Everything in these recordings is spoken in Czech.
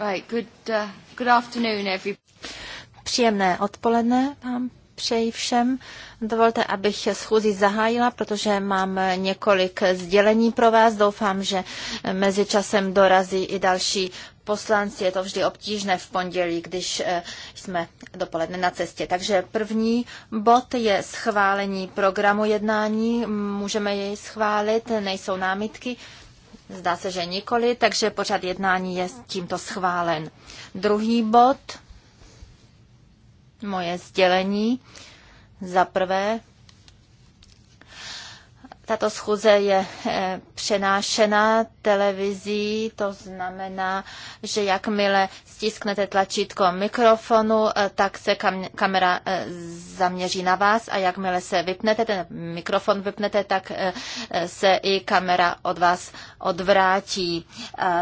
Right, good, uh, good afternoon, Příjemné odpoledne vám přeji všem. Dovolte, abych schůzi zahájila, protože mám několik sdělení pro vás. Doufám, že mezi časem dorazí i další poslanci. Je to vždy obtížné v pondělí, když eh, jsme dopoledne na cestě. Takže první bod je schválení programu jednání. Můžeme jej schválit, nejsou námitky. Zdá se, že nikoli, takže pořad jednání je tímto schválen. Druhý bod, moje sdělení. Za prvé, tato schůze je eh, přenášena televizí, to znamená, že jakmile stisknete tlačítko mikrofonu, eh, tak se kam- kamera eh, zaměří na vás a jakmile se vypnete, ten mikrofon vypnete, tak se i kamera od vás odvrátí.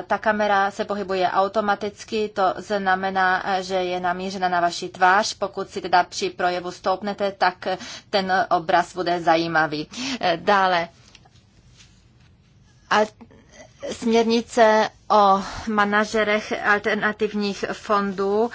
Ta kamera se pohybuje automaticky, to znamená, že je namířena na vaši tvář. Pokud si teda při projevu stoupnete, tak ten obraz bude zajímavý. Dále a Směrnice o manažerech alternativních fondů,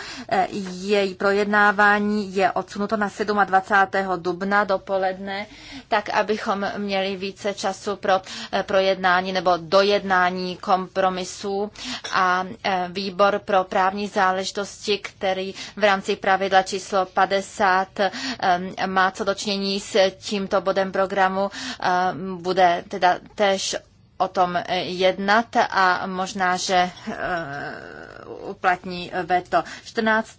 její projednávání je odsunuto na 27. dubna dopoledne, tak abychom měli více času pro eh, projednání nebo dojednání kompromisů a eh, výbor pro právní záležitosti, který v rámci pravidla číslo 50 eh, má co dočnění s tímto bodem programu, bude teda též o tom jednat a možná, že eh, uplatní veto. 14.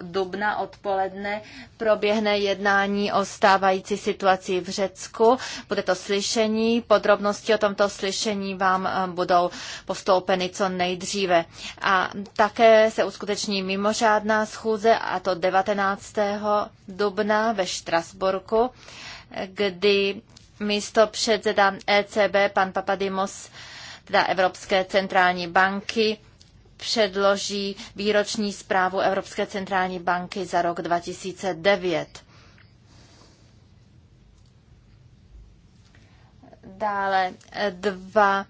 dubna odpoledne proběhne jednání o stávající situaci v Řecku. Bude to slyšení. Podrobnosti o tomto slyšení vám eh, budou postoupeny co nejdříve. A také se uskuteční mimořádná schůze, a to 19. dubna ve Štrasburku kdy místo předseda ECB, pan Papadimos, teda Evropské centrální banky, předloží výroční zprávu Evropské centrální banky za rok 2009. Dále dva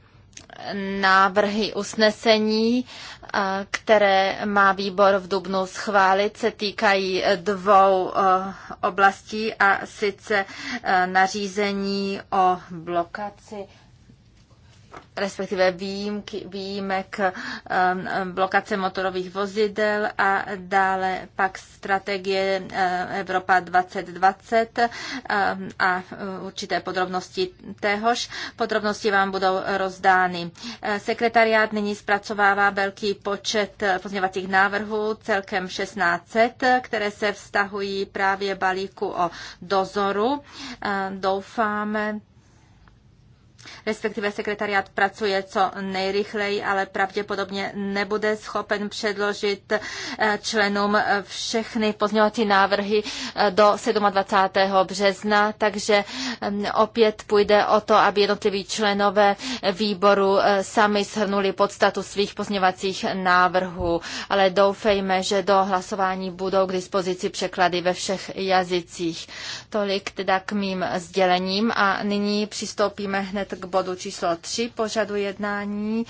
návrhy usnesení, eh, které má výbor v Dubnu schválit, se týkají dvou eh, oblastí a sice eh, nařízení o blokaci respektive výjimky, výjimek um, um, blokace motorových vozidel a dále pak strategie uh, Evropa 2020 um, a uh, určité podrobnosti téhož. Podrobnosti vám budou rozdány. Eh, sekretariát nyní zpracovává velký počet eh, pozměvacích návrhů, celkem 16, které se vztahují právě balíku o dozoru. Eh, doufáme, respektive sekretariát pracuje co nejrychleji, ale pravděpodobně nebude schopen předložit eh, členům eh, všechny pozměňovací návrhy eh, do 27. března, takže mm, opět půjde o to, aby jednotliví členové výboru sami shrnuli podstatu svých pozměňovacích návrhů, ale doufejme, že do hlasování budou k dispozici překlady ve všech jazycích. Tolik teda k mým sdělením a nyní přistoupíme hned k bodu číslo 3 pořadu jednání.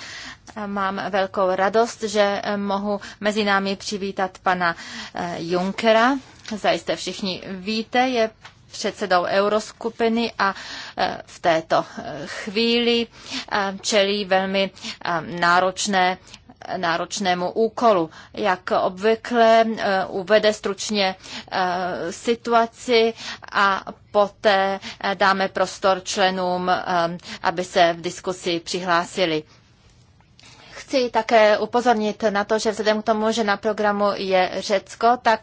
Mám velkou radost, že mohu mezi námi přivítat pana eh, Junkera. Zajisté všichni víte, je předsedou euroskupiny a eh, v této eh, chvíli čelí velmi náročné náročnému úkolu. Jak obvykle eh, uvede stručně eh, situaci a poté eh, dáme prostor členům, aby se v diskusi přihlásili chci také upozornit na to, že vzhledem k tomu, že na programu je Řecko, tak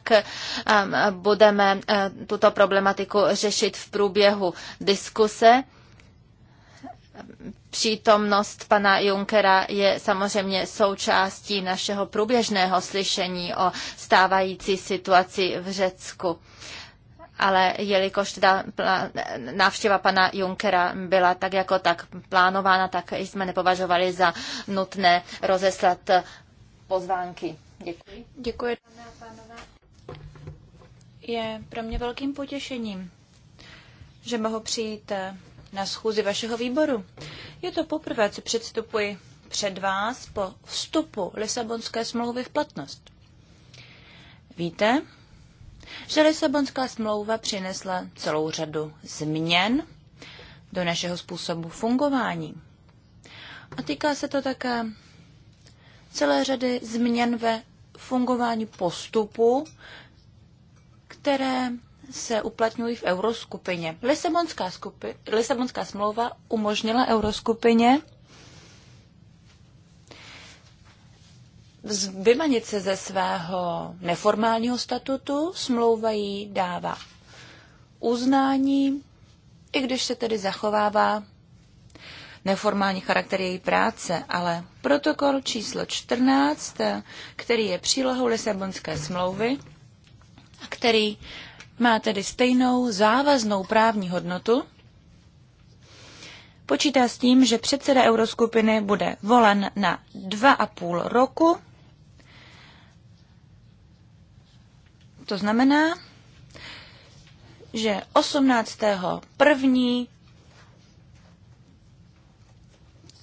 budeme tuto problematiku řešit v průběhu diskuse Přítomnost pana Junkera je samozřejmě součástí našeho průběžného slyšení o stávající situaci v Řecku ale jelikož teda návštěva pana Junkera byla tak jako tak plánována, tak jsme nepovažovali za nutné rozeslat pozvánky. Děkuji. Děkuji, Je pro mě velkým potěšením, že mohu přijít na schůzi vašeho výboru. Je to poprvé, co předstupuji před vás po vstupu Lisabonské smlouvy v platnost. Víte, že Lisabonská smlouva přinesla celou řadu změn do našeho způsobu fungování. A týká se to také celé řady změn ve fungování postupu, které se uplatňují v euroskupině. Lisabonská, skupi, Lisabonská smlouva umožnila euroskupině vymanit se ze svého neformálního statutu. Smlouva jí dává uznání, i když se tedy zachovává neformální charakter její práce, ale protokol číslo 14, který je přílohou Lisabonské smlouvy a který má tedy stejnou závaznou právní hodnotu, počítá s tím, že předseda euroskupiny bude volen na dva a půl roku. To znamená, že 18. první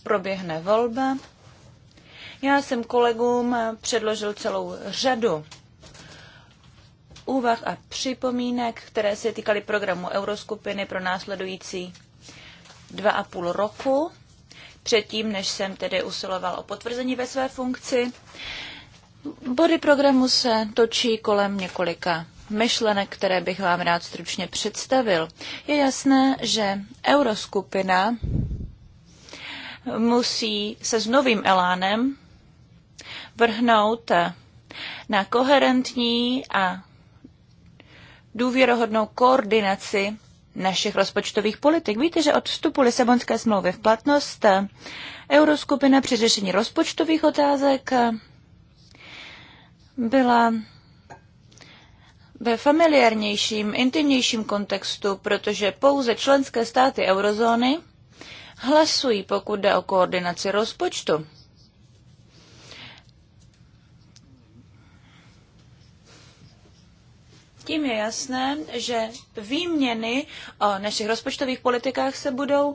proběhne volba. Já jsem kolegům předložil celou řadu úvah a připomínek, které se týkaly programu Euroskupiny pro následující dva a půl roku, předtím, než jsem tedy usiloval o potvrzení ve své funkci. Body programu se točí kolem několika myšlenek, které bych vám rád stručně představil. Je jasné, že euroskupina musí se s novým elánem vrhnout na koherentní a důvěrohodnou koordinaci našich rozpočtových politik. Víte, že od vstupu Lisabonské smlouvy v platnost eh, Euroskupina při řešení rozpočtových otázek eh, byla ve familiárnějším, intimnějším kontextu, protože pouze členské státy eurozóny hlasují, pokud jde o koordinaci rozpočtu. Tím je jasné, že výměny o našich rozpočtových politikách se budou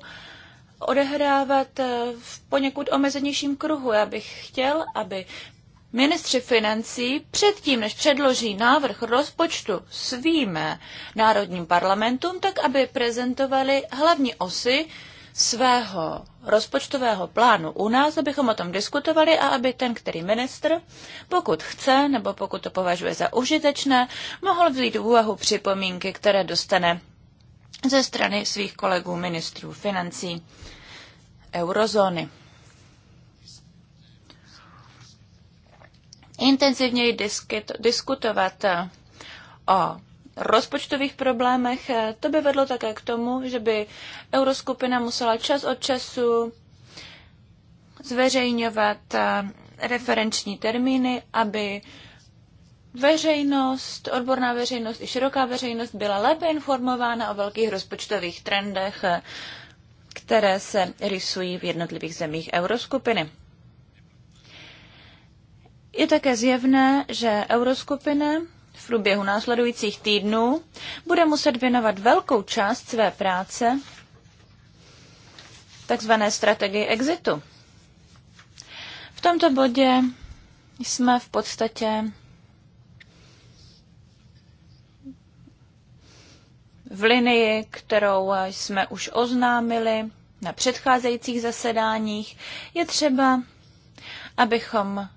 odehrávat eh, v poněkud omezenějším kruhu. Já bych chtěl, aby ministři financí předtím, než předloží návrh rozpočtu svým eh, národním parlamentům, tak aby prezentovali hlavní osy, svého rozpočtového plánu u nás, abychom o tom diskutovali a aby ten, který ministr, pokud chce nebo pokud to považuje za užitečné, mohl vzít v úvahu připomínky, které dostane ze strany svých kolegů ministrů financí eurozóny. Intenzivněji diskutovat o rozpočtových problémech. Eh, to by vedlo také k tomu, že by euroskupina musela čas od času zveřejňovat eh, referenční termíny, aby veřejnost, odborná veřejnost i široká veřejnost byla lépe informována o velkých rozpočtových trendech, eh, které se rysují v jednotlivých zemích euroskupiny. Je také zjevné, že euroskupina v průběhu následujících týdnů bude muset věnovat velkou část své práce takzvané strategii exitu. V tomto bodě jsme v podstatě v linii, kterou jsme už oznámili na předcházejících zasedáních, je třeba, abychom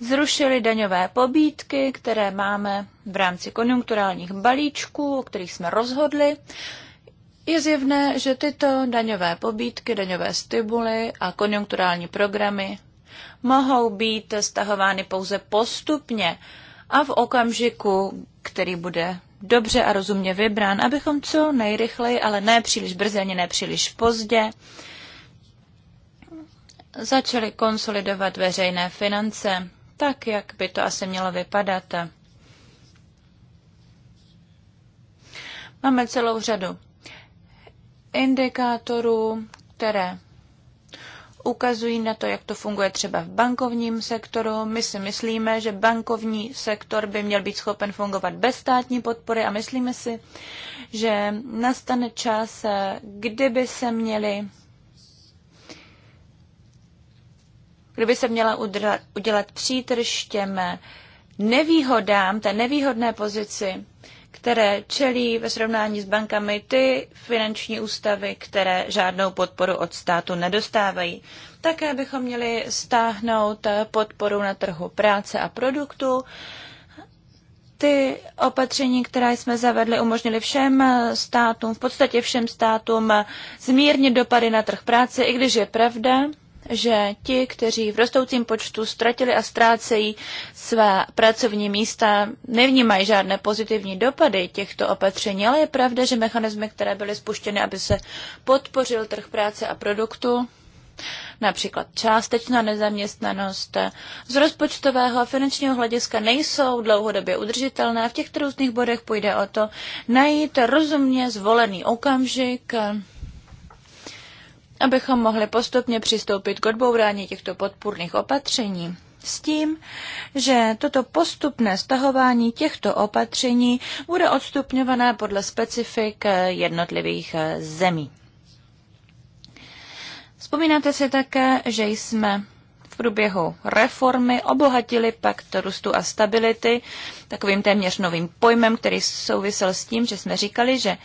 zrušili daňové pobídky, které máme v rámci konjunkturálních balíčků, o kterých jsme rozhodli. Je zjevné, že tyto daňové pobídky, daňové stimuly a konjunkturální programy mohou být stahovány pouze postupně a v okamžiku, který bude dobře a rozumně vybrán, abychom co nejrychleji, ale ne příliš brzy ani ne příliš pozdě, začali konsolidovat veřejné finance tak, jak by to asi mělo vypadat. Máme celou řadu indikátorů, které ukazují na to, jak to funguje třeba v bankovním sektoru. My si myslíme, že bankovní sektor by měl být schopen fungovat bez státní podpory a myslíme si, že nastane čas, kdyby se měly kdyby se měla udělat přítrž těm nevýhodám, té nevýhodné pozici, které čelí ve srovnání s bankami ty finanční ústavy, které žádnou podporu od státu nedostávají. Také bychom měli stáhnout podporu na trhu práce a produktu. Ty opatření, která jsme zavedli, umožnili všem státům, v podstatě všem státům, zmírnit dopady na trh práce, i když je pravda, že ti, kteří v rostoucím počtu ztratili a ztrácejí svá pracovní místa, nevnímají žádné pozitivní dopady těchto opatření, ale je pravda, že mechanismy, které byly spuštěny, aby se podpořil trh práce a produktu, Například částečná nezaměstnanost z rozpočtového a finančního hlediska nejsou dlouhodobě udržitelné. V těchto různých bodech půjde o to najít rozumně zvolený okamžik, abychom mohli postupně přistoupit k odbourání těchto podpůrných opatření s tím, že toto postupné stahování těchto opatření bude odstupňované podle specifik jednotlivých zemí. Vzpomínáte si také, že jsme v průběhu reformy obohatili pakt růstu a stability takovým téměř novým pojmem, který souvisel s tím, že jsme říkali, že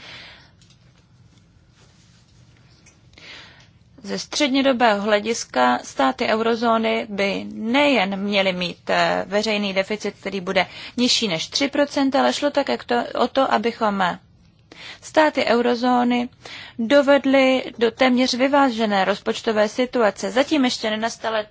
Ze střednědobého hlediska státy eurozóny by nejen měly mít eh, veřejný deficit, který bude nižší než 3%, ale šlo také o to, abychom Státy eurozóny dovedly do téměř vyvážené rozpočtové situace. Zatím ještě nenastala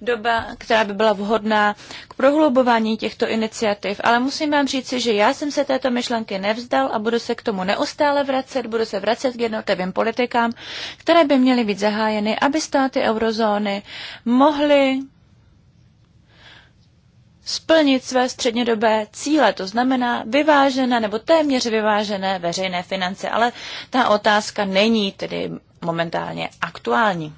doba, která by byla vhodná k prohlubování těchto iniciativ, ale musím vám říci, že já jsem se této myšlenky nevzdal a budu se k tomu neustále vracet, budu se vracet k jednotlivým politikám, které by měly být zahájeny, aby státy eurozóny mohly splnit své střednědobé cíle, to znamená vyvážené nebo téměř vyvážené veřejné finance, ale ta otázka není tedy momentálně aktuální.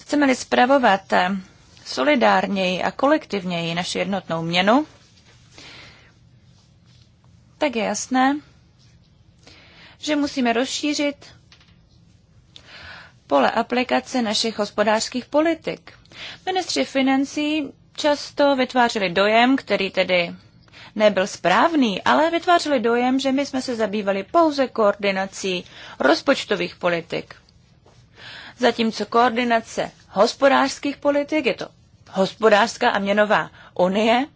Chceme-li zpravovat solidárněji a kolektivněji naši jednotnou měnu, tak je jasné, že musíme rozšířit pole aplikace našich hospodářských politik. Ministři financí často vytvářeli dojem, který tedy nebyl správný, ale vytvářeli dojem, že my jsme se zabývali pouze koordinací rozpočtových politik. Zatímco koordinace hospodářských politik je to hospodářská a měnová unie,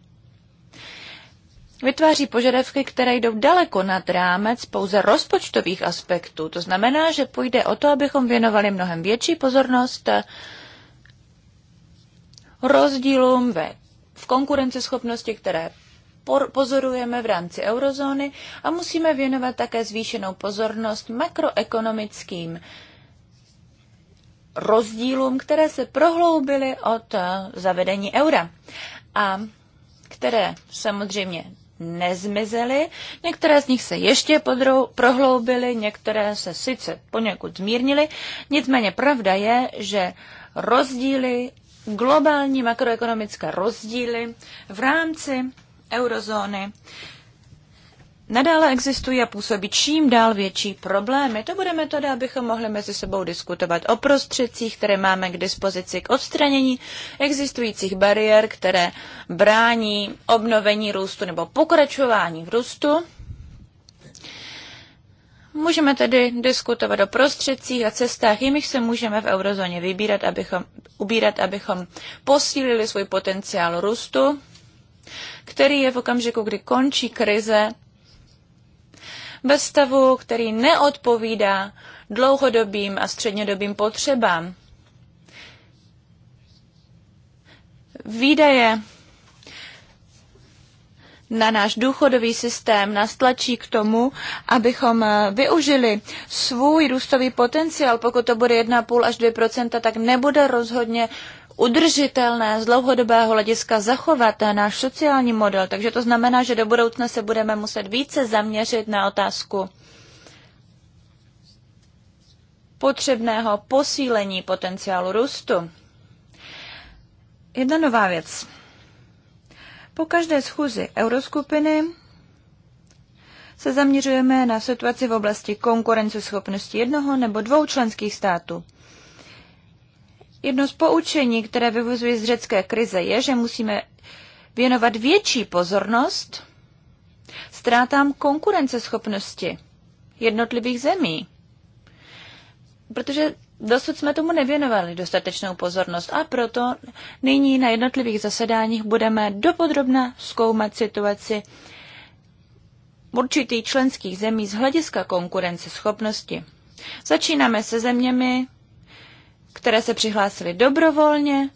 vytváří požadavky, které jdou daleko nad rámec pouze rozpočtových aspektů. To znamená, že půjde o to, abychom věnovali mnohem větší pozornost rozdílům ve, v konkurenceschopnosti, které pozorujeme v rámci eurozóny a musíme věnovat také zvýšenou pozornost makroekonomickým rozdílům, které se prohloubily od zavedení eura a které samozřejmě nezmizely, některé z nich se ještě podrou, prohloubily, některé se sice poněkud zmírnily, nicméně pravda je, že rozdíly, globální makroekonomické rozdíly v rámci eurozóny nadále existují a působí čím dál větší problémy. To bude metoda, abychom mohli mezi sebou diskutovat o prostředcích, které máme k dispozici k odstranění existujících bariér, které brání obnovení růstu nebo pokračování v růstu. Můžeme tedy diskutovat o prostředcích a cestách, jimich se můžeme v eurozóně vybírat, abychom, ubírat, abychom posílili svůj potenciál růstu, který je v okamžiku, kdy končí krize, ve stavu, který neodpovídá dlouhodobým a střednědobým potřebám. Výdaje na náš důchodový systém nás tlačí k tomu, abychom eh, využili svůj růstový potenciál. Pokud to bude 1,5 až 2 tak nebude rozhodně udržitelné z dlouhodobého hlediska zachovat náš sociální model. Takže to znamená, že do budoucna se budeme muset více zaměřit na otázku potřebného posílení potenciálu růstu. Jedna nová věc. Po každé schůzi euroskupiny se zaměřujeme na situaci v oblasti konkurenceschopnosti jednoho nebo dvou členských států. Jedno z poučení, které vyvozuji z řecké krize, je, že musíme věnovat větší pozornost ztrátám konkurenceschopnosti jednotlivých zemí. Protože dosud jsme tomu nevěnovali dostatečnou pozornost a proto nyní na jednotlivých zasedáních budeme dopodrobna zkoumat situaci určitých členských zemí z hlediska konkurenceschopnosti. Začínáme se zeměmi, které se přihlásily dobrovolně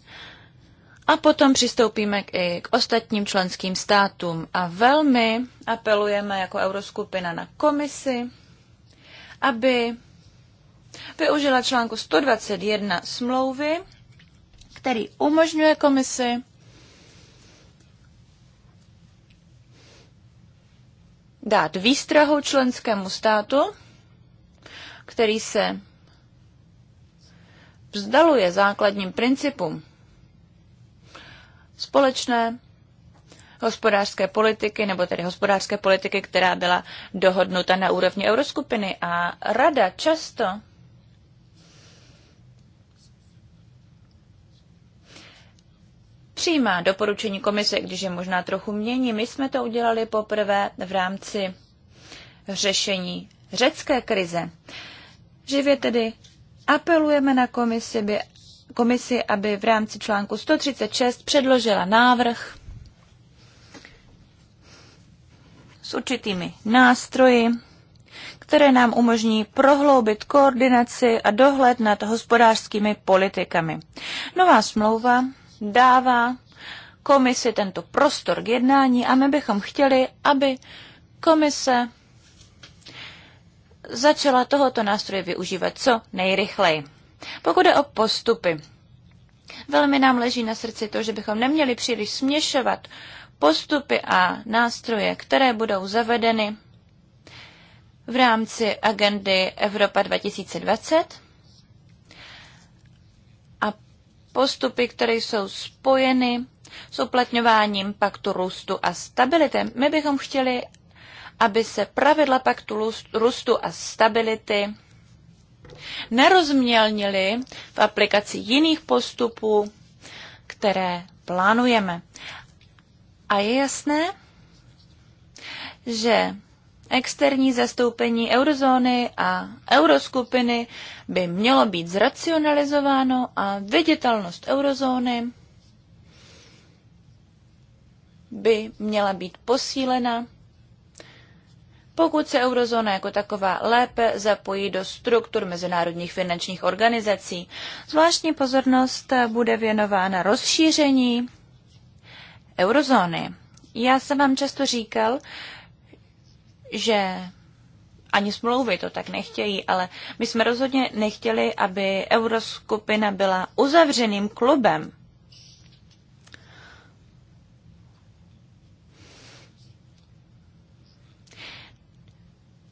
a potom přistoupíme k, i k ostatním členským státům a velmi apelujeme jako Euroskupina na komisi, aby využila článku 121 smlouvy, který umožňuje komisi dát výstrahu členskému státu, který se vzdaluje základním principům společné hospodářské politiky, nebo tedy hospodářské politiky, která byla dohodnuta na úrovni euroskupiny. A rada často přijímá doporučení komise, když je možná trochu mění. My jsme to udělali poprvé v rámci řešení řecké krize. Živě tedy apelujeme na komisi, by, komisi, aby v rámci článku 136 předložila návrh s určitými nástroji, které nám umožní prohloubit koordinaci a dohled nad hospodářskými politikami. Nová smlouva dává komisi tento prostor k jednání a my bychom chtěli, aby komise začala tohoto nástroje využívat co nejrychleji. Pokud je o postupy, velmi nám leží na srdci to, že bychom neměli příliš směšovat postupy a nástroje, které budou zavedeny v rámci agendy Evropa 2020 a postupy, které jsou spojeny s uplatňováním paktu růstu a stability. My bychom chtěli, aby se pravidla paktu růstu a stability nerozmělnili v aplikaci jiných postupů, které plánujeme. A je jasné, že externí zastoupení eurozóny a euroskupiny by mělo být zracionalizováno a viditelnost eurozóny by měla být posílena pokud se eurozóna jako taková lépe zapojí do struktur mezinárodních finančních organizací. Zvláštní pozornost bude věnována rozšíření eurozóny. Já jsem vám často říkal, že ani smlouvy to tak nechtějí, ale my jsme rozhodně nechtěli, aby euroskupina byla uzavřeným klubem.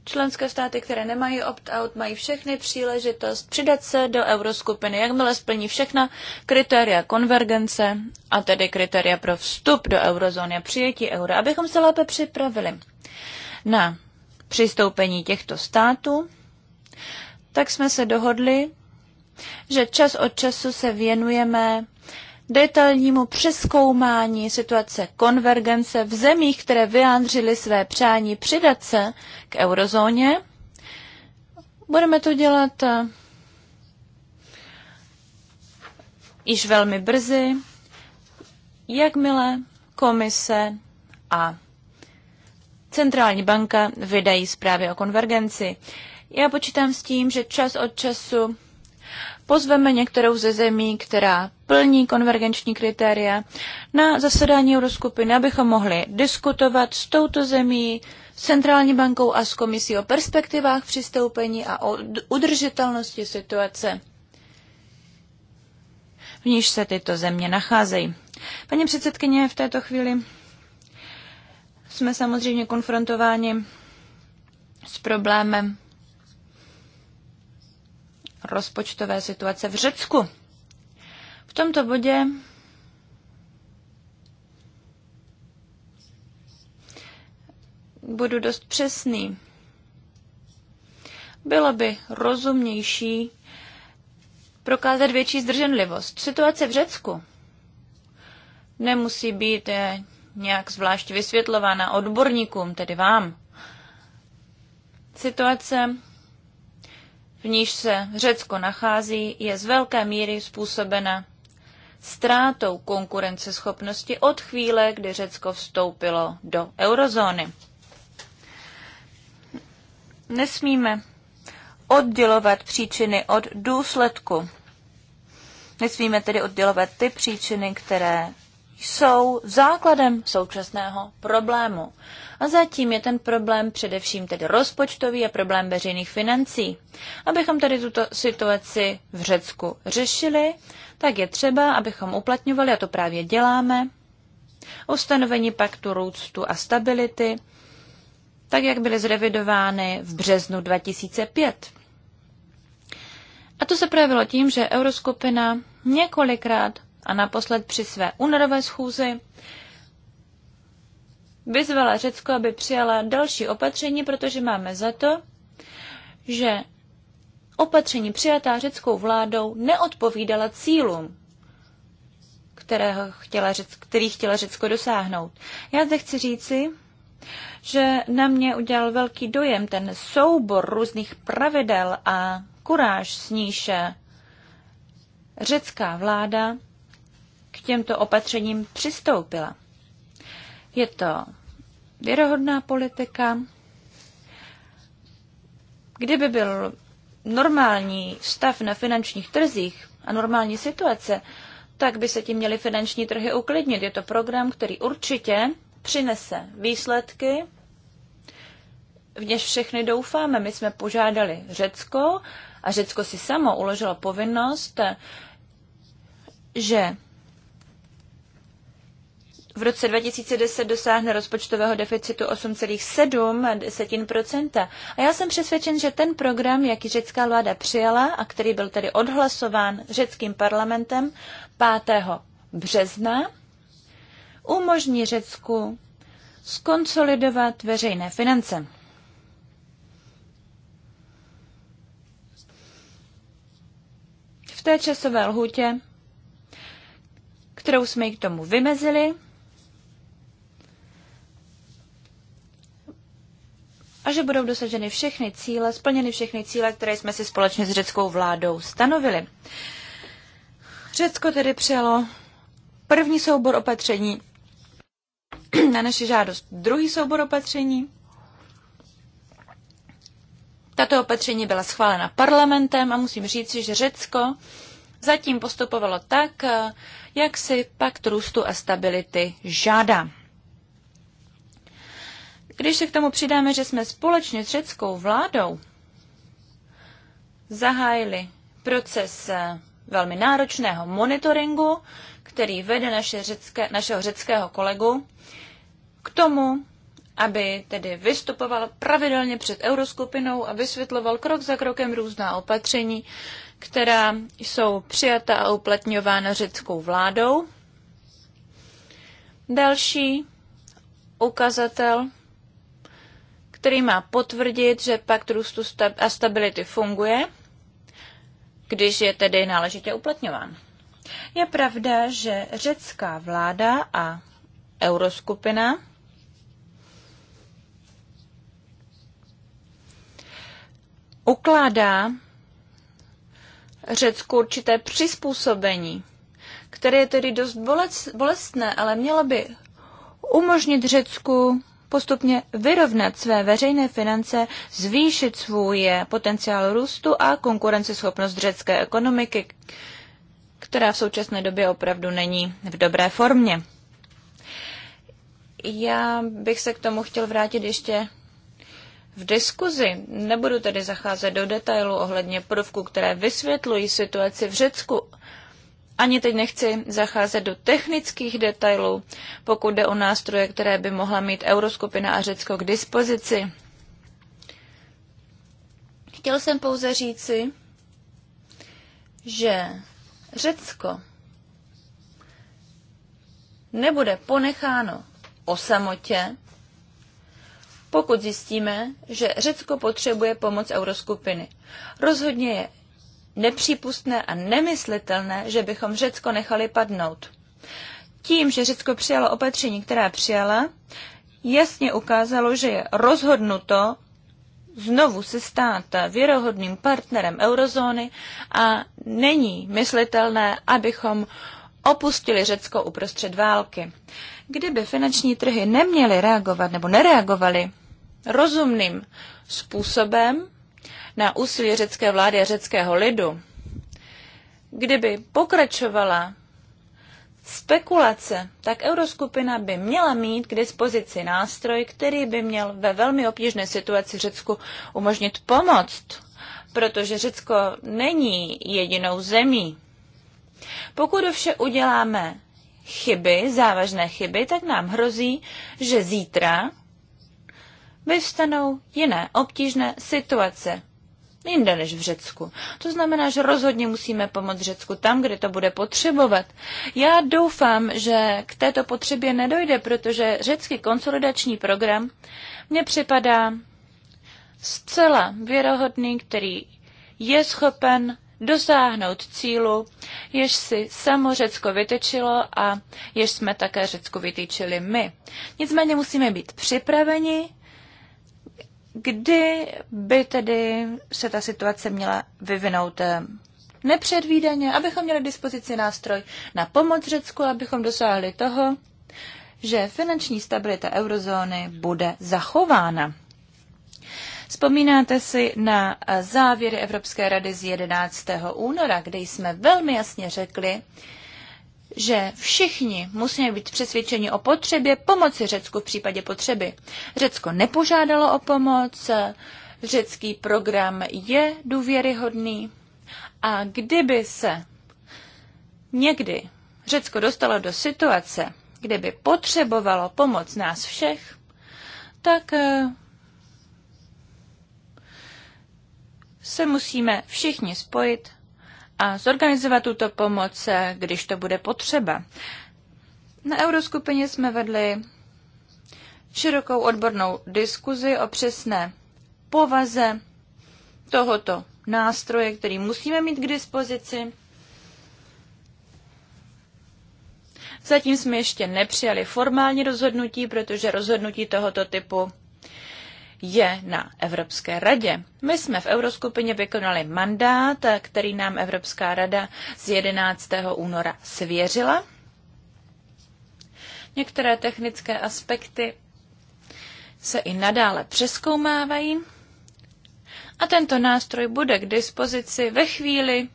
Členské státy, které nemají opt-out, mají všechny příležitost přidat se do euroskupiny, jakmile splní všechna kritéria konvergence, a tedy kritéria pro vstup do eurozóny a přijetí eura, abychom se lépe připravili na přistoupení těchto států, tak jsme se dohodli, že čas od času se věnujeme detailnímu přeskoumání situace konvergence v zemích, které vyjádřily své přání přidat se k eurozóně. Budeme to dělat eh, již velmi brzy, jakmile komise a centrální banka vydají zprávy o konvergenci. Já počítám s tím, že čas od času pozveme některou ze zemí, která plní konvergenční kritéria, na zasedání Euroskupiny, abychom mohli diskutovat s touto zemí, s Centrální bankou a s komisí o perspektivách přistoupení a o udržitelnosti situace, v níž se tyto země nacházejí. Paní předsedkyně, v této chvíli jsme samozřejmě konfrontováni s problémem rozpočtové situace v Řecku. V tomto bodě budu dost přesný. Bylo by rozumnější prokázat větší zdrženlivost. Situace v Řecku nemusí být eh, nějak zvlášť vysvětlována odborníkům, tedy vám. Situace v níž se Řecko nachází, je z velké míry způsobena ztrátou konkurenceschopnosti od chvíle, kdy Řecko vstoupilo do eurozóny. Nesmíme oddělovat příčiny od důsledku. Nesmíme tedy oddělovat ty příčiny, které jsou základem současného problému. A zatím je ten problém především tedy rozpočtový a problém veřejných financí. Abychom tedy tuto situaci v Řecku řešili, tak je třeba, abychom uplatňovali, a to právě děláme, ustanovení paktu růstu a stability, tak jak byly zrevidovány v březnu 2005. A to se projevilo tím, že euroskupina několikrát a naposled při své únorové schůzi vyzvala Řecko, aby přijala další opatření, protože máme za to, že opatření přijatá řeckou vládou neodpovídala cílům, kterého chtěla Řec, který chtěla Řecko dosáhnout. Já zde chci říci, že na mě udělal velký dojem ten soubor různých pravidel a kuráž, s níž řecká vláda těmto opatřením přistoupila. Je to věrohodná politika. Kdyby byl normální stav na finančních trzích a normální situace, tak by se tím měly finanční trhy uklidnit. Je to program, který určitě přinese výsledky, v něž všechny doufáme. My jsme požádali Řecko a Řecko si samo uložilo povinnost, že v roce 2010 dosáhne rozpočtového deficitu 8,7 A já jsem přesvědčen, že ten program, jaký řecká vláda přijala a který byl tedy odhlasován řeckým parlamentem 5. března, umožní Řecku skonsolidovat veřejné finance. V té časové lhůtě, kterou jsme k tomu vymezili, a že budou dosaženy všechny cíle, splněny všechny cíle, které jsme si společně s řeckou vládou stanovili. Řecko tedy přijalo první soubor opatření na naši žádost. Druhý soubor opatření. Tato opatření byla schválena parlamentem a musím říct, že Řecko zatím postupovalo tak, eh, jak si pakt růstu a stability žádá. Když se k tomu přidáme, že jsme společně s řeckou vládou zahájili proces eh, velmi náročného monitoringu, který vede naše řecké, našeho řeckého kolegu k tomu, aby tedy vystupoval pravidelně před euroskupinou a vysvětloval krok za krokem různá opatření, která jsou přijata a uplatňována řeckou vládou. Další ukazatel který má potvrdit, že pakt růstu a stability funguje, když je tedy náležitě uplatňován. Je pravda, že řecká vláda a euroskupina ukládá Řecku určité přizpůsobení, které je tedy dost bolestné, ale mělo by umožnit Řecku postupně vyrovnat své veřejné finance, zvýšit svůj potenciál růstu a konkurenceschopnost řecké ekonomiky, která v současné době opravdu není v dobré formě. Já bych se k tomu chtěl vrátit ještě v diskuzi. Nebudu tedy zacházet do detailu ohledně prvků, které vysvětlují situaci v Řecku, ani teď nechci zacházet do technických detailů, pokud jde o nástroje, které by mohla mít Euroskupina a Řecko k dispozici. Chtěl jsem pouze říci, že Řecko nebude ponecháno o samotě, pokud zjistíme, že Řecko potřebuje pomoc euroskupiny. Rozhodně je nepřípustné a nemyslitelné, že bychom Řecko nechali padnout. Tím, že Řecko přijalo opatření, která přijala, jasně ukázalo, že je rozhodnuto znovu se stát věrohodným partnerem eurozóny a není myslitelné, abychom opustili Řecko uprostřed války. Kdyby finanční trhy neměly reagovat nebo nereagovaly rozumným způsobem, na úsilí řecké vlády a řeckého lidu, kdyby pokračovala spekulace, tak euroskupina by měla mít k dispozici nástroj, který by měl ve velmi obtížné situaci Řecku umožnit pomoc, protože Řecko není jedinou zemí. Pokud vše uděláme chyby, závažné chyby, tak nám hrozí, že zítra vyvstanou jiné obtížné situace jinde než v Řecku. To znamená, že rozhodně musíme pomoct Řecku tam, kde to bude potřebovat. Já doufám, že k této potřebě nedojde, protože řecký konsolidační program mně připadá zcela věrohodný, který je schopen dosáhnout cílu, jež si samo Řecko vytyčilo a jež jsme také Řecku vytyčili my. Nicméně musíme být připraveni kdy by tedy se ta situace měla vyvinout nepředvídaně, abychom měli dispozici nástroj na pomoc Řecku, abychom dosáhli toho, že finanční stabilita eurozóny bude zachována. Vzpomínáte si na závěry Evropské rady z 11. února, kde jsme velmi jasně řekli, že všichni musíme být přesvědčeni o potřebě pomoci Řecku v případě potřeby. Řecko nepožádalo o pomoc, řecký program je důvěryhodný a kdyby se někdy Řecko dostalo do situace, kde by potřebovalo pomoc nás všech, tak eh, se musíme všichni spojit a zorganizovat tuto pomoc, když to bude potřeba. Na Euroskupině jsme vedli širokou odbornou diskuzi o přesné povaze tohoto nástroje, který musíme mít k dispozici. Zatím jsme ještě nepřijali formální rozhodnutí, protože rozhodnutí tohoto typu je na Evropské radě. My jsme v Euroskupině vykonali mandát, který nám Evropská rada z 11. února svěřila. Některé technické aspekty se i nadále přeskoumávají a tento nástroj bude k dispozici ve chvíli,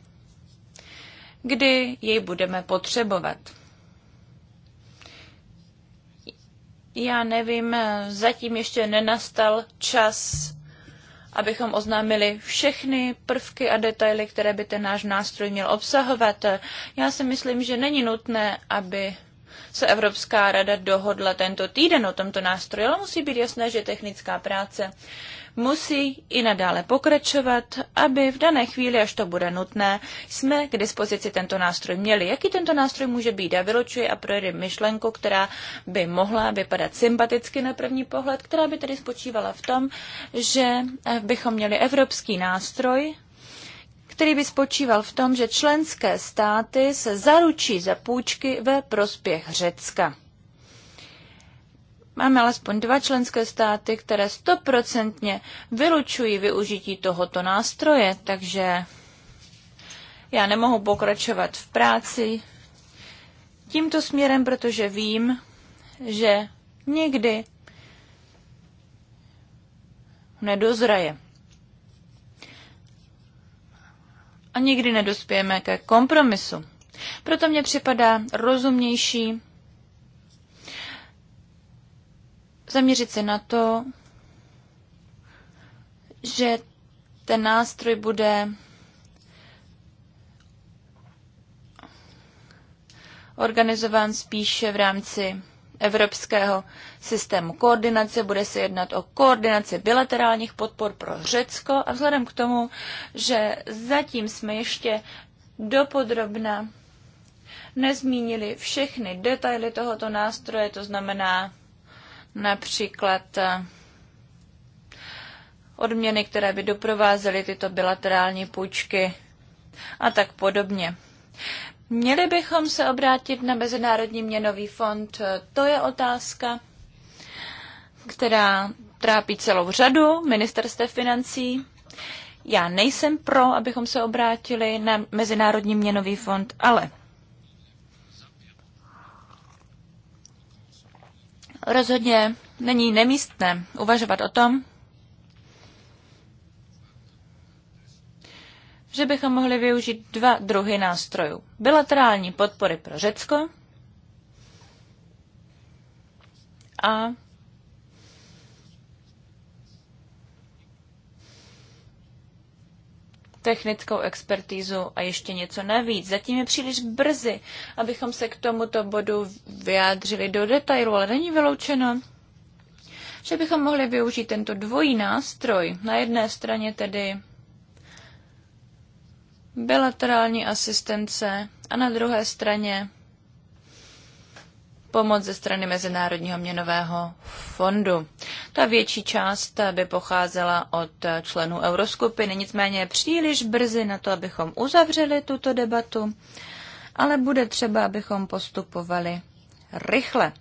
kdy jej budeme potřebovat. Já nevím, eh, zatím ještě nenastal čas, abychom oznámili všechny prvky a detaily, které by ten náš nástroj měl obsahovat. Já si myslím, že není nutné, aby se Evropská rada dohodla tento týden o tomto nástroji, ale musí být jasné, že technická práce musí i nadále pokračovat, aby v dané chvíli, až to bude nutné, jsme k dispozici tento nástroj měli. Jaký tento nástroj může být? A vylučuje a projede myšlenku, která by mohla vypadat sympaticky na první pohled, která by tedy spočívala v tom, že eh, bychom měli evropský nástroj, který by spočíval v tom, že členské státy se zaručí za půjčky ve prospěch Řecka máme alespoň dva členské státy, které stoprocentně vylučují využití tohoto nástroje, takže já nemohu pokračovat v práci tímto směrem, protože vím, že nikdy nedozraje. A nikdy nedospějeme ke kompromisu. Proto mně připadá rozumnější zaměřit se na to, že ten nástroj bude organizován spíše v rámci evropského systému koordinace. Bude se jednat o koordinaci bilaterálních podpor pro Řecko a vzhledem k tomu, že zatím jsme ještě dopodrobna nezmínili všechny detaily tohoto nástroje, to znamená například eh, odměny, které by doprovázely tyto bilaterální půjčky a tak podobně. Měli bychom se obrátit na Mezinárodní měnový fond? To je otázka, která trápí celou řadu ministerstev financí. Já nejsem pro, abychom se obrátili na Mezinárodní měnový fond, ale Rozhodně není nemístné uvažovat o tom, že bychom mohli využít dva druhy nástrojů. Bilaterální podpory pro Řecko a technickou expertízu a ještě něco navíc. Zatím je příliš brzy, abychom se k tomuto bodu vyjádřili do detailu, ale není vyloučeno, že bychom mohli využít tento dvojí nástroj. Na jedné straně tedy bilaterální asistence a na druhé straně pomoc ze strany Mezinárodního měnového fondu. Ta větší část by pocházela od členů euroskupiny, nicméně je příliš brzy na to, abychom uzavřeli tuto debatu, ale bude třeba, abychom postupovali rychle.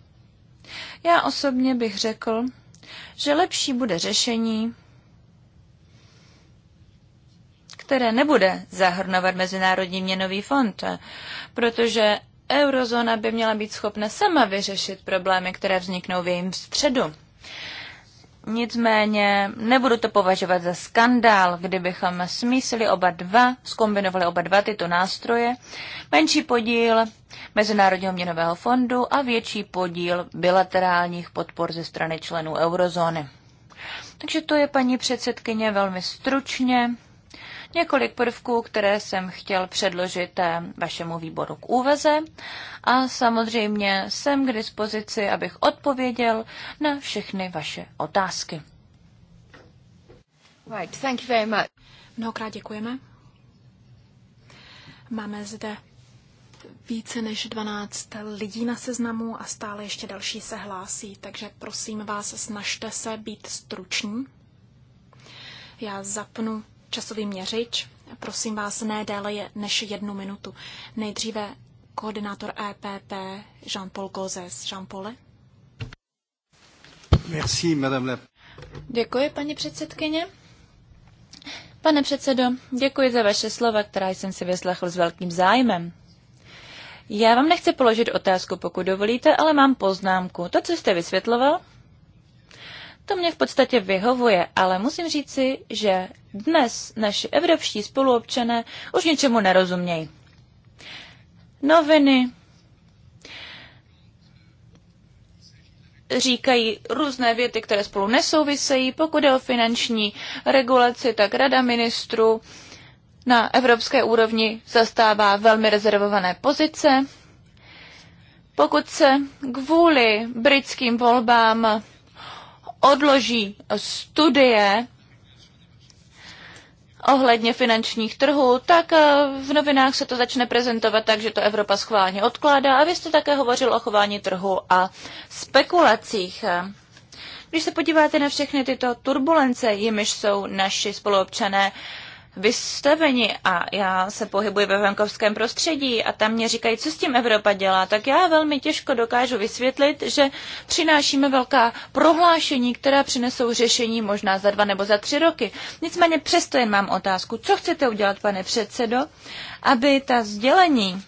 Já osobně bych řekl, že lepší bude řešení, které nebude zahrnovat Mezinárodní měnový fond, protože eurozóna by měla být schopna sama vyřešit problémy, které vzniknou v jejím středu. Nicméně nebudu to považovat za skandál, kdybychom smísili oba dva, skombinovali oba dva tyto nástroje, menší podíl Mezinárodního měnového fondu a větší podíl bilaterálních podpor ze strany členů eurozóny. Takže to je paní předsedkyně velmi stručně několik prvků, které jsem chtěl předložit eh, vašemu výboru k úvaze a samozřejmě jsem k dispozici, abych odpověděl na všechny vaše otázky. Right, thank you very much. Mnohokrát děkujeme. Máme zde více než 12 lidí na seznamu a stále ještě další se hlásí, takže prosím vás, snažte se být struční. Já zapnu časový měřič. Prosím vás, ne déle než jednu minutu. Nejdříve koordinátor EPP Jean-Paul Gozes. Jean-Paul? Merci, madame la... Děkuji, paní předsedkyně. Pane předsedo, děkuji za vaše slova, která jsem si vyslechl s velkým zájmem. Já vám nechci položit otázku, pokud dovolíte, ale mám poznámku. To, co jste vysvětloval, to mě v podstatě vyhovuje, ale musím říci, že dnes naši evropští spoluobčané už ničemu nerozumějí. Noviny říkají různé věty, které spolu nesouvisejí. Pokud je o finanční regulaci, tak Rada ministrů na evropské úrovni zastává velmi rezervované pozice. Pokud se kvůli britským volbám odloží studie ohledně finančních trhů, tak eh, v novinách se to začne prezentovat tak, že to Evropa schválně odkládá. A vy jste také hovořil o chování trhu a spekulacích. Když se podíváte na všechny tyto turbulence, jimiž jsou naši spoluobčané vystaveni a já se pohybuji ve venkovském prostředí a tam mě říkají, co s tím Evropa dělá, tak já velmi těžko dokážu vysvětlit, že přinášíme velká prohlášení, která přinesou řešení možná za dva nebo za tři roky. Nicméně přesto jen mám otázku, co chcete udělat, pane předsedo, aby ta sdělení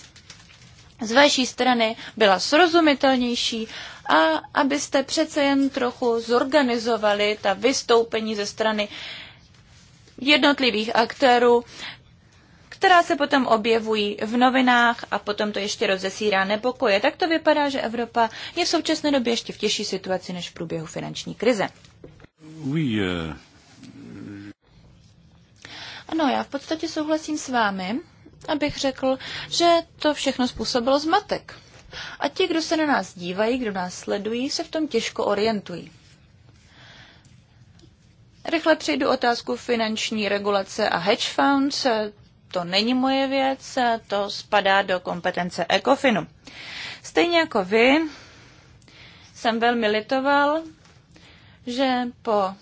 z vaší strany byla srozumitelnější, a abyste přece jen trochu zorganizovali ta vystoupení ze strany jednotlivých aktérů, která se potom objevují v novinách a potom to ještě rozesírá nepokoje. Tak to vypadá, že Evropa je v současné době ještě v těžší situaci než v průběhu finanční krize. Oui, uh... Ano, já v podstatě souhlasím s vámi, abych řekl, že to všechno způsobilo zmatek. A ti, kdo se na nás dívají, kdo nás sledují, se v tom těžko orientují. Rychle přejdu otázku finanční regulace a hedge funds. To není moje věc, to spadá do kompetence ECOFINu. Stejně jako vy, jsem velmi litoval, že po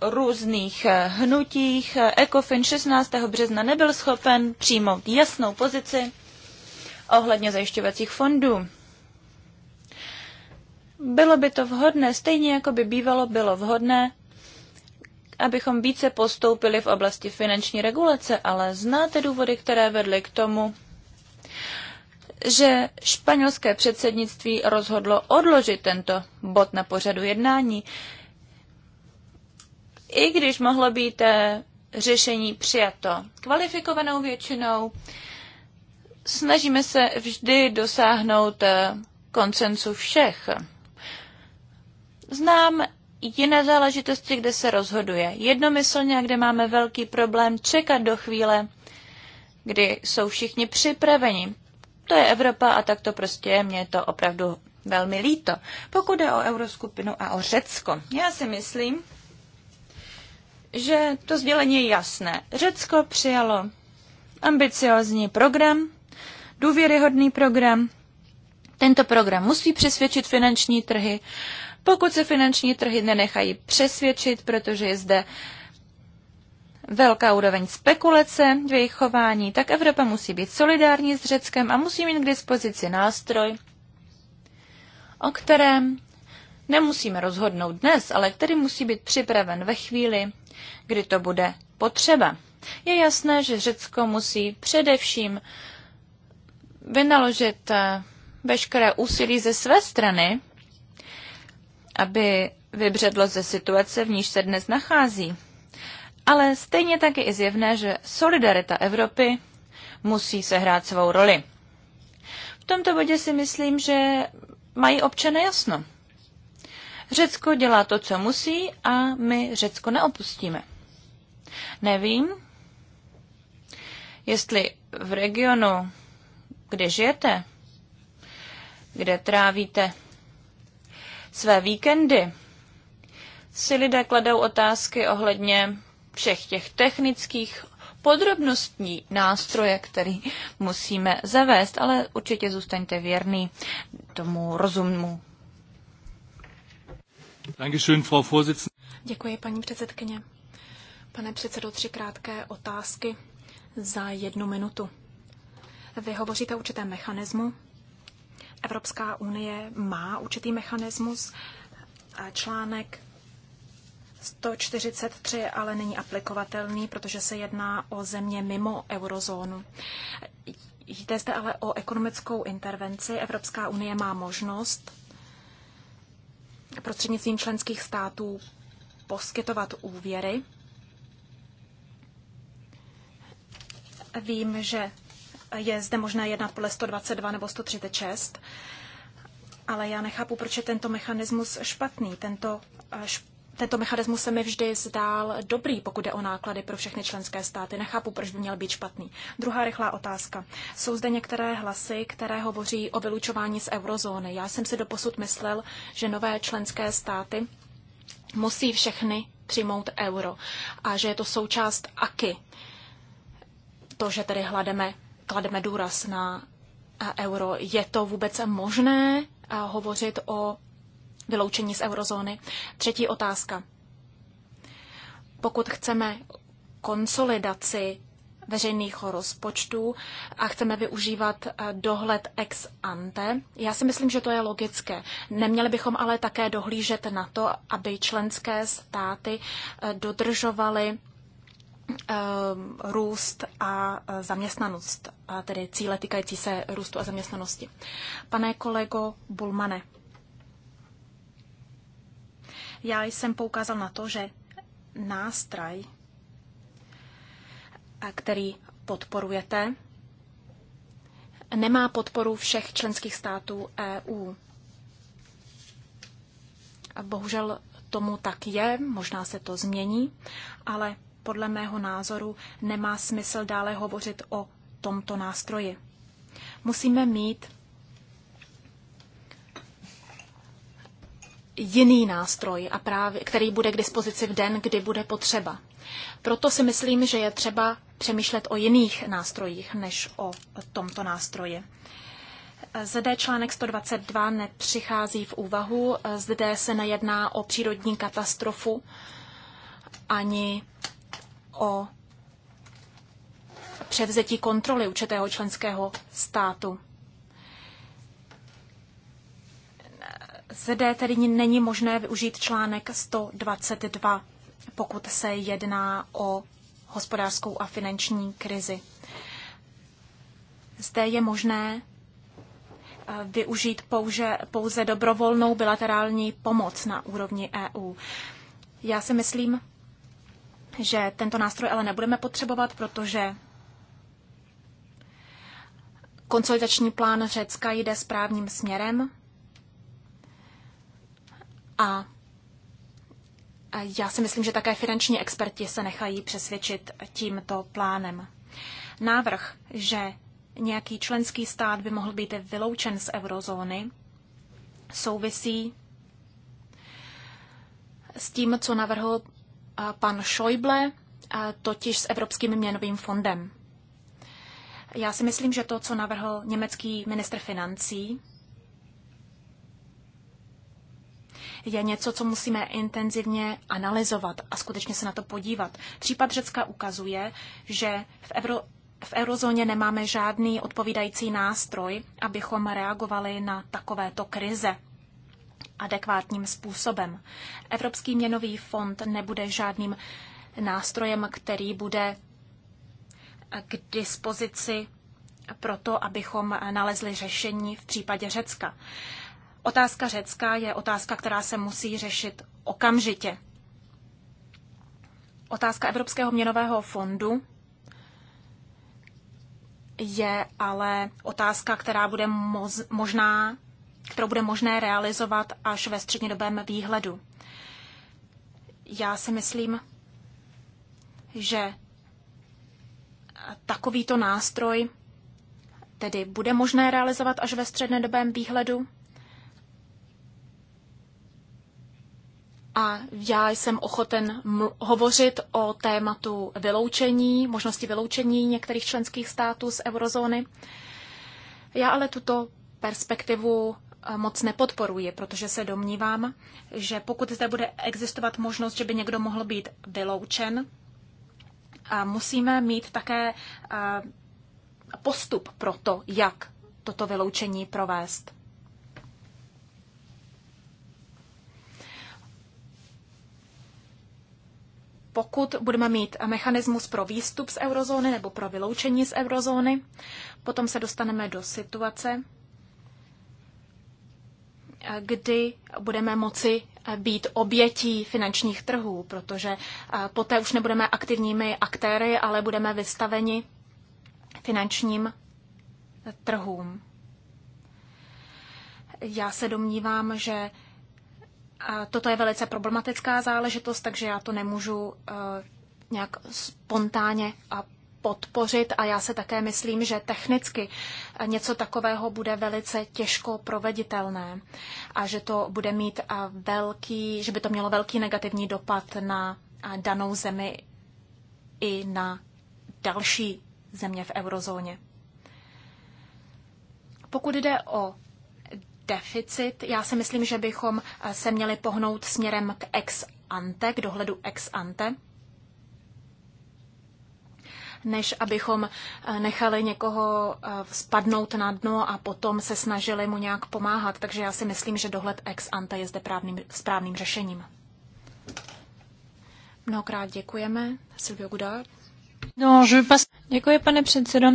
různých hnutích ECOFIN 16. března nebyl schopen přijmout jasnou pozici ohledně zajišťovacích fondů. Bylo by to vhodné, stejně jako by bývalo bylo vhodné abychom více postoupili v oblasti finanční regulace, ale znáte důvody, které vedly k tomu, že španělské předsednictví rozhodlo odložit tento bod na pořadu jednání, i když mohlo být eh, řešení přijato kvalifikovanou většinou. Snažíme se vždy dosáhnout eh, koncensu všech. Znám jiné záležitosti, kde se rozhoduje jednomyslně a kde máme velký problém čekat do chvíle, kdy jsou všichni připraveni. To je Evropa a tak to prostě je. Mně je to opravdu velmi líto. Pokud jde o euroskupinu a o Řecko, já si myslím, že to sdělení je jasné. Řecko přijalo ambiciozní program, důvěryhodný program. Tento program musí přesvědčit finanční trhy pokud se finanční trhy nenechají přesvědčit, protože je zde velká úroveň spekulace v jejich chování, tak Evropa musí být solidární s Řeckem a musí mít k dispozici nástroj, o kterém nemusíme rozhodnout dnes, ale který musí být připraven ve chvíli, kdy to bude potřeba. Je jasné, že Řecko musí především vynaložit eh, veškeré úsilí ze své strany, aby vybředlo ze situace, v níž se dnes nachází. Ale stejně tak je i zjevné, že solidarita Evropy musí sehrát svou roli. V tomto bodě si myslím, že mají občané jasno. Řecko dělá to, co musí a my Řecko neopustíme. Nevím, jestli v regionu, kde žijete, kde trávíte své víkendy, si lidé kladou otázky ohledně všech těch technických podrobnostní nástroje, který musíme zavést, ale určitě zůstaňte věrný tomu rozumu. Děkuji, paní předsedkyně. Pane předsedo, tři krátké otázky za jednu minutu. Vy hovoříte o určitém mechanismu, Evropská unie má určitý mechanismus, článek 143 ale není aplikovatelný, protože se jedná o země mimo eurozónu. Jde zde ale o ekonomickou intervenci. Evropská unie má možnost prostřednictvím členských států poskytovat úvěry. Vím, že je zde možné jednat podle 122 nebo 136, ale já nechápu, proč je tento mechanismus špatný. Tento, eh, tento mechanismus se mi vždy zdál dobrý, pokud jde o náklady pro všechny členské státy. Nechápu, proč by měl být špatný. Druhá rychlá otázka. Jsou zde některé hlasy, které hovoří o vylučování z eurozóny. Já jsem si doposud myslel, že nové členské státy musí všechny přijmout euro a že je to součást AKY. To, že tedy hlademe klademe důraz na eh, euro. Je to vůbec možné eh, hovořit o vyloučení z eurozóny? Třetí otázka. Pokud chceme konsolidaci veřejných rozpočtů a chceme využívat eh, dohled ex ante. Já si myslím, že to je logické. Neměli bychom ale také dohlížet na to, aby členské státy dodržovaly Eh, růst a eh, zaměstnanost, a tedy cíle týkající se růstu a zaměstnanosti. Pane kolego Bulmane, já jsem poukázal na to, že nástroj, který podporujete, nemá podporu všech členských států EU. A bohužel tomu tak je, možná se to změní, ale podle mého názoru nemá smysl dále hovořit o tomto nástroji. Musíme mít jiný nástroj, a právě, který bude k dispozici v den, kdy bude potřeba. Proto si myslím, že je třeba přemýšlet o jiných nástrojích než o tomto nástroji. ZD článek 122 nepřichází v úvahu. Zde se nejedná o přírodní katastrofu ani o převzetí kontroly určitého členského státu. Zde tedy není možné využít článek 122, pokud se jedná o hospodářskou a finanční krizi. Zde je možné eh, využít pouze, pouze dobrovolnou bilaterální pomoc na úrovni EU. Já si myslím, že tento nástroj ale nebudeme potřebovat, protože konsolidační plán Řecka jde správným směrem a já si myslím, že také finanční experti se nechají přesvědčit tímto plánem. Návrh, že nějaký členský stát by mohl být vyloučen z eurozóny, souvisí s tím, co navrhl pan Schäuble, totiž s Evropským měnovým fondem. Já si myslím, že to, co navrhl německý ministr financí, je něco, co musíme intenzivně analyzovat a skutečně se na to podívat. Případ Řecka ukazuje, že v, euro, v eurozóně nemáme žádný odpovídající nástroj, abychom reagovali na takovéto krize adekvátním způsobem. Evropský měnový fond nebude žádným nástrojem, který bude k dispozici pro to, abychom nalezli řešení v případě Řecka. Otázka Řecka je otázka, která se musí řešit okamžitě. Otázka Evropského měnového fondu je ale otázka, která bude možná kterou bude možné realizovat až ve střednědobém výhledu. Já si myslím, že takovýto nástroj tedy bude možné realizovat až ve střednědobém výhledu. A já jsem ochoten hovořit o tématu vyloučení, možnosti vyloučení některých členských států z eurozóny. Já ale tuto perspektivu moc nepodporuji, protože se domnívám, že pokud zde bude existovat možnost, že by někdo mohl být vyloučen, a musíme mít také postup pro to, jak toto vyloučení provést. Pokud budeme mít mechanismus pro výstup z eurozóny nebo pro vyloučení z eurozóny, potom se dostaneme do situace, kdy budeme moci být obětí finančních trhů, protože eh, poté už nebudeme aktivními aktéry, ale budeme vystaveni finančním trhům. Já se domnívám, že eh, toto je velice problematická záležitost, takže já to nemůžu eh, nějak spontánně a podpořit a já se také myslím, že technicky něco takového bude velice těžko proveditelné a že to bude mít velký, že by to mělo velký negativní dopad na danou zemi i na další země v eurozóně. Pokud jde o deficit, já si myslím, že bychom se měli pohnout směrem k ex ante, k dohledu ex ante než abychom eh, nechali někoho eh, spadnout na dno a potom se snažili mu nějak pomáhat. Takže já si myslím, že dohled ex ante je zde právným, správným řešením. Mnohokrát děkujeme. Silvio Gudard. No, je pas... Děkuji, pane předsedo.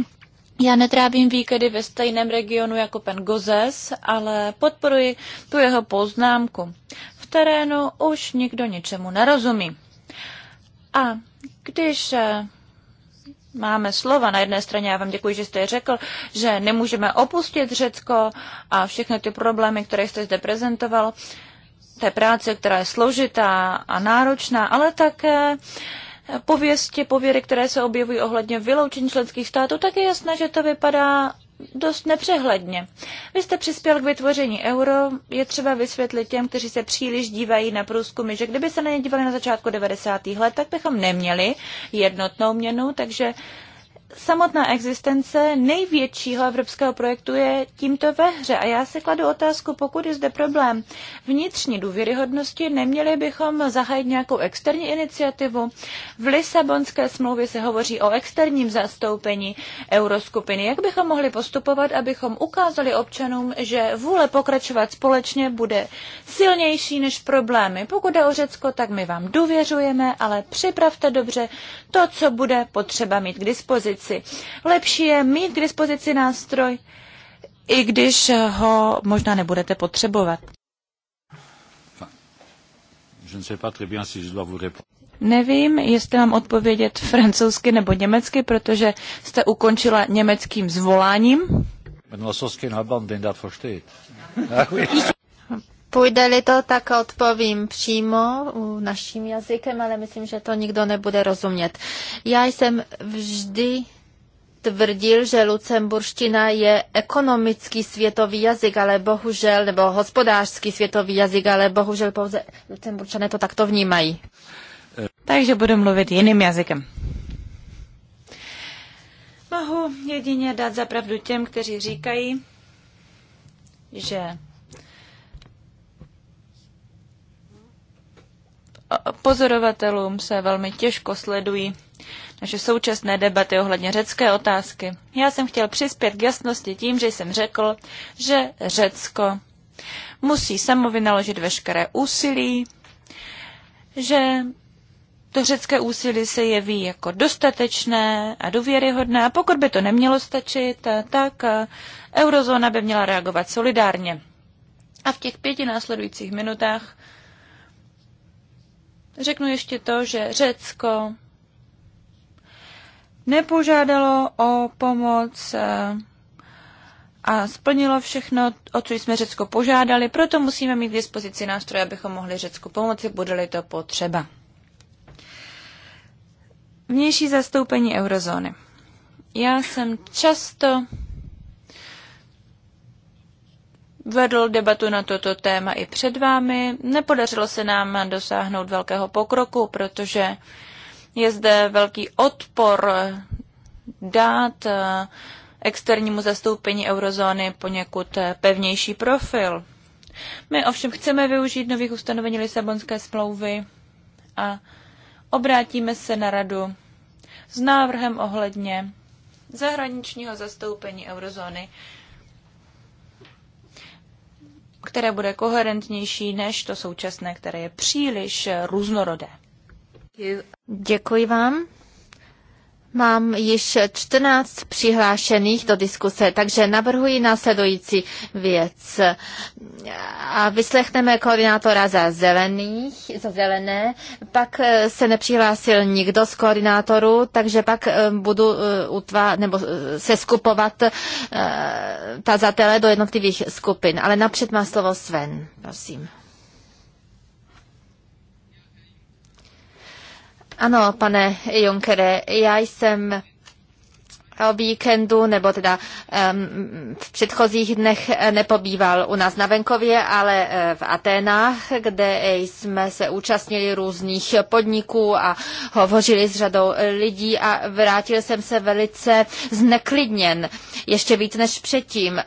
Já netrávím víkedy ve stejném regionu jako pan Gozes, ale podporuji tu jeho poznámku. V terénu už nikdo ničemu nerozumí. A když eh, máme slova. Na jedné straně já vám děkuji, že jste řekl, že nemůžeme opustit Řecko a všechny ty problémy, které jste zde prezentoval, té práce, která je složitá a náročná, ale také pověsti, pověry, které se objevují ohledně vyloučení členských států, tak je jasné, že to vypadá dost nepřehledně. Vy jste přispěl k vytvoření euro, je třeba vysvětlit těm, kteří se příliš dívají na průzkumy, že kdyby se na ně dívali na začátku 90. let, tak bychom neměli jednotnou měnu, takže samotná existence největšího evropského projektu je tímto ve hře. A já si kladu otázku, pokud je zde problém vnitřní důvěryhodnosti, neměli bychom zahájit nějakou externí iniciativu. V Lisabonské smlouvě se hovoří o externím zastoupení euroskupiny. Jak bychom mohli postupovat, abychom ukázali občanům, že vůle pokračovat společně bude silnější než problémy. Pokud jde o Řecko, tak my vám důvěřujeme, ale připravte dobře to, co bude potřeba mít k dispozici dispozici. Lepší je mít k dispozici nástroj, i když ho možná nebudete potřebovat. Nevím, jestli mám odpovědět francouzsky nebo německy, protože jste ukončila německým zvoláním. Ich Půjde-li to, tak odpovím přímo naším jazykem, ale myslím, že to nikdo nebude rozumět. Já jsem vždy tvrdil, že lucemburština je ekonomický světový jazyk, ale bohužel, nebo hospodářský světový jazyk, ale bohužel pouze lucemburčané to takto vnímají. Takže budu mluvit jiným jazykem. Mohu jedině dát zapravdu těm, kteří říkají, že pozorovatelům se velmi těžko sledují naše současné debaty ohledně řecké otázky. Já jsem chtěl přispět k jasnosti tím, že jsem řekl, že Řecko musí samo vynaložit veškeré úsilí, že to řecké úsilí se jeví jako dostatečné a důvěryhodné a pokud by to nemělo stačit, tak eurozóna by měla reagovat solidárně. A v těch pěti následujících minutách Řeknu ještě to, že Řecko nepožádalo o pomoc eh, a splnilo všechno, o co jsme Řecko požádali, proto musíme mít k dispozici nástroje, abychom mohli Řecku pomoci, bude-li to potřeba. Vnější zastoupení eurozóny. Já jsem často vedl debatu na toto téma i před vámi. Nepodařilo se nám dosáhnout velkého pokroku, protože je zde velký odpor dát eh, externímu zastoupení eurozóny poněkud eh, pevnější profil. My ovšem chceme využít nových ustanovení Lisabonské smlouvy a obrátíme se na radu s návrhem ohledně zahraničního zastoupení eurozóny které bude koherentnější než to současné, které je příliš různorodé. Děkuji vám. Mám již 14 přihlášených do diskuse, takže navrhuji následující věc. A vyslechneme koordinátora za zelených, za zelené, pak eh, se nepřihlásil nikdo z koordinátorů, takže pak eh, budu eh, utva, nebo se skupovat tazatele do jednotlivých skupin. Ale napřed má slovo Sven, prosím. Ano, pane Junckere, já jsem víkendu nebo teda v předchozích dnech eh, nepobýval u nás na venkově, ale eh, v Aténách, kde jsme se účastnili různých podniků a hovořili s řadou lidí a vrátil jsem se velice zneklidněn, ještě víc než předtím.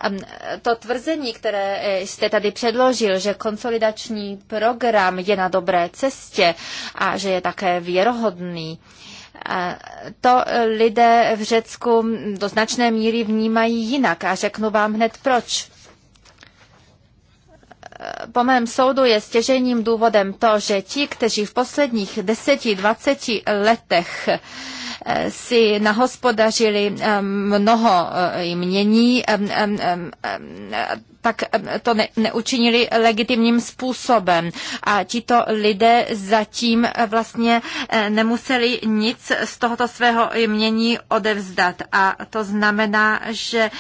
To tvrzení, které eh, jste tady předložil, že konsolidační program je na dobré cestě a že je také věrohodný, to lidé v Řecku do značné míry vnímají jinak a řeknu vám hned proč. Po mém soudu je stěžením důvodem to, že ti, kteří v posledních 10-20 letech uh, Eh, si nahospodařili eh, mnoho eh, mění, tak to ne, neučinili legitimním způsobem. A tito lidé zatím vlastně nemuseli nic z tohoto svého jmění odevzdat. A to znamená, že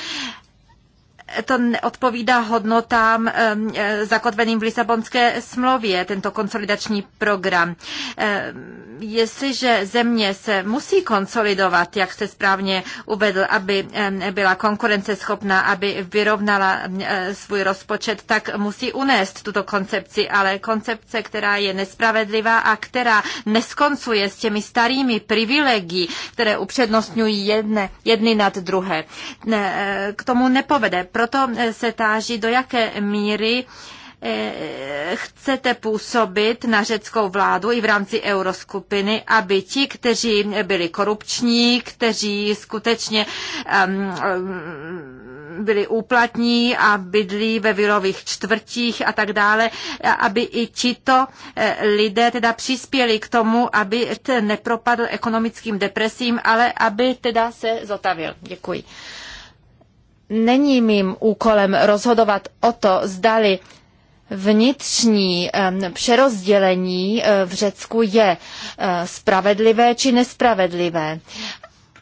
to neodpovídá hodnotám e, zakotveným v Lisabonské smlouvě, tento konsolidační program. Jestliže země se musí konsolidovat, jak se správně uvedl, aby byla konkurenceschopná, aby vyrovnala e, svůj rozpočet, tak musí unést tuto koncepci, ale koncepce, která je nespravedlivá a která neskoncuje s těmi starými privilegii, které upřednostňují jedne, jedny nad druhé, e, k tomu nepovede proto eh, se táží, do jaké míry eh, chcete působit na řeckou vládu i v rámci euroskupiny, aby ti, kteří byli korupční, kteří skutečně um, um, byli úplatní a bydlí ve vilových čtvrtích a tak dále, aby i tito eh, lidé teda přispěli k tomu, aby nepropadl ekonomickým depresím, ale aby teda se zotavil. Děkuji není mým úkolem rozhodovat o to, zdali vnitřní přerozdělení e, v Řecku je e, spravedlivé či nespravedlivé.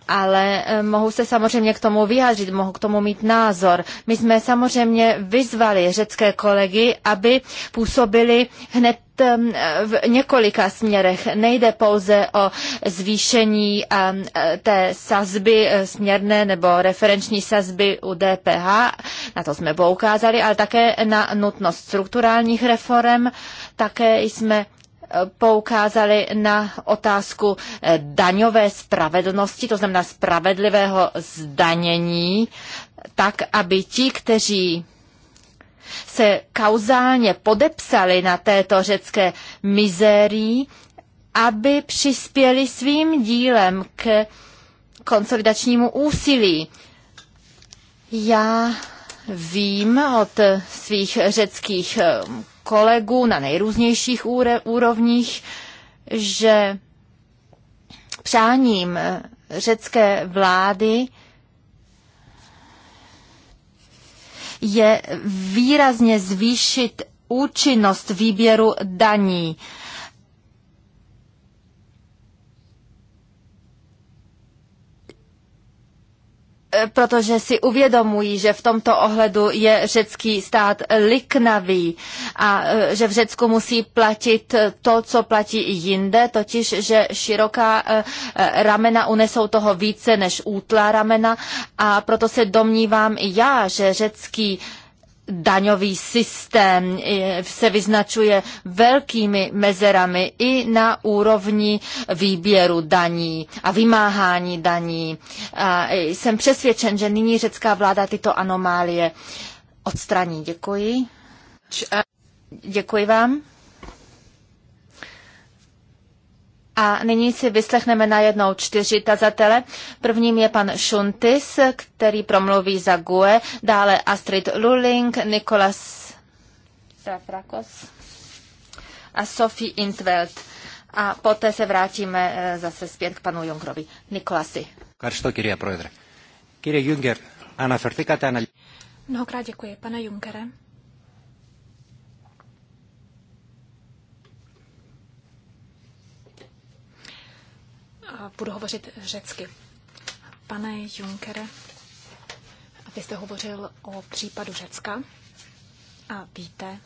Ale e, mohu se samozřejmě k tomu vyjádřit, mohu k tomu mít názor. My jsme samozřejmě vyzvali řecké kolegy, aby působili hned Um, v několika směrech. Nejde pouze o zvýšení um, té sazby eh, směrné nebo referenční sazby u DPH, na to jsme poukázali, ale také na nutnost strukturálních reform. Také jsme eh, poukázali na otázku eh, daňové spravedlnosti, to znamená spravedlivého zdanění, tak aby ti, kteří se kauzálně podepsali na této řecké mizérii, aby přispěli svým dílem k konsolidačnímu úsilí. Já vím od svých řeckých eh, kolegů na nejrůznějších úrovních, že přáním eh, řecké vlády je výrazně zvýšit účinnost výběru daní E, protože si uvědomují, že v tomto ohledu je řecký stát liknavý a e, že v Řecku musí platit to, co platí i jinde, totiž, že široká e, ramena unesou toho více než útlá ramena a proto se domnívám i já, že řecký daňový systém se vyznačuje velkými mezerami i na úrovni výběru daní a vymáhání daní. A jsem přesvědčen, že nyní řecká vláda tyto anomálie odstraní. Děkuji. Děkuji vám. A nyní si vyslechneme najednou čtyři tazatele. Prvním je pan Šuntis, který promluví za GUE, dále Astrid Luling, Nikolas Zafrakos a Sophie Intveld. A poté se vrátíme eh, zase zpět k panu Junkerovi. Nikolasi. Karšto, Junger, projedre. Kyrie Juncker, anafrtikate anal... Mnohokrát děkuji, pane Junkere. budu hovořit řecky. Pane Junkere, vy jste hovořil o případu Řecka a víte,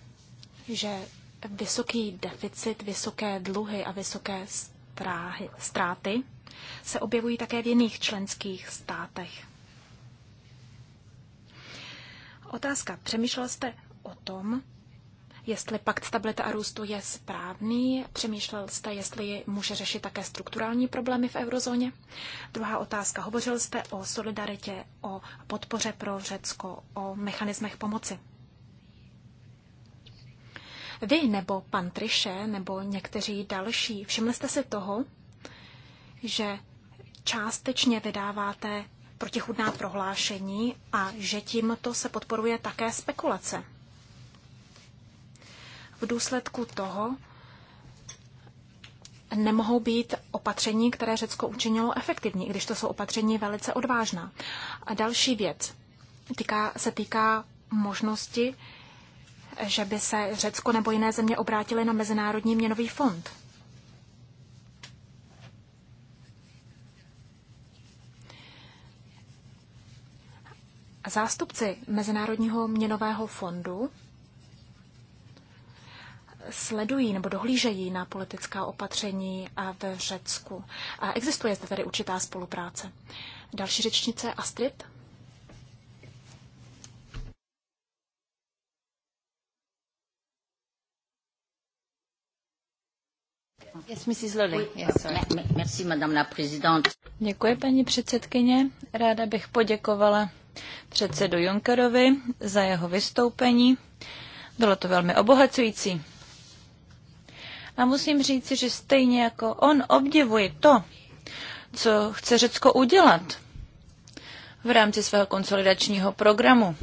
že vysoký deficit, vysoké dluhy a vysoké stráhy, ztráty se objevují také v jiných členských státech. Otázka. Přemýšlel jste o tom, jestli pakt stability a růstu je správný. Přemýšlel jste, jestli může řešit také strukturální problémy v eurozóně? Druhá otázka. Hovořil jste o solidaritě, o podpoře pro Řecko, o mechanismech pomoci. Vy nebo pan Triše nebo někteří další, všimli jste si toho, že částečně vydáváte protichudná prohlášení a že tímto se podporuje také spekulace v důsledku toho nemohou být opatření, které Řecko učinilo efektivní, když to jsou opatření velice odvážná. A další věc týká, se týká možnosti, že by se Řecko nebo jiné země obrátily na Mezinárodní měnový fond. Zástupci Mezinárodního měnového fondu sledují nebo dohlížejí na politická opatření v Řecku. A existuje zde tady určitá spolupráce. Další řečnice Astrid. Děkuji, paní předsedkyně. Ráda bych poděkovala předsedu Junckerovi za jeho vystoupení. Bylo to velmi obohacující. A musím říci, že stejně jako on obdivuje to, co chce Řecko udělat v rámci svého konsolidačního programu.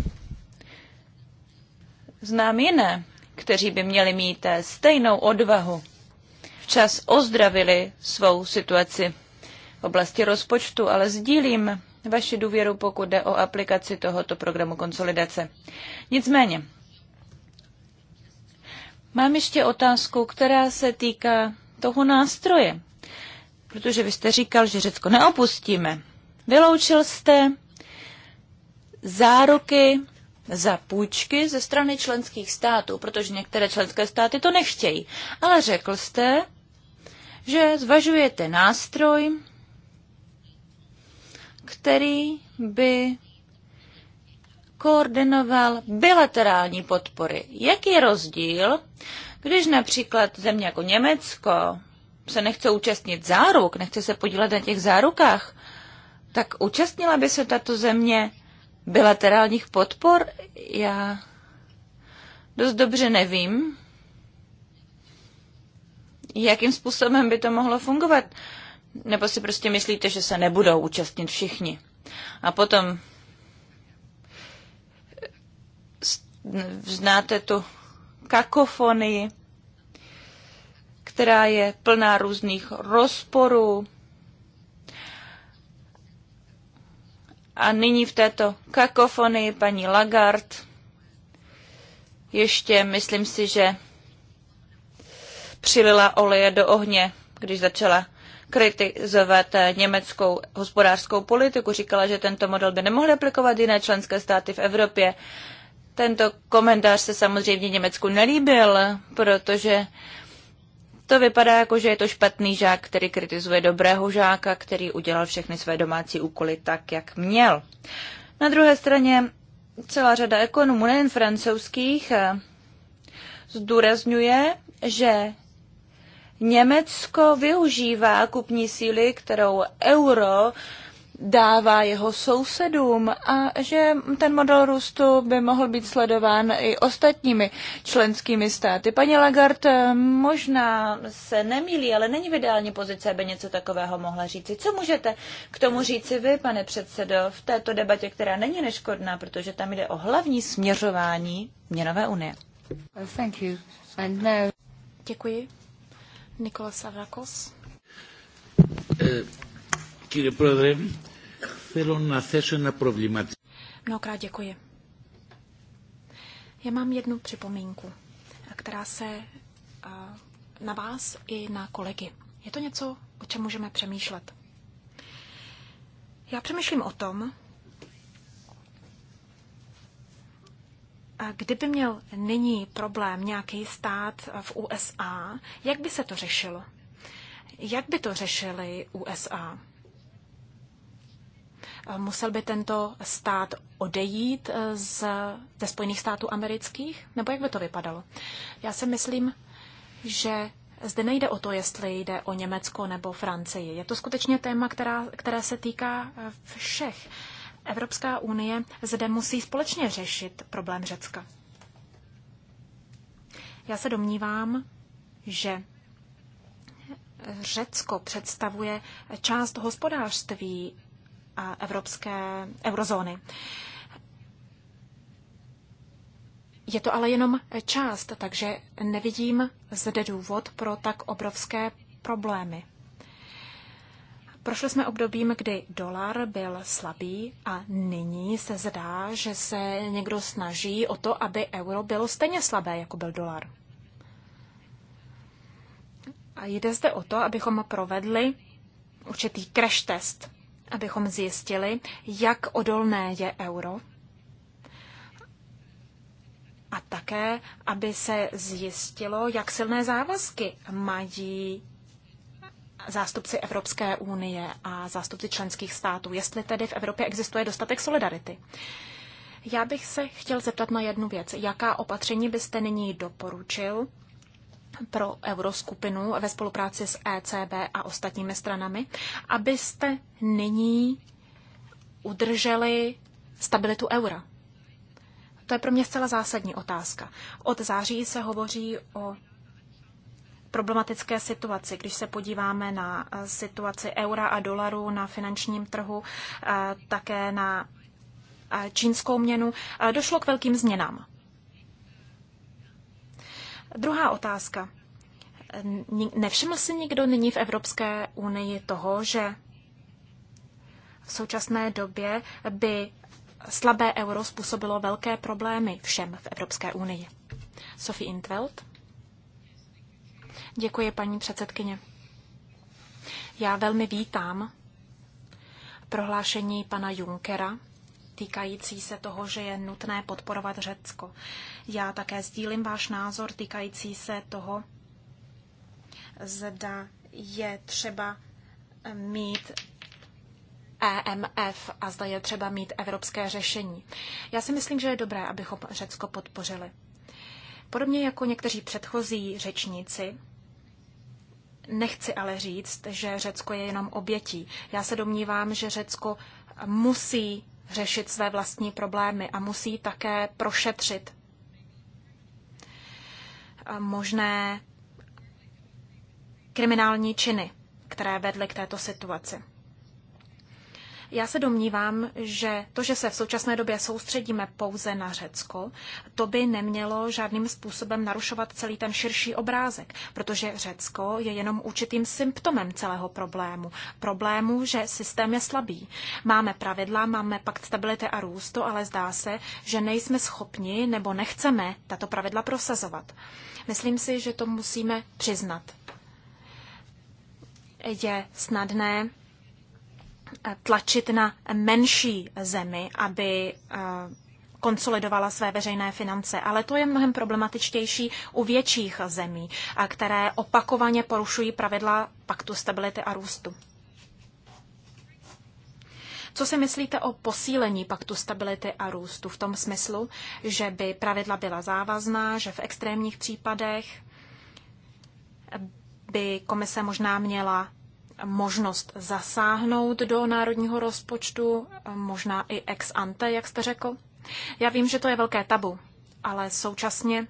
Znám jiné, kteří by měli mít stejnou odvahu. Včas ozdravili svou situaci v oblasti rozpočtu, ale sdílím vaši důvěru, pokud jde o aplikaci tohoto programu konsolidace. Nicméně, Mám ještě otázku, která se týká toho nástroje. Protože vy jste říkal, že Řecko neopustíme. Vyloučil jste záruky za půjčky ze strany členských států, protože některé členské státy to nechtějí. Ale řekl jste, že zvažujete nástroj, který by koordinoval bilaterální podpory. Jaký je rozdíl, když například země jako Německo se nechce účastnit záruk, nechce se podílet na těch zárukách, tak účastnila by se tato země bilaterálních podpor? Já dost dobře nevím, jakým způsobem by to mohlo fungovat. Nebo si prostě myslíte, že se nebudou účastnit všichni. A potom znáte tu kakofonii, která je plná různých rozporů. A nyní v této kakofonii paní Lagarde ještě, myslím si, že přilila oleje do ohně, když začala kritizovat německou hospodářskou politiku. Říkala, že tento model by nemohly aplikovat jiné členské státy v Evropě, tento komentář se samozřejmě Německu nelíbil, protože to vypadá jako, že je to špatný žák, který kritizuje dobrého žáka, který udělal všechny své domácí úkoly tak, jak měl. Na druhé straně celá řada ekonomů, nejen francouzských, zdůrazňuje, že Německo využívá kupní síly, kterou euro dává jeho sousedům a že ten model růstu by mohl být sledován i ostatními členskými státy. Paní Lagarde možná se nemýlí, ale není v ideální pozici, aby něco takového mohla říci. Co můžete k tomu říci vy, pane předsedo, v této debatě, která není neškodná, protože tam jde o hlavní směřování měnové unie? Thank you. And now... Děkuji. Nikola Savrakos. Uh... Eh, Κύριε Θέλω να θέσω ένα προβληματισμό. Mnohokrát děkuji. Já mám jednu připomínku, která se eh, na vás i na kolegy. Je to něco, o čem můžeme přemýšlet. Já přemýšlím o tom, kdyby měl nyní problém nějaký stát v USA, jak by se to řešilo? Jak by to řešili USA? musel by tento stát odejít eh, z, ze Spojených států amerických? Nebo jak by to vypadalo? Já si myslím, že zde nejde o to, jestli jde o Německo nebo Francii. Je to skutečně téma, která, které se týká eh, všech. Evropská unie zde musí společně řešit problém Řecka. Já se domnívám, že Řecko představuje část hospodářství evropské eurozóny. Je to ale jenom část, takže nevidím zde důvod pro tak obrovské problémy. Prošli jsme obdobím, kdy dolar byl slabý a nyní se zdá, že se někdo snaží o to, aby euro bylo stejně slabé, jako byl dolar. A jde zde o to, abychom provedli určitý crash test abychom zjistili, jak odolné je euro a také, aby se zjistilo, jak silné závazky mají zástupci Evropské unie a zástupci členských států, jestli tedy v Evropě existuje dostatek solidarity. Já bych se chtěl zeptat na jednu věc. Jaká opatření byste nyní doporučil pro euroskupinu ve spolupráci s ECB a ostatními stranami, abyste nyní udrželi stabilitu eura? To je pro mě zcela zásadní otázka. Od září se hovoří o problematické situaci. Když se podíváme na eh, situaci eura a dolaru na finančním trhu, eh, také na eh, čínskou měnu, došlo k velkým změnám. Druhá otázka. Nevšiml si někdo nyní v Evropské unii toho, že v současné době by slabé euro způsobilo velké problémy všem v Evropské unii? Sophie Intveld? Děkuji, paní předsedkyně. Já velmi vítám prohlášení pana Junkera týkající se toho, že je nutné podporovat Řecko. Já také sdílím váš názor týkající se toho, zda je třeba mít EMF a zda je třeba mít evropské řešení. Já si myslím, že je dobré, abychom Řecko podpořili. Podobně jako někteří předchozí řečníci, nechci ale říct, že Řecko je jenom obětí. Já se domnívám, že Řecko musí řešit své vlastní problémy a musí také prošetřit eh, možné kriminální činy, které vedly k této situaci. Já se domnívám, že to, že se v současné době soustředíme pouze na Řecko, to by nemělo žádným způsobem narušovat celý ten širší obrázek, protože Řecko je jenom určitým symptomem celého problému. Problému, že systém je slabý. Máme pravidla, máme pakt stability a růstu, ale zdá se, že nejsme schopni nebo nechceme tato pravidla prosazovat. Myslím si, že to musíme přiznat. Je snadné Eh, tlačit na menší zemi, aby eh, konsolidovala své veřejné finance, ale to je mnohem problematičtější u větších zemí, eh, které opakovaně porušují pravidla paktu stability a růstu. Co si myslíte o posílení paktu stability a růstu v tom smyslu, že by pravidla byla závazná, že v extrémních případech by komise možná měla možnost zasáhnout do národního rozpočtu, možná i ex ante, jak jste řekl. Já vím, že to je velké tabu, ale současně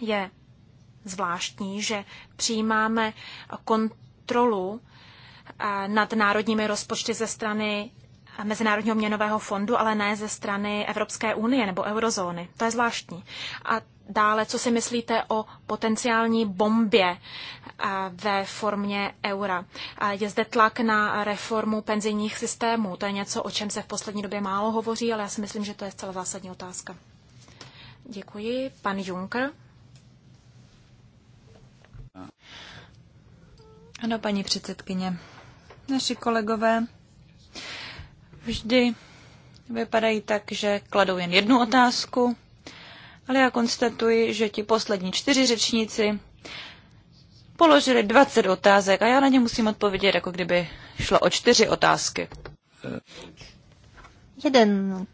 je zvláštní, že přijímáme kontrolu eh, nad národními rozpočty ze strany Mezinárodního měnového fondu, ale ne ze strany Evropské unie nebo eurozóny. To je zvláštní. A dále, co si myslíte o potenciální bombě ve formě eura. Je zde tlak na reformu penzijních systémů. To je něco, o čem se v poslední době málo hovoří, ale já si myslím, že to je zcela zásadní otázka. Děkuji. Pan Juncker. Ano, paní předsedkyně. Naši kolegové vždy vypadají tak, že kladou jen jednu otázku, ale já konstatuji, že ti poslední čtyři řečníci položili 20 otázek a já na ně musím odpovědět, jako kdyby šlo o čtyři otázky. Jeden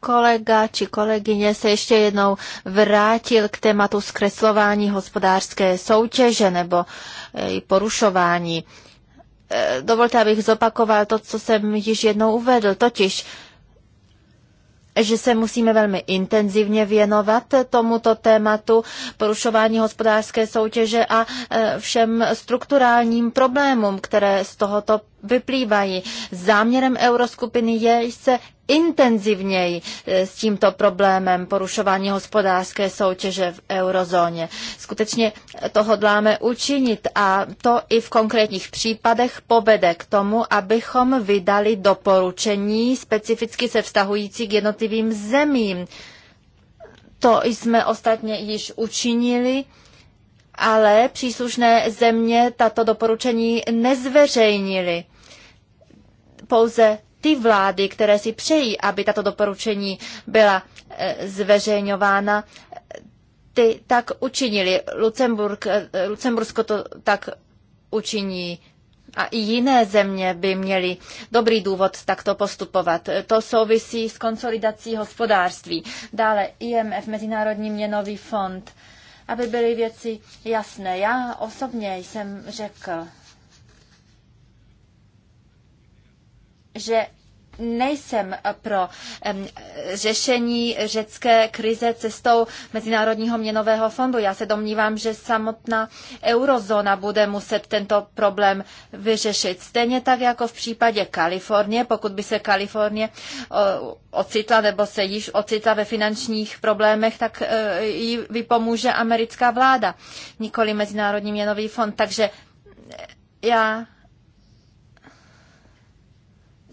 kolega či kolegyně se ještě jednou vrátil k tématu zkreslování hospodářské soutěže nebo eh, porušování. Eh, dovolte, abych zopakoval to, co jsem již jednou uvedl, totiž že se musíme velmi intenzivně věnovat tomuto tématu porušování hospodářské soutěže a e, všem strukturálním problémům, které z tohoto vyplývají. Záměrem euroskupiny je se intenzivněji e, s tímto problémem porušování hospodářské soutěže v eurozóně. Skutečně to hodláme učinit a to i v konkrétních případech povede k tomu, abychom vydali doporučení specificky se vztahující k jednotlivým zemím. To jsme ostatně již učinili ale příslušné země tato doporučení nezveřejnily. Pouze ty vlády, které si přejí, aby tato doporučení byla eh, zveřejňována, ty tak učinili. Lucemburg, eh, Lucembursko to tak učiní a i jiné země by měly dobrý důvod takto postupovat. To souvisí s konsolidací hospodářství. Dále IMF, Mezinárodní měnový fond, aby byly věci jasné. Já osobně jsem řekl, že nejsem pro řešení řecké krize cestou Mezinárodního měnového fondu. Já se domnívám, že samotná eurozóna bude muset tento problém vyřešit. Stejně tak jako v případě Kalifornie, pokud by se Kalifornie ocitla nebo se již ocitla ve finančních problémech, tak e, ji vypomůže americká vláda, nikoli Mezinárodní měnový fond. Takže já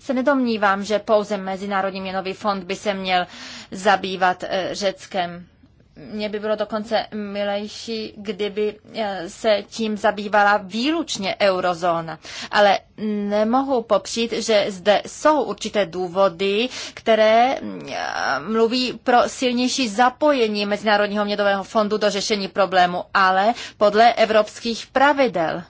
se nedomnívám, že pouze Mezinárodní měnový fond by se měl zabývat eh, Řeckem. Mně by bylo dokonce milejší, kdyby eh, se tím zabývala výlučně eurozóna. Ale nemohu popřít, že zde jsou určité důvody, které eh, mluví pro silnější zapojení Mezinárodního měnového fondu do řešení problému, ale podle evropských pravidel.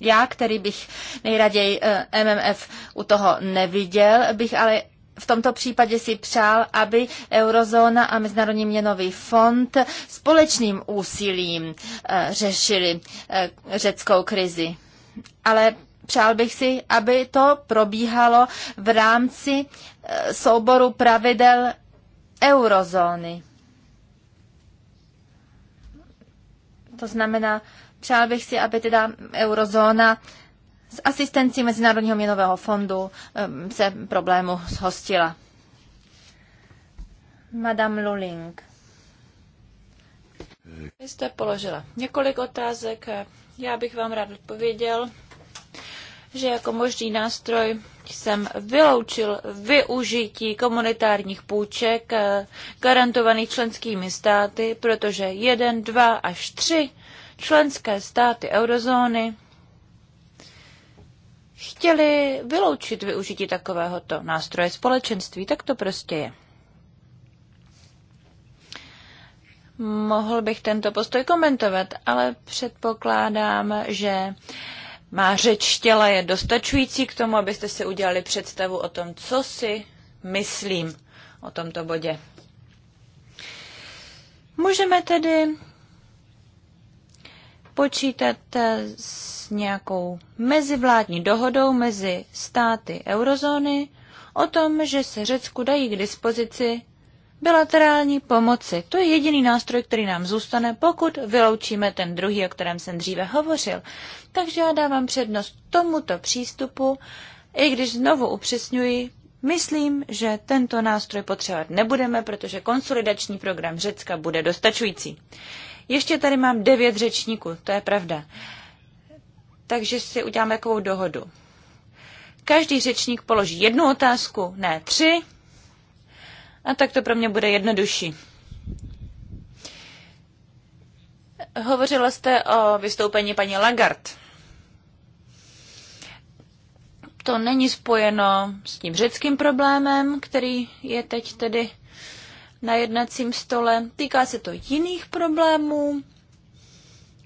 Já, který bych nejraději eh, MMF u toho neviděl, bych ale v tomto případě si přál, aby eurozóna a Mezinárodní měnový fond společným úsilím eh, řešili eh, řeckou krizi. Ale přál bych si, aby to probíhalo v rámci souboru pravidel eurozóny. To znamená, Přál bych si, aby teda eurozóna s asistencí Mezinárodního měnového fondu se problému zhostila. Madame Luling. Vy jste položila několik otázek. Já bych vám rád odpověděl, že jako možný nástroj jsem vyloučil využití komunitárních půjček eh, garantovaných členskými státy, protože jeden, dva až tři členské státy eurozóny chtěli vyloučit využití takovéhoto nástroje společenství, tak to prostě je. Mohl bych tento postoj komentovat, ale předpokládám, že má řeč těla je dostačující k tomu, abyste si udělali představu o tom, co si myslím o tomto bodě. Můžeme tedy počítat eh, s nějakou mezivládní dohodou mezi státy eurozóny o tom, že se Řecku dají k dispozici bilaterální pomoci. To je jediný nástroj, který nám zůstane, pokud vyloučíme ten druhý, o kterém jsem dříve hovořil. Takže já dávám přednost tomuto přístupu, i když znovu upřesňuji, Myslím, že tento nástroj potřebovat nebudeme, protože konsolidační program Řecka bude dostačující. Ještě tady mám devět řečníků, to je pravda. Takže si uděláme takovou dohodu. Každý řečník položí jednu otázku, ne tři, a tak to pro mě bude jednodušší. Hovořila jste o vystoupení paní Lagarde. To není spojeno s tím řeckým problémem, který je teď tedy na jednacím stole. Týká se to jiných problémů,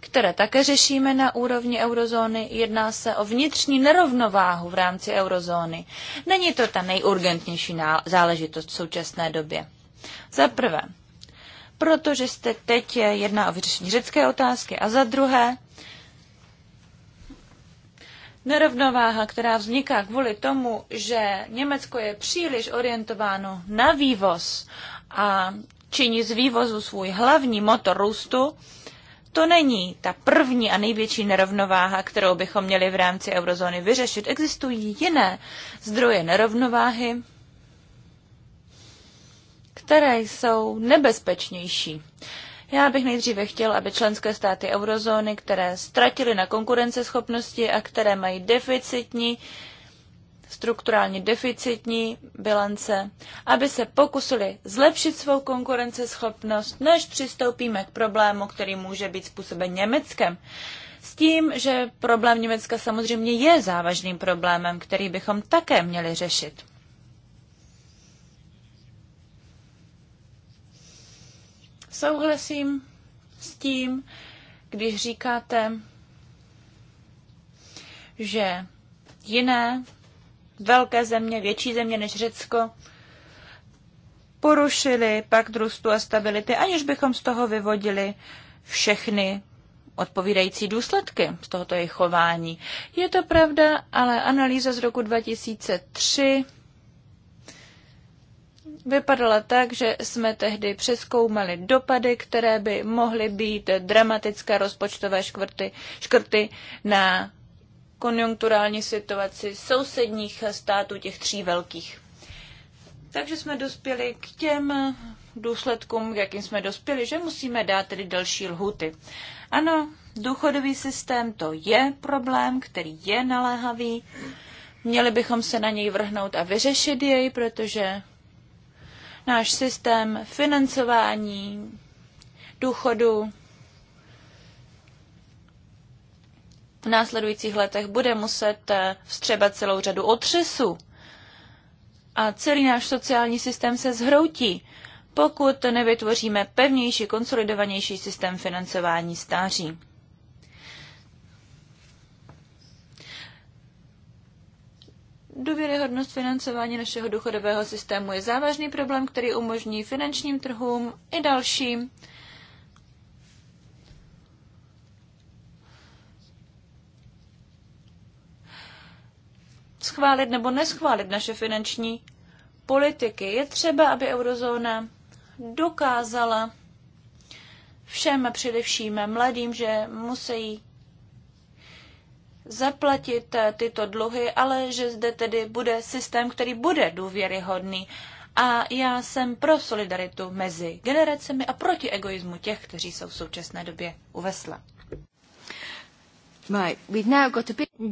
které také řešíme na úrovni eurozóny. Jedná se o vnitřní nerovnováhu v rámci eurozóny. Není to ta nejurgentnější záležitost v současné době. Za prvé, protože jste teď jedná o vyřešení řecké otázky a za druhé, Nerovnováha, která vzniká kvůli tomu, že Německo je příliš orientováno na vývoz a činí z vývozu svůj hlavní motor růstu, to není ta první a největší nerovnováha, kterou bychom měli v rámci eurozóny vyřešit. Existují jiné zdroje nerovnováhy, které jsou nebezpečnější. Já bych nejdříve chtěl, aby členské státy eurozóny, které ztratily na konkurenceschopnosti a které mají deficitní strukturálně deficitní bilance, aby se pokusili zlepšit svou konkurenceschopnost, než přistoupíme k problému, který může být způsoben Německem. S tím, že problém Německa samozřejmě je závažným problémem, který bychom také měli řešit. Souhlasím s tím, když říkáte, že jiné velké země, větší země než Řecko, porušili pak růstu a stability, aniž bychom z toho vyvodili všechny odpovídající důsledky z tohoto jejich chování. Je to pravda, ale analýza z roku 2003 vypadala tak, že jsme tehdy přeskoumali dopady, které by mohly být dramatické rozpočtové škvrty, škrty na konjunkturální situaci sousedních států těch tří velkých. Takže jsme dospěli k těm důsledkům, k jakým jsme dospěli, že musíme dát tedy další lhuty. Ano, důchodový systém to je problém, který je naléhavý. Měli bychom se na něj vrhnout a vyřešit jej, protože náš systém financování důchodu v následujících letech bude muset eh, vstřebat celou řadu otřesů. A celý náš sociální systém se zhroutí, pokud nevytvoříme pevnější, konsolidovanější systém financování stáří. Důvěryhodnost financování našeho důchodového systému je závažný problém, který umožní finančním trhům i dalším schválit nebo neschválit naše finanční politiky. Je třeba, aby eurozóna dokázala všem, především mladým, že musí zaplatit eh, tyto dluhy, ale že zde tedy bude systém, který bude důvěryhodný. A já jsem pro solidaritu mezi generacemi a proti egoismu těch, kteří jsou v současné době uvesla.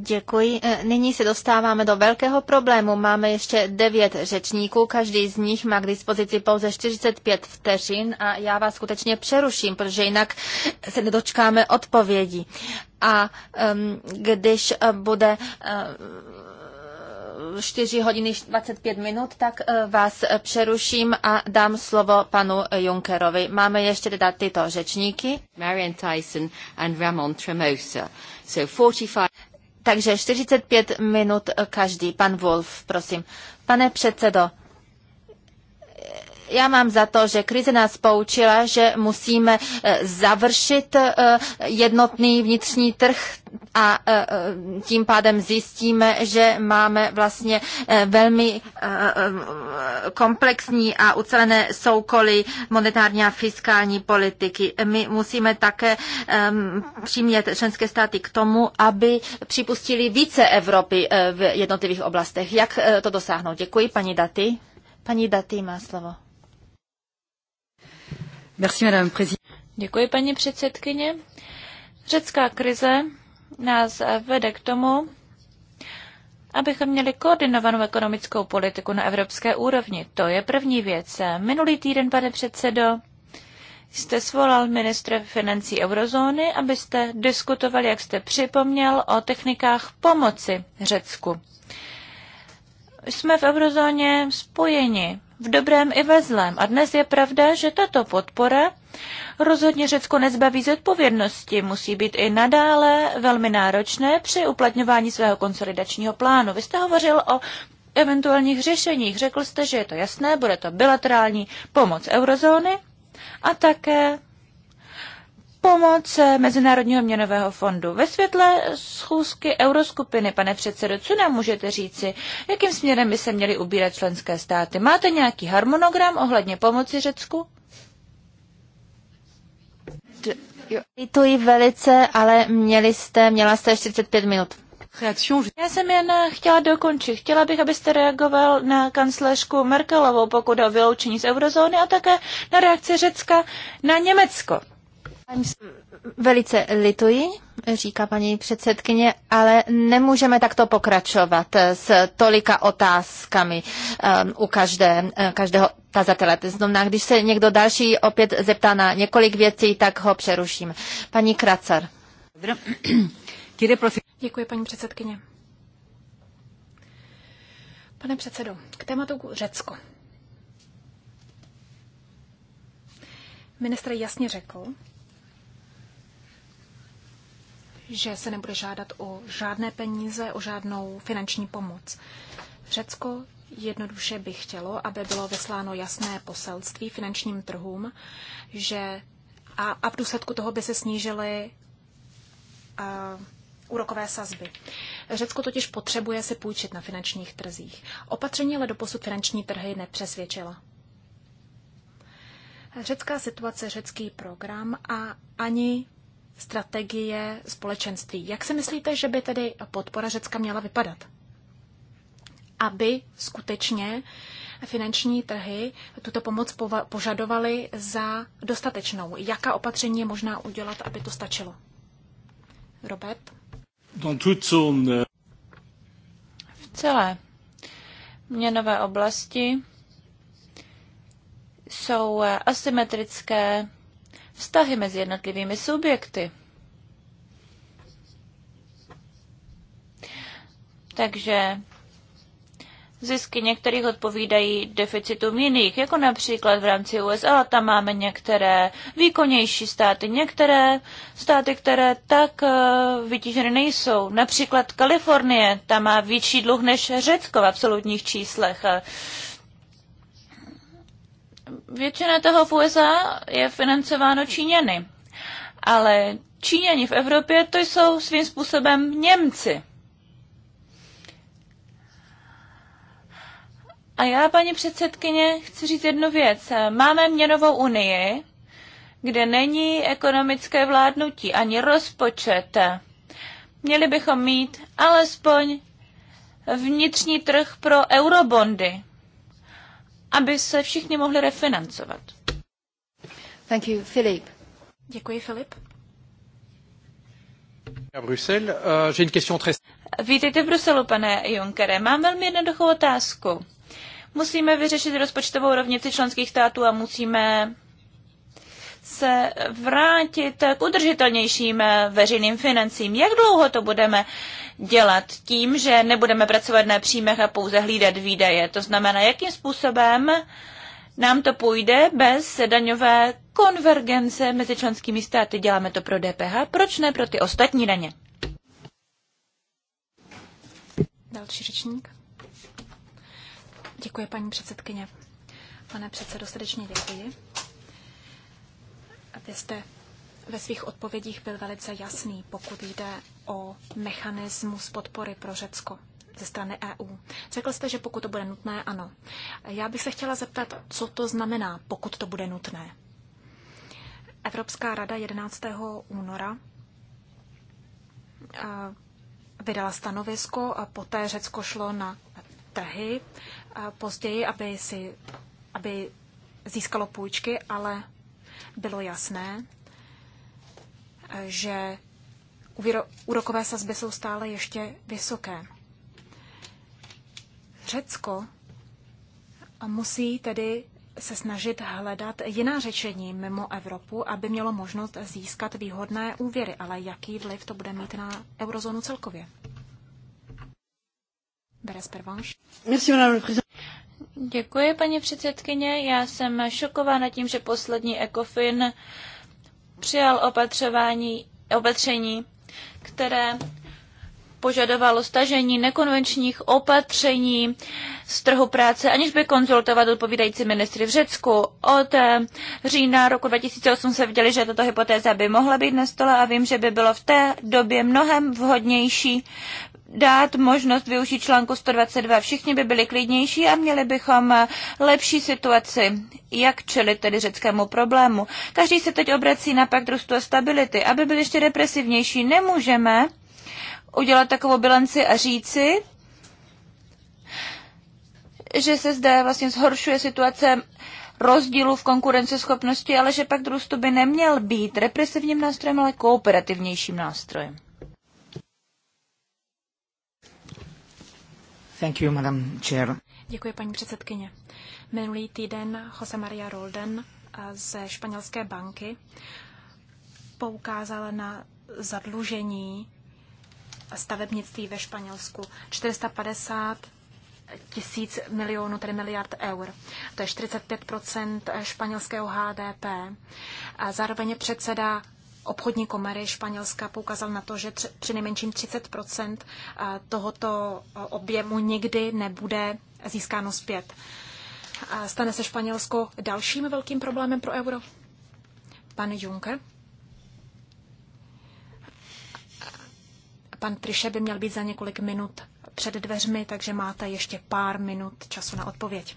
Děkuji. Eh, nyní se dostáváme do velkého problému. Máme ještě devět řečníků, každý z nich má k dispozici pouze 45 vteřin a já vás skutečně přeruším, protože jinak se nedočkáme odpovědi. A um, když eh, bude uh, eh, 4 hodiny 25 minut, tak uh, vás přeruším a dám slovo panu Junkerovi. Máme ještě teda tyto řečníky. Marian Tyson and Ramon Tremosa. So 45... Takže 45 minut každý. Pan Wolf, prosím. Pane předsedo, já mám za to, že krize nás poučila, že musíme eh, završit eh, jednotný vnitřní trh a eh, tím pádem zjistíme, že máme vlastně velmi komplexní a ucelené soukoly monetární a fiskální politiky. My musíme také ehm, přimět členské státy k tomu, aby připustili více Evropy v jednotlivých oblastech. Jak to dosáhnout? Děkuji, paní Daty. Paní Daty má slovo. Děkuji, paní předsedkyně. Řecká krize nás vede k tomu, abychom měli koordinovanou ekonomickou politiku na evropské úrovni. To je první věc. Minulý týden, pane předsedo, jste svolal ministra financí eurozóny, abyste diskutovali, jak jste připomněl, o technikách pomoci Řecku. Jsme v eurozóně spojeni v dobrém i ve zlém. A dnes je pravda, že tato podpora rozhodně Řecko nezbaví zodpovědnosti. Musí být i nadále velmi náročné při uplatňování svého konsolidačního plánu. Vy jste hovořil o eventuálních řešeních. Řekl jste, že je to jasné, bude to bilaterální pomoc eurozóny a také pomoc Mezinárodního měnového fondu. Ve světle schůzky euroskupiny, pane předsedo, co nám můžete říci, jakým směrem by se měly ubírat členské státy? Máte nějaký harmonogram ohledně pomoci Řecku? Lituji velice, ale měli jste, měla jste 45 minut. Já jsem jen chtěla dokončit. Chtěla bych, abyste reagoval na kancléřku Merkelovou, pokud o vyloučení z eurozóny a také na reakci Řecka na Německo. Velice lituji, říká paní předsedkyně, ale nemůžeme takto pokračovat s tolika otázkami um, u každé, eh, každého tazatele. To znamená, když se někdo další opět zeptá na několik věcí, tak ho přeruším. Paní Kracar. Děkuji, paní předsedkyně. Pane předsedo, k tématu Řecko. Ministr jasně řekl, že se nebude žádat o žádné peníze, o žádnou finanční pomoc. Řecko jednoduše by chtělo, aby bylo vysláno jasné poselství finančním trhům, že a, a v důsledku toho by se snížily a, úrokové sazby. Řecko totiž potřebuje si půjčit na finančních trzích. Opatření ale doposud finanční trhy nepřesvědčila. Řecká situace, řecký program a ani strategie společenství. Jak si myslíte, že by tedy podpora Řecka měla vypadat? Aby skutečně finanční trhy tuto pomoc požadovaly za dostatečnou. Jaká opatření je možná udělat, aby to stačilo? Robert? Euh, v celé měnové oblasti jsou eh, asymetrické vztahy mezi jednotlivými subjekty. Takže zisky některých odpovídají deficitům jiných, jako například v rámci USA, tam máme některé výkonnější státy, některé státy, které tak eh, vytíženy nejsou. Například Kalifornie, Tam má větší dluh než Řecko v absolutních číslech většina toho v USA je financováno Číňany. Ale Číňani v Evropě to jsou svým způsobem Němci. A já, paní předsedkyně, chci říct jednu věc. Máme měnovou unii, kde není ekonomické vládnutí ani rozpočet. Měli bychom mít alespoň vnitřní trh pro eurobondy aby se všichni mohli refinancovat. Thank you, Filip. Děkuji, Filip. Euh, eh, vítejte v Bruselu, pane Junckere. Mám velmi jednoduchou otázku. Musíme vyřešit rozpočtovou rovnici členských států a musíme se vrátit k udržitelnějším eh, veřejným financím. Jak dlouho to budeme dělat tím, že nebudeme pracovat na příjmech a pouze hlídat výdaje. To znamená, jakým způsobem nám to půjde bez daňové konvergence mezi členskými státy. Děláme to pro DPH, proč ne pro ty ostatní daně? Další řečník. Děkuji, paní předsedkyně. Pane předsedo, srdečně děkuji. Vy jste ve svých odpovědích byl velice jasný, pokud jde o mechanismus podpory pro Řecko ze strany EU. Řekl jste, že pokud to bude nutné, ano. Já bych se chtěla zeptat, co to znamená, pokud to bude nutné. Evropská rada 11. února eh, vydala stanovisko a poté Řecko šlo na trhy eh, později, aby, si, aby získalo půjčky, ale bylo jasné, že úrokové sazby jsou stále ještě vysoké. Řecko musí tedy se snažit hledat jiná řešení mimo Evropu, aby mělo možnost získat výhodné úvěry, ale jaký vliv to bude mít na eurozónu celkově? Beres Děkuji, paní předsedkyně. Já jsem šokována tím, že poslední ECOFIN přijal opatřování, opatření, které požadovalo stažení nekonvenčních opatření z trhu práce, aniž by konzultovat odpovídající ministry v Řecku. Od eh, října roku 2008 se viděli, že tato hypotéza by mohla být na stole a vím, že by bylo v té době mnohem vhodnější dát možnost využít článku 122. Všichni by byli klidnější a měli bychom lepší situaci, jak čelit tedy řeckému problému. Každý se teď obrací na pakt růstu a stability. Aby byl ještě represivnější, nemůžeme udělat takovou bilanci a říci, že se zde vlastně zhoršuje situace rozdílu v konkurenceschopnosti, ale že pak růstu by neměl být represivním nástrojem, ale kooperativnějším nástrojem. Thank you, Madam Chair. Děkuji, paní předsedkyně. Minulý týden Jose Maria Rolden eh, ze španělské banky poukázal na zadlužení stavebnictví ve Španělsku. 450 tisíc milionů, tedy miliard eur. To je 45 španělského HDP. A zároveň předseda obchodní komory Španělska poukázal na to, že tři, při nejmenším 30 eh, tohoto eh, objemu nikdy nebude získáno zpět. Eh, stane se Španělsko dalším velkým problémem pro euro? Pan Juncker? Pan Triše by měl být za několik minut před dveřmi, takže máte ještě pár minut času na odpověď.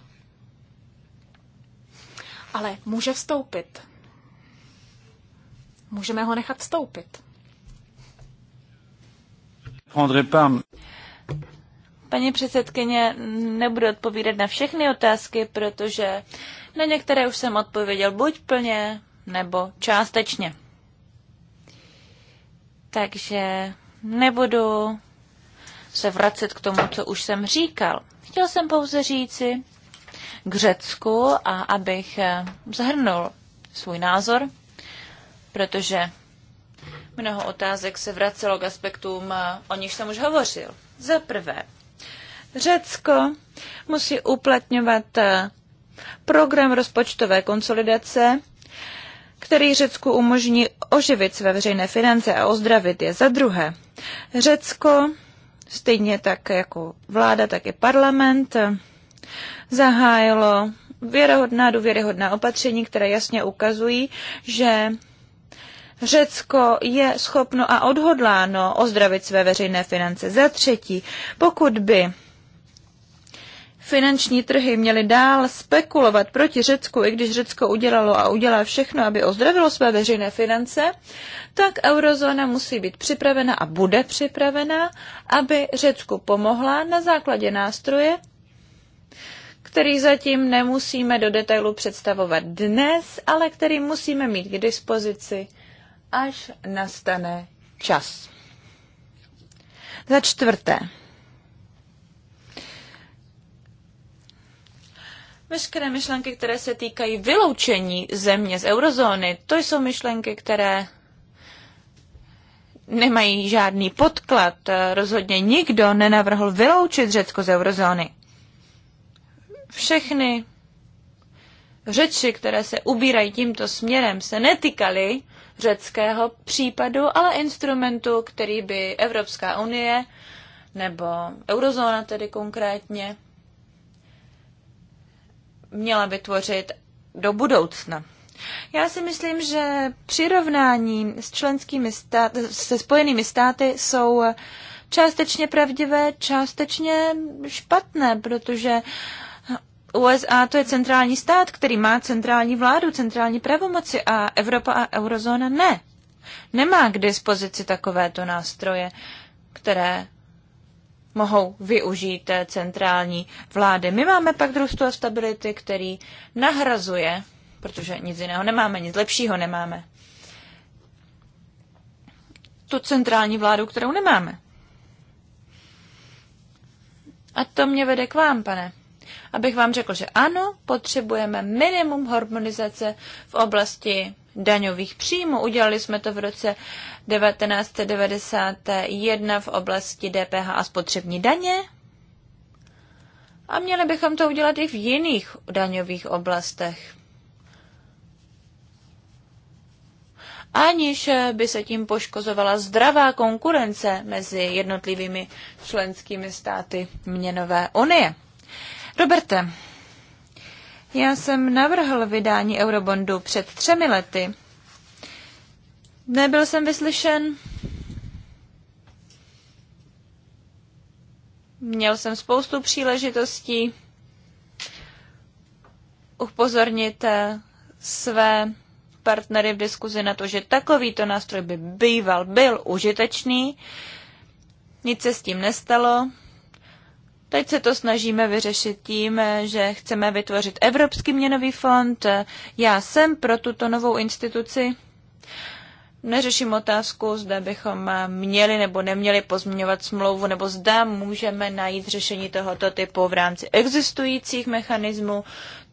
Ale může vstoupit Můžeme ho nechat vstoupit. Paní předsedkyně nebude odpovídat na všechny otázky, protože na některé už jsem odpověděl buď plně, nebo částečně. Takže nebudu se vracet k tomu, co už jsem říkal. Chtěl jsem pouze říci k Řecku a abych eh, zahrnul svůj názor protože mnoho otázek se vracelo k aspektům, eh, o nich jsem už hovořil. Za prvé, Řecko musí uplatňovat eh, program rozpočtové konsolidace, který Řecku umožní oživit své veřejné finance a ozdravit je. Za druhé, Řecko, stejně tak jako vláda, tak i parlament, eh, zahájilo věrohodná, důvěryhodná opatření, které jasně ukazují, že Řecko je schopno a odhodláno ozdravit své veřejné finance. Za třetí, pokud by finanční trhy měly dál spekulovat proti Řecku, i když Řecko udělalo a udělá všechno, aby ozdravilo své veřejné finance, tak eurozóna musí být připravena a bude připravena, aby Řecku pomohla na základě nástroje, který zatím nemusíme do detailu představovat dnes, ale který musíme mít k dispozici až nastane čas. Za čtvrté. Veškeré myšlenky, které se týkají vyloučení země z eurozóny, to jsou myšlenky, které nemají žádný podklad. Rozhodně nikdo nenavrhl vyloučit Řecko z eurozóny. Všechny řeči, které se ubírají tímto směrem, se netýkaly řeckého případu, ale instrumentu, který by Evropská unie nebo eurozóna tedy konkrétně měla vytvořit do budoucna. Já si myslím, že přirovnání s členskými státy, se spojenými státy jsou částečně pravdivé, částečně špatné, protože uh, USA to je centrální stát, který má centrální vládu, centrální pravomoci a Evropa a eurozóna ne. Nemá k dispozici takovéto nástroje, které mohou využít centrální vlády. My máme pak růstu a stability, který nahrazuje, protože nic jiného nemáme, nic lepšího nemáme, tu centrální vládu, kterou nemáme. A to mě vede k vám, pane abych vám řekl, že ano, potřebujeme minimum harmonizace v oblasti daňových příjmů. Udělali jsme to v roce 1991 v oblasti DPH a spotřební daně. A měli bychom to udělat i v jiných daňových oblastech. aniž by se tím poškozovala zdravá konkurence mezi jednotlivými členskými státy měnové unie. Roberte, já jsem navrhl vydání eurobondu před třemi lety. Nebyl jsem vyslyšen. Měl jsem spoustu příležitostí upozornit eh, své partnery v diskuzi na to, že takovýto nástroj by býval byl užitečný. Nic se s tím nestalo. Teď se to snažíme vyřešit tím, že chceme vytvořit Evropský měnový fond. Já jsem pro tuto novou instituci. Neřeším otázku, zda bychom měli nebo neměli pozměňovat smlouvu, nebo zda můžeme najít řešení tohoto typu v rámci existujících mechanismů.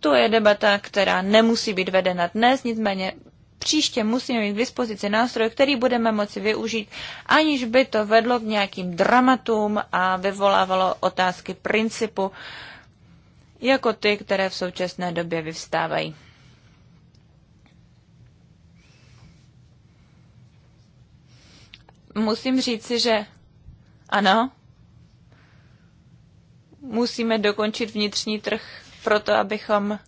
To je debata, která nemusí být vedena dnes, nicméně příště musíme mít k dispozici nástroj, který budeme moci využít, aniž by to vedlo k nějakým dramatům a vyvolávalo otázky principu, jako ty, které v současné době vyvstávají. Musím říci, že ano, musíme dokončit vnitřní trh proto, abychom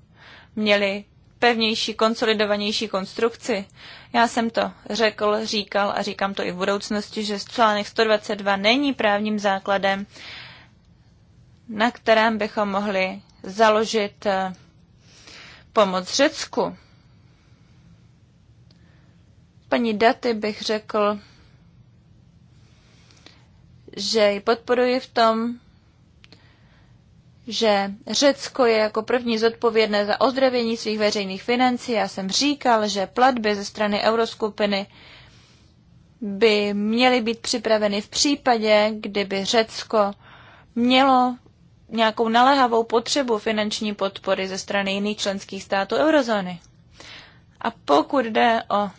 měli pevnější, konsolidovanější konstrukci. Já jsem to řekl, říkal a říkám to i v budoucnosti, že článek 122 není právním základem, na kterém bychom mohli založit eh, pomoc Řecku. Paní Daty bych řekl, že ji podporuji v tom, že Řecko je jako první zodpovědné za ozdravění svých veřejných financí. Já jsem říkal, že platby ze strany euroskupiny by měly být připraveny v případě, kdyby Řecko mělo nějakou naléhavou potřebu finanční podpory ze strany jiných členských států eurozóny. A pokud jde o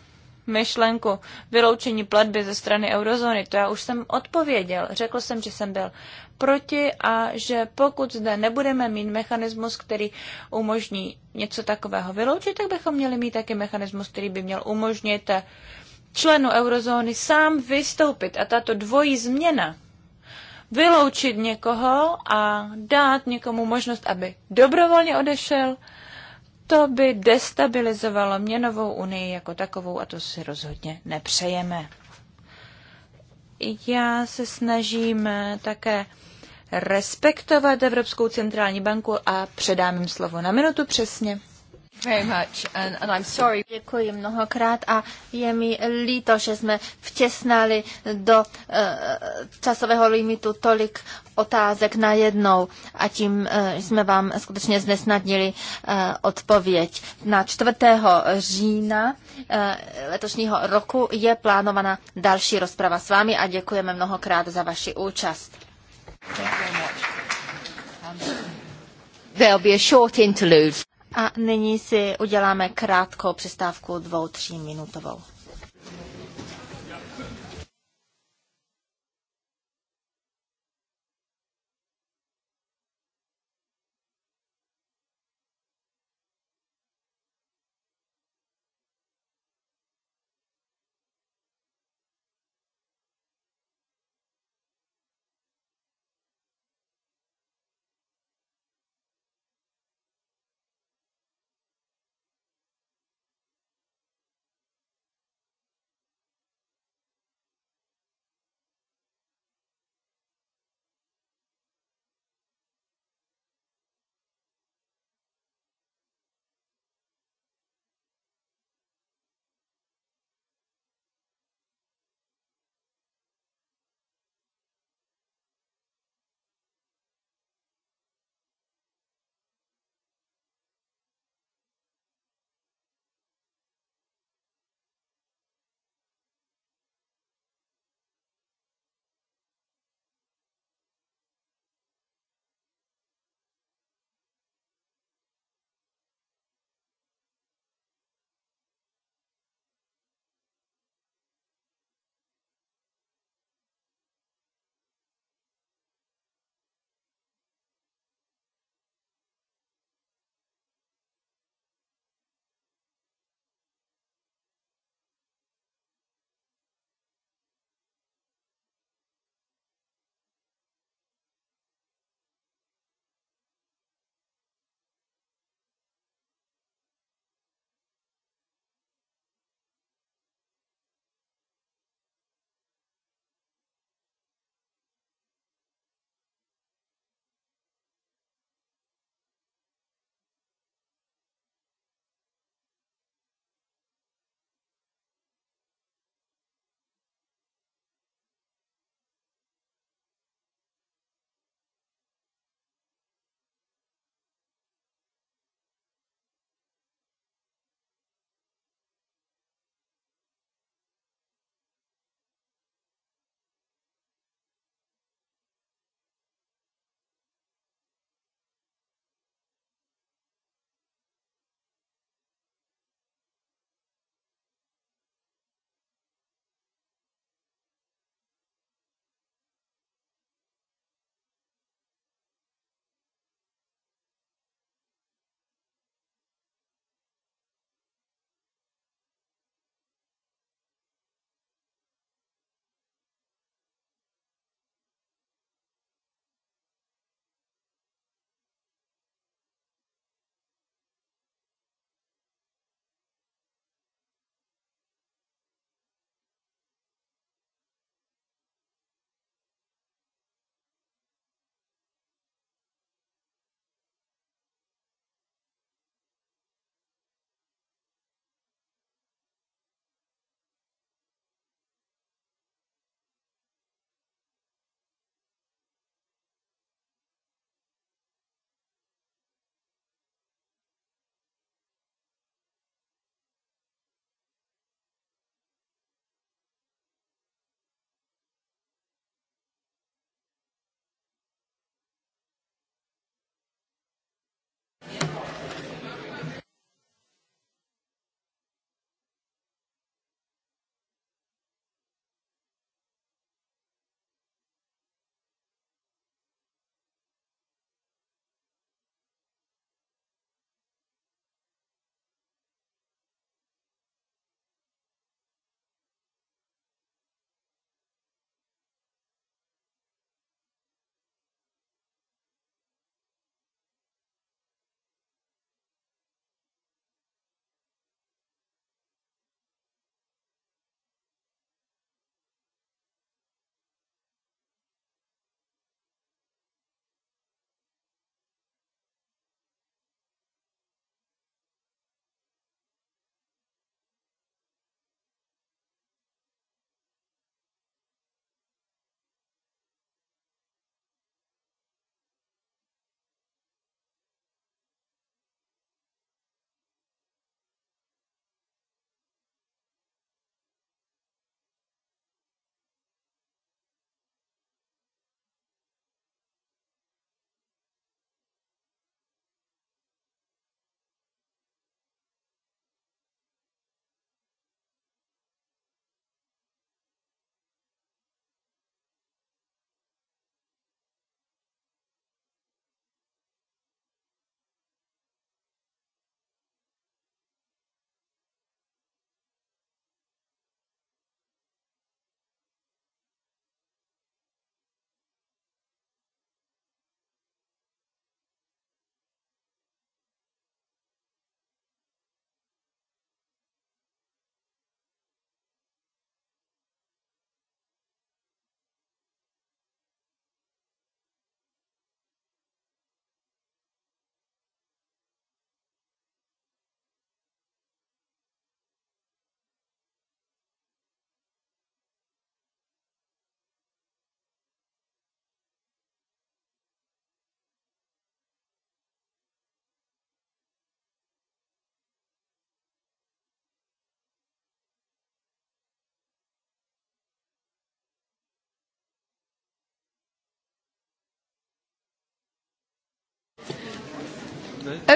myšlenku vyloučení platby ze strany eurozóny, to já už jsem odpověděl. Řekl jsem, že jsem byl proti a že pokud zde nebudeme mít mechanismus, který umožní něco takového vyloučit, tak bychom měli mít taky mechanismus, který by měl umožnit členu eurozóny sám vystoupit. A tato dvojí změna vyloučit někoho a dát někomu možnost, aby dobrovolně odešel, to by destabilizovalo měnovou unii jako takovou a to si rozhodně nepřejeme. Já se snažím také respektovat Evropskou centrální banku a předám jim slovo na minutu přesně. Very much and, and I'm sorry. Děkuji mnohokrát a je mi líto, že jsme vtěsnali do uh, časového limitu tolik otázek na jednou a tím uh, jsme vám skutečně znesnadnili uh, odpověď. Na 4. října uh, letošního roku je plánovaná další rozprava s vámi a děkujeme mnohokrát za vaši účast. There'll be a short interlude. A nyní si uděláme krátkou přestávku dvou, tří minutovou.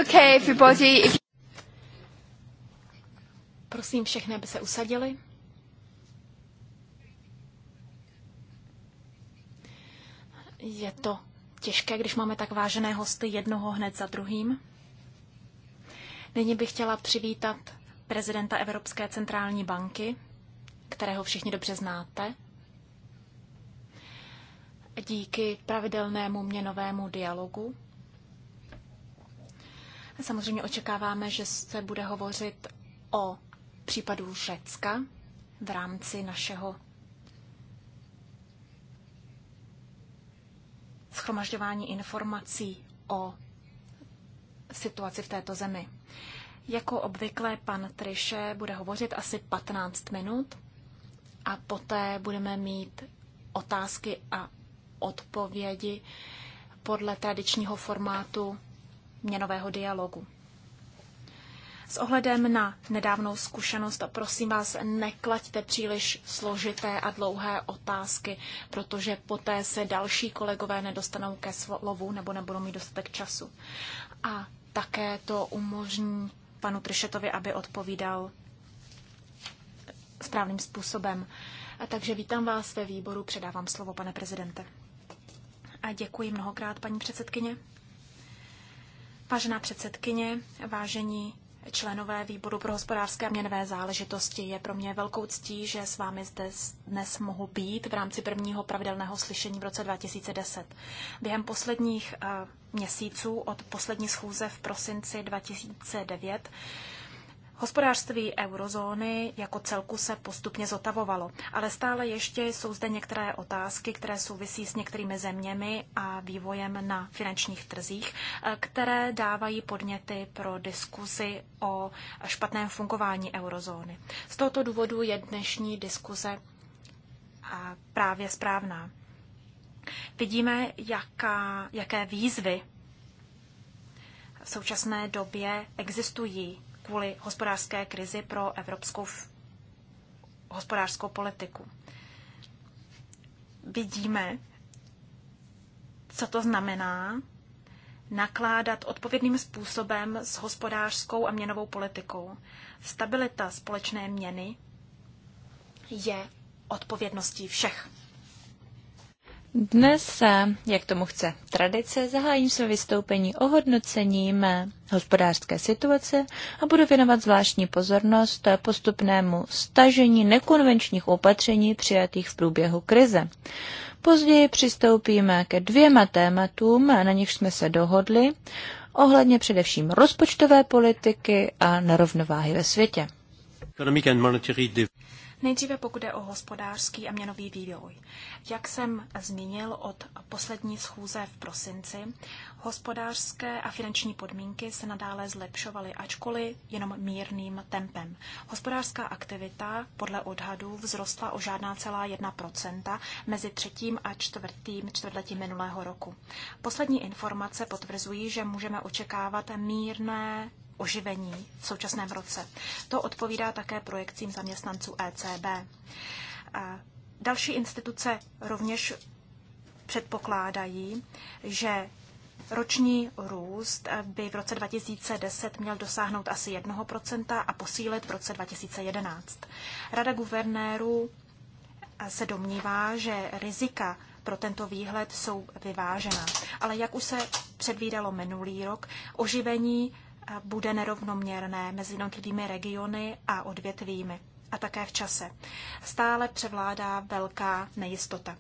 Okay, everybody. If... Prosím všechny, aby se usadili. Je to těžké, když máme tak vážené hosty jednoho hned za druhým. Nyní bych chtěla přivítat prezidenta Evropské centrální banky, kterého všichni dobře znáte. Díky pravidelnému měnovému dialogu Samozřejmě očekáváme, že se bude hovořit o případu Řecka v rámci našeho schromažďování informací o situaci v této zemi. Jako obvykle pan Triše bude hovořit asi 15 minut a poté budeme mít otázky a odpovědi podle tradičního formátu měnového dialogu. S ohledem na nedávnou zkušenost, prosím vás, neklaďte příliš složité a dlouhé otázky, protože poté se další kolegové nedostanou ke slovu nebo nebudou mít dostatek času. A také to umožní panu Tršetovi, aby odpovídal správným způsobem. A takže vítám vás ve výboru, předávám slovo, pane prezidente. A děkuji mnohokrát, paní předsedkyně. Vážená předsedkyně, vážení členové výboru pro hospodářské a měnové záležitosti, je pro mě velkou ctí, že s vámi zde dnes mohu být v rámci prvního pravidelného slyšení v roce 2010. Během posledních eh, měsíců od poslední schůze v prosinci 2009 Hospodářství eurozóny jako celku se postupně zotavovalo, ale stále ještě jsou zde některé otázky, které souvisí s některými zeměmi a vývojem na finančních trzích, eh, které dávají podněty pro diskuzi o špatném fungování eurozóny. Z tohoto důvodu je dnešní diskuze eh, právě správná. Vidíme, jaká, jaké výzvy v současné době existují kvůli hospodářské krizi pro evropskou hospodářskou politiku. Vidíme, co to znamená nakládat odpovědným způsobem s hospodářskou a měnovou politikou. Stabilita společné měny je odpovědností všech. Dnes, jak tomu chce tradice, zahájím své vystoupení ohodnocením hospodářské situace a budu věnovat zvláštní pozornost postupnému stažení nekonvenčních opatření přijatých v průběhu krize. Později přistoupíme ke dvěma tématům, na nichž jsme se dohodli, ohledně především rozpočtové politiky a nerovnováhy ve světě. Nejdříve pokud je o hospodářský a měnový vývoj. Jak jsem zmínil od poslední schůze v prosinci, hospodářské a finanční podmínky se nadále zlepšovaly, ačkoliv jenom mírným tempem. Hospodářská aktivita podle odhadů vzrostla o žádná celá 1% mezi třetím a čtvrtým čtvrtletím minulého roku. Poslední informace potvrzují, že můžeme očekávat mírné oživení v současném roce. To odpovídá také projekcím zaměstnanců ECB. A další instituce rovněž předpokládají, že Roční růst by v roce 2010 měl dosáhnout asi 1% a posílit v roce 2011. Rada guvernérů se domnívá, že rizika pro tento výhled jsou vyvážená. Ale jak už se předvídalo minulý rok, oživení bude nerovnoměrné mezi jednotlivými regiony a odvětvími a také v čase. Stále převládá velká nejistota.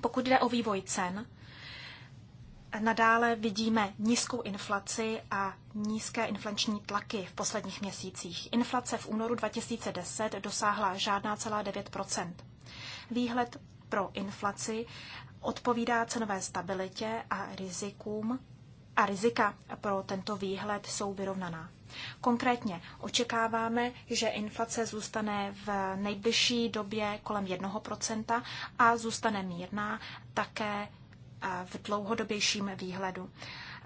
Pokud jde o vývoj cen, nadále vidíme nízkou inflaci a nízké inflační tlaky v posledních měsících. Inflace v únoru 2010 dosáhla žádná celá 9 Výhled pro inflaci odpovídá cenové stabilitě a rizikům a rizika pro tento výhled jsou vyrovnaná. Konkrétně očekáváme, že inflace zůstane v nejbližší době kolem 1% a zůstane mírná také eh, v dlouhodobějším výhledu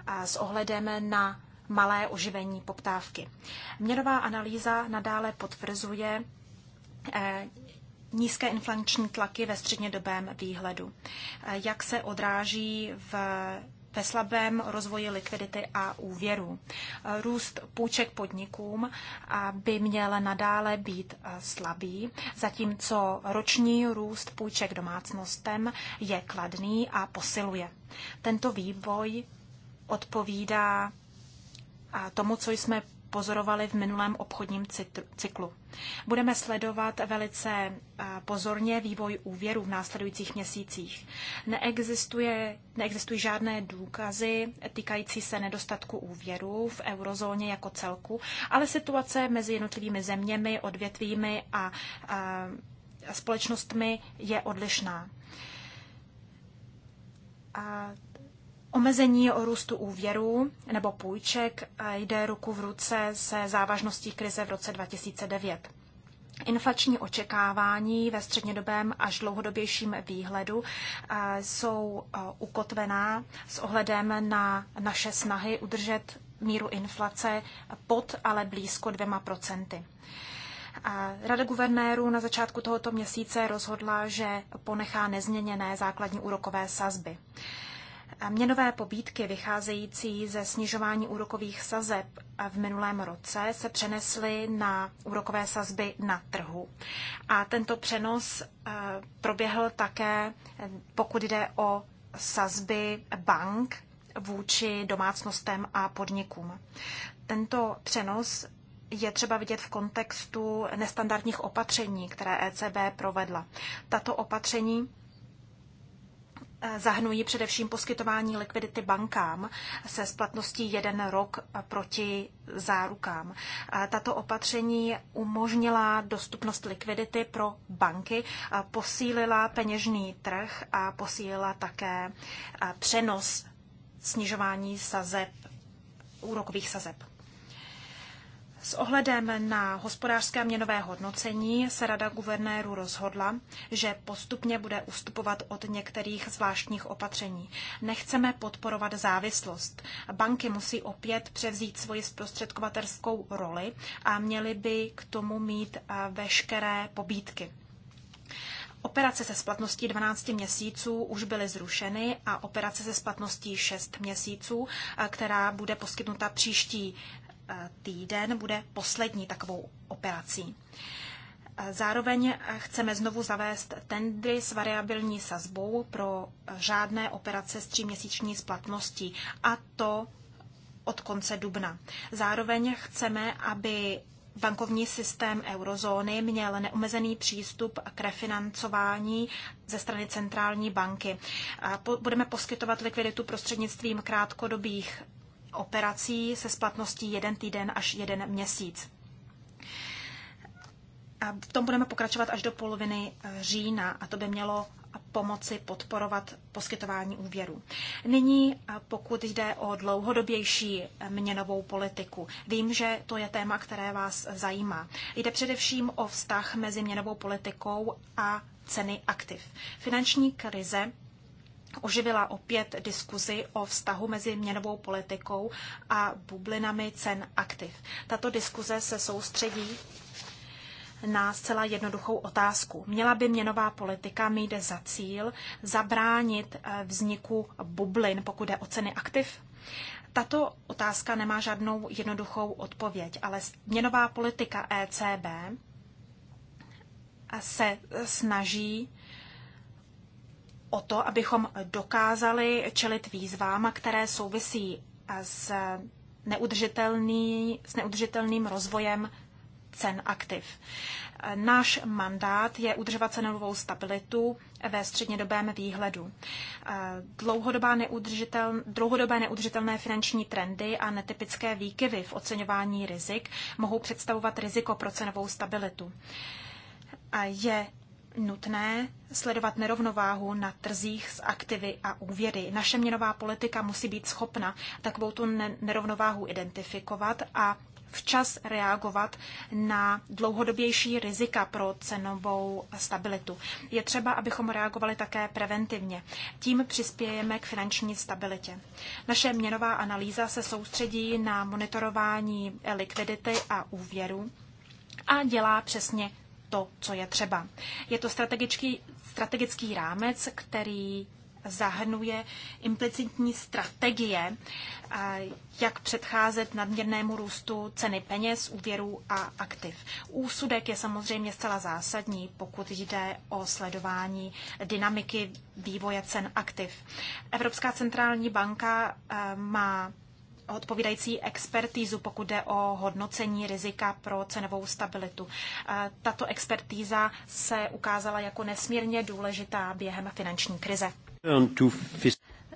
eh, s ohledem na malé oživení poptávky. Měnová analýza nadále potvrzuje eh, nízké inflační tlaky ve střednědobém výhledu, jak se odráží v ve slabém rozvoji likvidity a úvěru. Růst půjček podnikům by měl nadále být slabý, zatímco roční růst půjček domácnostem je kladný a posiluje. Tento vývoj odpovídá tomu, co jsme pozorovali v minulém obchodním cyklu. Budeme sledovat velice eh, pozorně vývoj úvěru v následujících měsících. Neexistuje, neexistují žádné důkazy týkající se nedostatku úvěru v eurozóně jako celku, ale situace mezi jednotlivými zeměmi, odvětvími a, eh, a společnostmi je odlišná. A Omezení o růstu úvěrů nebo půjček jde ruku v ruce se závažností krize v roce 2009. Inflační očekávání ve střednědobém až dlouhodobějším výhledu eh, jsou eh, ukotvená s ohledem na naše snahy udržet míru inflace pod, ale blízko dvěma procenty. Rada guvernérů na začátku tohoto měsíce rozhodla, že ponechá nezměněné základní úrokové sazby. Měnové pobídky vycházející ze snižování úrokových sazeb v minulém roce se přenesly na úrokové sazby na trhu. A tento přenos eh, proběhl také, pokud jde o sazby bank vůči domácnostem a podnikům. Tento přenos je třeba vidět v kontextu nestandardních opatření, které ECB provedla. Tato opatření zahrnují především poskytování likvidity bankám se splatností jeden rok proti zárukám. Tato opatření umožnila dostupnost likvidity pro banky, posílila peněžný trh a posílila také přenos snižování sazeb, úrokových sazeb. S ohledem na hospodářské a měnové hodnocení se Rada guvernérů rozhodla, že postupně bude ustupovat od některých zvláštních opatření. Nechceme podporovat závislost. Banky musí opět převzít svoji zprostředkovatelskou roli a měly by k tomu mít eh, veškeré pobídky. Operace se splatností 12 měsíců už byly zrušeny a operace se splatností 6 měsíců, eh, která bude poskytnuta příští týden bude poslední takovou operací. Zároveň chceme znovu zavést tendry s variabilní sazbou pro řádné operace s tříměsíční splatností a to od konce dubna. Zároveň chceme, aby bankovní systém eurozóny měl neomezený přístup k refinancování ze strany centrální banky. Budeme poskytovat likviditu prostřednictvím krátkodobých operací se splatností jeden týden až jeden měsíc. A v tom budeme pokračovat až do poloviny eh, října a to by mělo pomoci podporovat poskytování úvěru. Nyní, eh, pokud jde o dlouhodobější eh, měnovou politiku, vím, že to je téma, které vás zajímá. Jde především o vztah mezi měnovou politikou a ceny aktiv. Finanční krize oživila opět diskuzi o vztahu mezi měnovou politikou a bublinami cen aktiv. Tato diskuze se soustředí na zcela jednoduchou otázku. Měla by měnová politika mít za cíl zabránit eh, vzniku bublin, pokud jde o ceny aktiv? Tato otázka nemá žádnou jednoduchou odpověď, ale měnová politika ECB se snaží o to, abychom dokázali čelit výzvám, které souvisí s, neudržitelný, s neudržitelným rozvojem cen aktiv. Náš mandát je udržovat cenovou stabilitu ve střednědobém výhledu. Dlouhodobá neudržitel, dlouhodobé neudržitelné finanční trendy a netypické výkyvy v oceňování rizik mohou představovat riziko pro cenovou stabilitu. Je nutné sledovat nerovnováhu na trzích s aktivy a úvěry. Naše měnová politika musí být schopna takovou tu nerovnováhu identifikovat a včas reagovat na dlouhodobější rizika pro cenovou stabilitu. Je třeba, abychom reagovali také preventivně. Tím přispějeme k finanční stabilitě. Naše měnová analýza se soustředí na monitorování likvidity a úvěru a dělá přesně to, co je třeba. Je to strategický, strategický rámec, který zahrnuje implicitní strategie, jak předcházet nadměrnému růstu ceny peněz, úvěrů a aktiv. Úsudek je samozřejmě zcela zásadní, pokud jde o sledování dynamiky vývoje cen aktiv. Evropská centrální banka má odpovídající expertízu, pokud jde o hodnocení rizika pro cenovou stabilitu. Tato expertíza se ukázala jako nesmírně důležitá během finanční krize.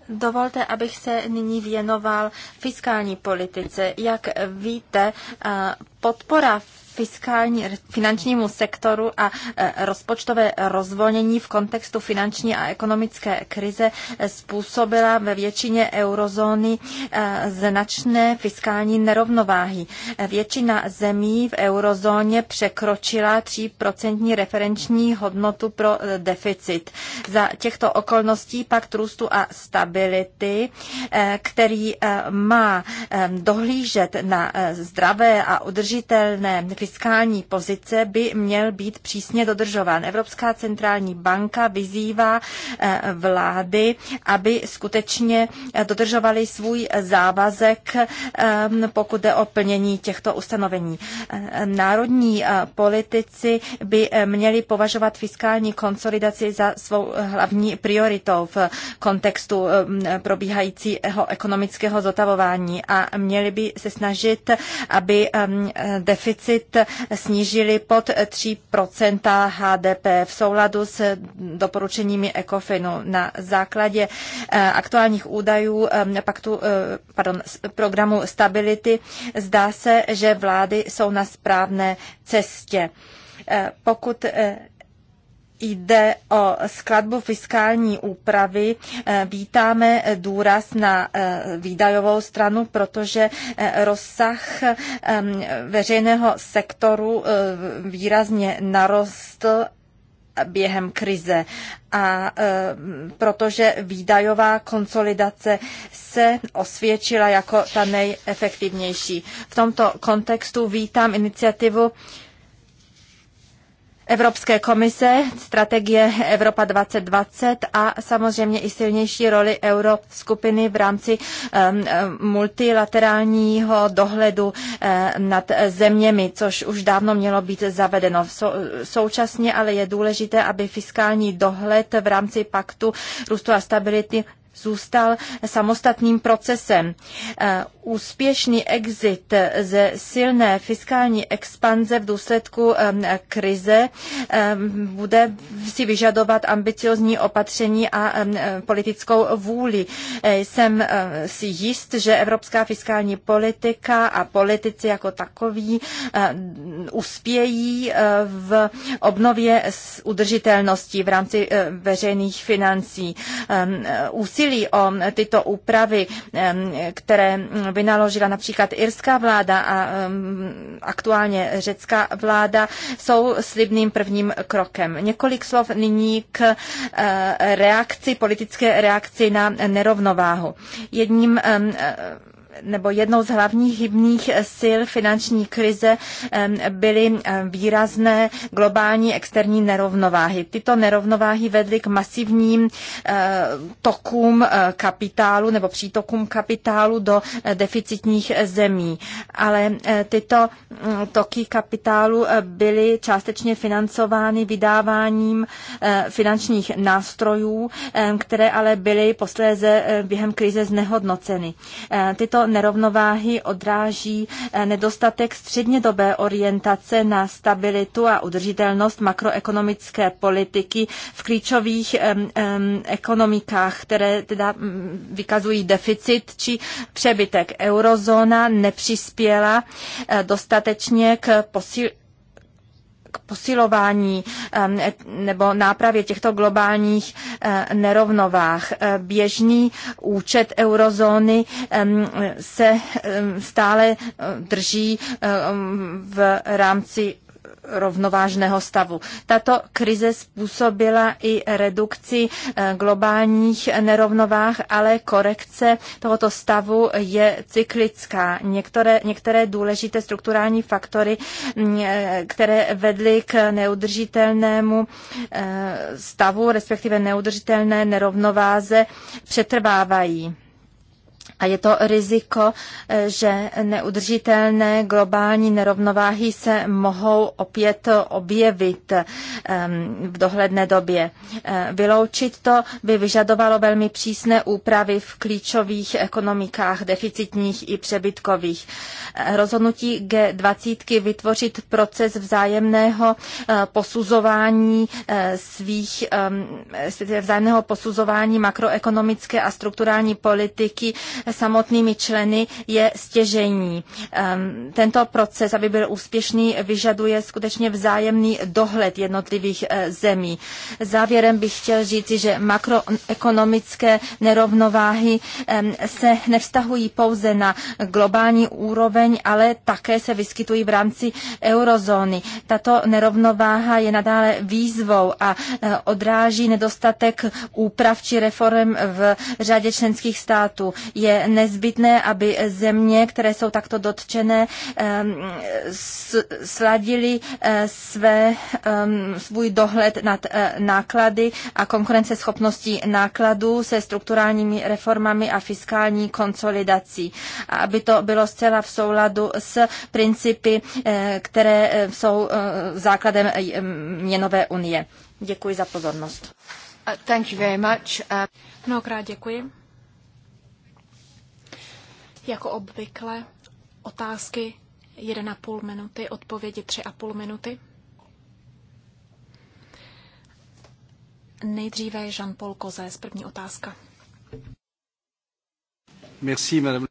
Dovolte, abych se nyní věnoval fiskální politice. Jak víte, podpora fiskální, finančnímu sektoru a e, rozpočtové rozvolnění v kontextu finanční a ekonomické krize způsobila ve většině eurozóny e, značné fiskální nerovnováhy. Většina zemí v eurozóně překročila 3% referenční hodnotu pro e, deficit. Za těchto okolností pak růstu a stability, který má dohlížet na zdravé a udržitelné fiskální pozice by měl být přísně dodržován. Evropská centrální banka vyzývá eh, vlády, aby skutečně eh, dodržovali svůj závazek, eh, pokud jde o plnění těchto ustanovení. Národní politici by měli považovat fiskální konsolidaci za svou hlavní prioritou v kontextu probíhajícího ekonomického zotavování a měli by se snažit, aby deficit snížili pod 3 HDP v souladu s doporučeními ECOFINu. Na základě eh, aktuálních údajů eh, paktu, eh, pardon, programu stability zdá se, že vlády jsou na správné cestě. Pokud jde o skladbu fiskální úpravy, e, vítáme důraz na e, výdajovou stranu, protože e, rozsah veřejného sektoru výrazně narostl během krize a e, protože výdajová konsolidace se osvědčila jako ta nejefektivnější. V tomto kontextu vítám iniciativu Evropské komise, strategie Evropa 2020 a samozřejmě i silnější roli skupiny v rámci multilaterálního dohledu nad zeměmi, což už dávno mělo být zavedeno. Současně ale je důležité, aby fiskální dohled v rámci paktu růstu a stability zůstal samostatným procesem. Eh, úspěšný exit ze silné fiskální expanze v důsledku eh, krize eh, bude si vyžadovat ambiciozní opatření a politickou vůli. Jsem si jist, že evropská fiskální politika a politici jako takoví uspějí v obnově udržitelnosti v rámci veřejných financí. Úsilí úsilí o tyto úpravy, které vynaložila například irská vláda a aktuálně řecká vláda, jsou slibným prvním krokem. Několik slov nyní k eh, reakci, politické reakci na nerovnováhu. Jedním nebo jednou z hlavních hybných sil finanční krize byly výrazné globální externí nerovnováhy. Tyto nerovnováhy vedly k masivním eh, tokům eh, kapitálu nebo přítokům kapitálu do eh, deficitních zemí. Ale tyto mm, toky kapitálu byly částečně financovány vydáváním finančních nástrojů, které ale byly posléze během krize znehodnoceny. Tyto nerovnováhy odráží eh, nedostatek střednědobé orientace na stabilitu a udržitelnost makroekonomické politiky v klíčových ekonomikách, které teda mm, vykazují deficit či přebytek. Eurozóna nepřispěla eh, dostatečně k posil k posilování nebo nápravě těchto globálních eh, nerovnovách. Eh, běžný účet eurozóny se stále eh, drží v rámci rovnovážného stavu. Tato krize způsobila i redukci eh, globálních nerovnovách, ale korekce tohoto stavu je cyklická. Některé, některé důležité strukturální faktory, mm, eh, které vedly k neudržitelnému eh, stavu, respektive neudržitelné nerovnováze, přetrvávají. A je to riziko, eh, že neudržitelné globální nerovnováhy se mohou opět objevit ehm, v dohledné době. Eh, vyloučit to by vyžadovalo velmi přísné úpravy v klíčových ekonomikách, deficitních i přebytkových. Eh, rozhodnutí G20 vytvořit proces vzájemného posuzování svých ehm, vzájemného posuzování makroekonomické a strukturální politiky samotnými členy je stěžení. Ehm, tento proces, aby byl úspěšný, vyžaduje skutečně vzájemný dohled jednotlivých eh, zemí. Závěrem bych chtěl říci, že makroekonomické nerovnováhy ehm, se nevztahují pouze na globální úroveň, ale také se vyskytují v rámci eurozóny. Tato nerovnováha je nadále výzvou a eh, odráží nedostatek úprav či reform v řadě členských států. Je nezbytné, aby země, které jsou takto dotčené, sladili eh, své, svůj dohled nad eh, náklady a konkurenceschopností nákladů se strukturálními reformami a fiskální konsolidací. A aby to bylo zcela v souladu s principy, eh, které jsou základem měnové unie. Děkuji za pozornost. Uh, thank you very much. Uh, Mnohokrát děkuji. Jako obvykle otázky 1,5 minuty, odpovědi 3,5 minuty. Nejdříve Jean-Paul Kozé z první otázka. Merci, madame.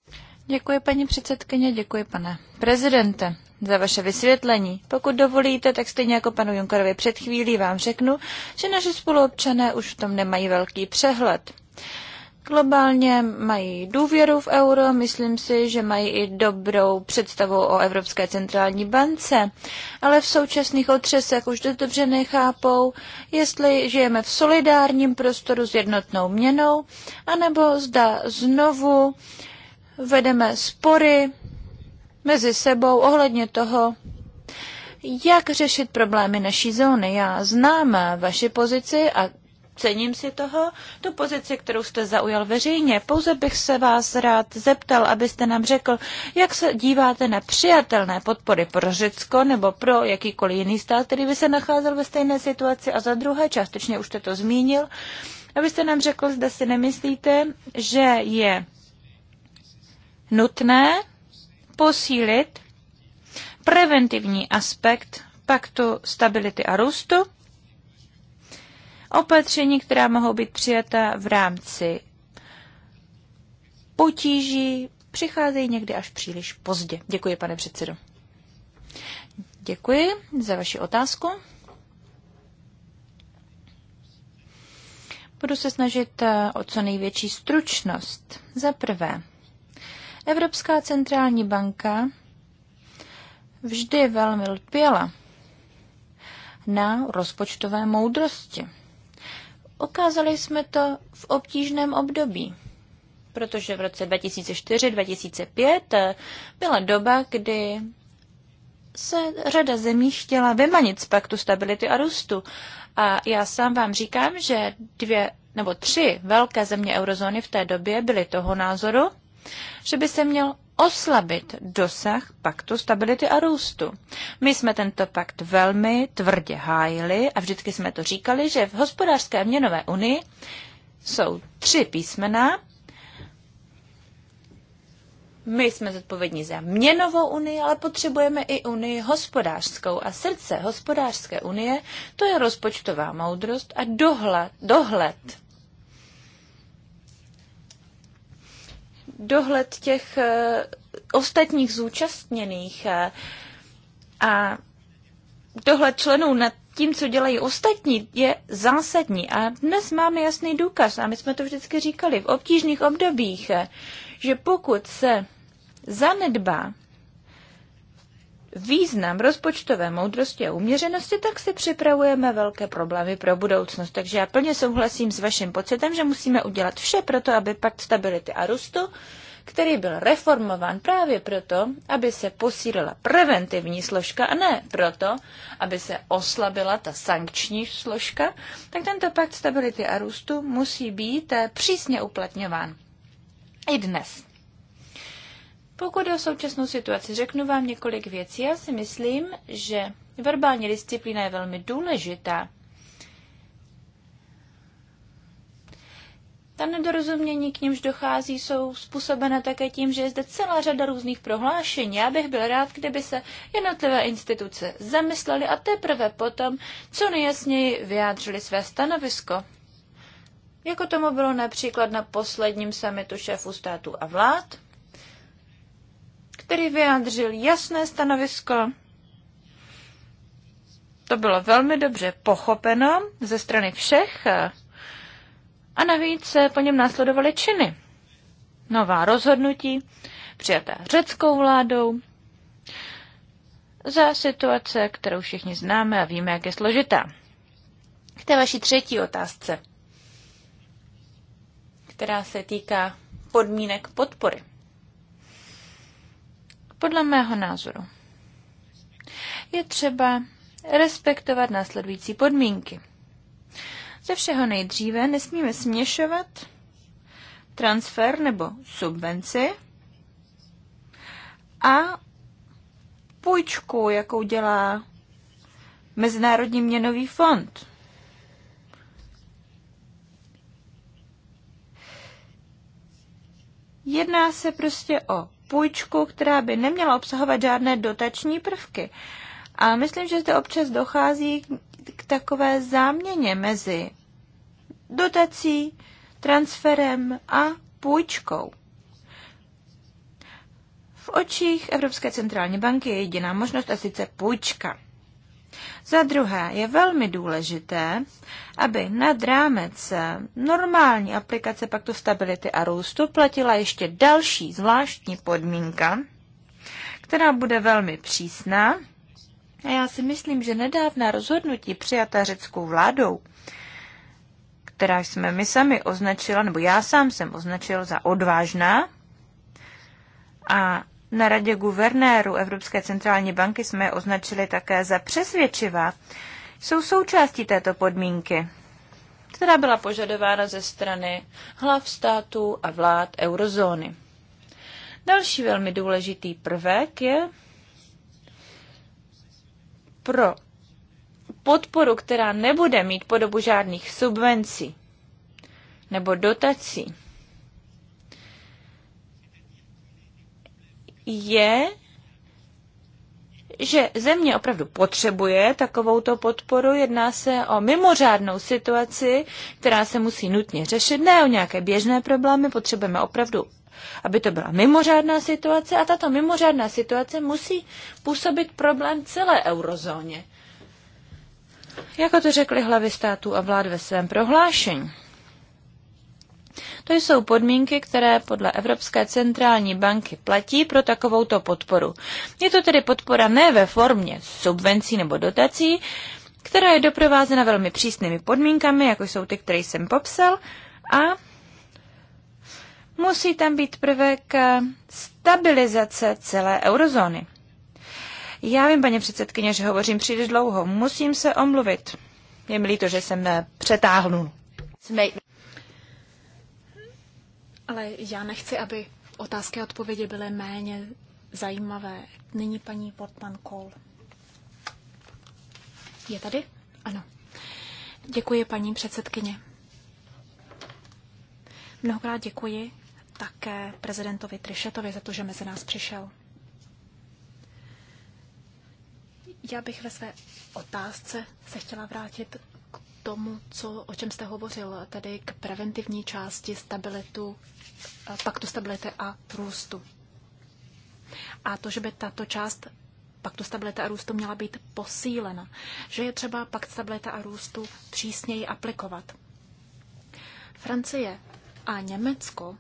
Děkuji, paní předsedkyně, děkuji, pane prezidente, za vaše vysvětlení. Pokud dovolíte, tak stejně jako panu Junkerovi před chvílí vám řeknu, že naši spoluobčané už v tom nemají velký přehled globálně mají důvěru v euro, myslím si, že mají i dobrou představu o Evropské centrální bance, ale v současných otřesech už to dobře nechápou, jestli žijeme v solidárním prostoru s jednotnou měnou, anebo zda znovu vedeme spory mezi sebou ohledně toho, jak řešit problémy naší zóny. Já znám vaši pozici a cením si toho, tu pozici, kterou jste zaujal veřejně. Pouze bych se vás rád zeptal, abyste nám řekl, jak se díváte na přijatelné podpory pro Řecko nebo pro jakýkoliv jiný stát, který by se nacházel ve stejné situaci. A za druhé, částečně už jste to zmínil, abyste nám řekl, zda si nemyslíte, že je nutné posílit preventivní aspekt paktu stability a růstu, opatření, která mohou být přijata v rámci potíží, přicházejí někdy až příliš pozdě. Děkuji, pane předsedo. Děkuji za vaši otázku. Budu se snažit eh, o co největší stručnost. Za prvé, Evropská centrální banka vždy velmi lpěla na rozpočtové moudrosti. Okázali jsme to v obtížném období, protože v roce 2004-2005 eh, byla doba, kdy se řada zemí chtěla vymanit z paktu stability a růstu. A já sám vám říkám, že dvě nebo tři velké země eurozóny v té době byly toho názoru, že by se měl oslabit dosah paktu stability a růstu. My jsme tento pakt velmi tvrdě hájili a vždycky jsme to říkali, že v hospodářské a měnové unii jsou tři písmena. My jsme zodpovědní za měnovou unii, ale potřebujeme i unii hospodářskou. A srdce hospodářské unie, to je rozpočtová moudrost a dohled, dohled dohled těch eh, ostatních zúčastněných eh, a dohled členů nad tím, co dělají ostatní, je zásadní. A dnes máme jasný důkaz, a my jsme to vždycky říkali, v obtížných obdobích, eh, že pokud se zanedbá význam rozpočtové moudrosti a uměřenosti, tak si připravujeme velké problémy pro budoucnost. Takže já plně souhlasím s vaším pocitem, že musíme udělat vše pro to, aby pakt stability a růstu, který byl reformován právě proto, aby se posílila preventivní složka a ne proto, aby se oslabila ta sankční složka, tak tento pakt stability a růstu musí být eh, přísně uplatňován. I dnes. Pokud je o současnou situaci, řeknu vám několik věcí. Já si myslím, že verbální disciplína je velmi důležitá. Ta nedorozumění, k němž dochází, jsou způsobena také tím, že je zde celá řada různých prohlášení. Já bych byl rád, kdyby se jednotlivé instituce zamyslely a teprve potom co nejasněji vyjádřili své stanovisko. Jako tomu bylo například na posledním samitu šéfů států a vlád, který vyjádřil jasné stanovisko. To bylo velmi dobře pochopeno ze strany všech a navíc po něm následovaly činy. Nová rozhodnutí přijatá řeckou vládou za situace, kterou všichni známe a víme, jak je složitá. K té vaší třetí otázce, která se týká podmínek podpory. Podle mého názoru je třeba respektovat následující podmínky. Ze všeho nejdříve nesmíme směšovat transfer nebo subvenci a půjčku, jakou dělá Mezinárodní měnový fond. Jedná se prostě o půjčku, která by neměla obsahovat žádné dotační prvky. A myslím, že zde občas dochází k takové záměně mezi dotací, transferem a půjčkou. V očích Evropské centrální banky je jediná možnost a sice půjčka. Za druhé, je velmi důležité, aby nad rámec normální aplikace Paktu stability a růstu platila ještě další zvláštní podmínka, která bude velmi přísná. A já si myslím, že nedávná rozhodnutí přijatá řeckou vládou, která jsme my sami označila, nebo já sám jsem označil za odvážná, a na radě guvernéru Evropské centrální banky jsme je označili také za přesvědčivá. Jsou součástí této podmínky, která byla požadována ze strany hlav států a vlád eurozóny. Další velmi důležitý prvek je pro podporu, která nebude mít podobu žádných subvencí nebo dotací je, že země opravdu potřebuje takovouto podporu. Jedná se o mimořádnou situaci, která se musí nutně řešit, ne o nějaké běžné problémy, potřebujeme opravdu aby to byla mimořádná situace a tato mimořádná situace musí působit problém celé eurozóně. Jako to řekli hlavy států a vlád ve svém prohlášení. To jsou podmínky, které podle Evropské centrální banky platí pro takovouto podporu. Je to tedy podpora ne ve formě subvencí nebo dotací, která je doprovázena velmi přísnými podmínkami, jako jsou ty, které jsem popsal, a musí tam být prvek stabilizace celé eurozóny. Já vím, paní předsedkyně, že hovořím příliš dlouho. Musím se omluvit. Je mi líto, že jsem přetáhnul. Ale já nechci, aby otázky a odpovědi byly méně zajímavé. Nyní paní Portman Kohl. Je tady? Ano. Děkuji, paní předsedkyně. Mnohokrát děkuji také prezidentovi Trišetovi za to, že mezi nás přišel. Já bych ve své otázce se chtěla vrátit tomu, co, o čem jste hovořil, tedy k preventivní části stabilitu, eh, paktu stability a růstu. A to, že by tato část paktu stability a růstu měla být posílena, že je třeba pakt stability a růstu přísněji aplikovat. Francie a Německo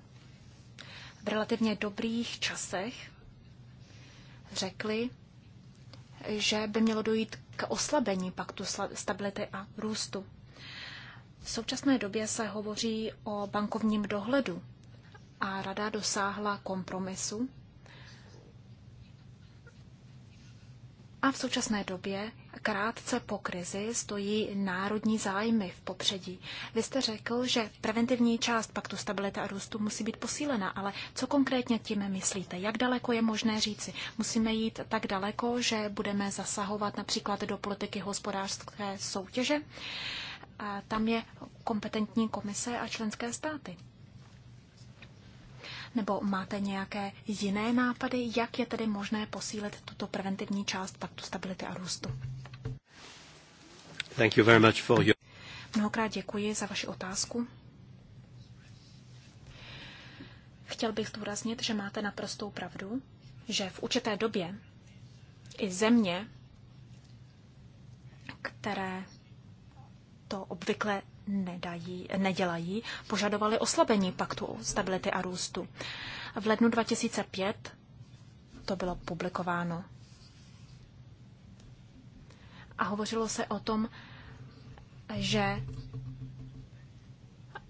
v relativně dobrých časech řekli, že by mělo dojít k oslabení paktu stability a růstu. V současné době se hovoří o bankovním dohledu a rada dosáhla kompromisu. A v současné době krátce po krizi stojí národní zájmy v popředí. Vy jste řekl, že preventivní část paktu stabilita a růstu musí být posílena, ale co konkrétně tím myslíte? Jak daleko je možné říci? Musíme jít tak daleko, že budeme zasahovat například do politiky hospodářské soutěže? A tam je kompetentní komise a členské státy. Nebo máte nějaké jiné nápady, jak je tedy možné posílit tuto preventivní část paktu stability a růstu? Thank you very much for your... Mnohokrát děkuji za vaši otázku. Chtěl bych zdůraznit, že máte naprostou pravdu, že v určité době i země, které to obvykle nedají, nedělají, požadovaly oslabení paktu stability a růstu. V lednu 2005 to bylo publikováno a hovořilo se o tom, že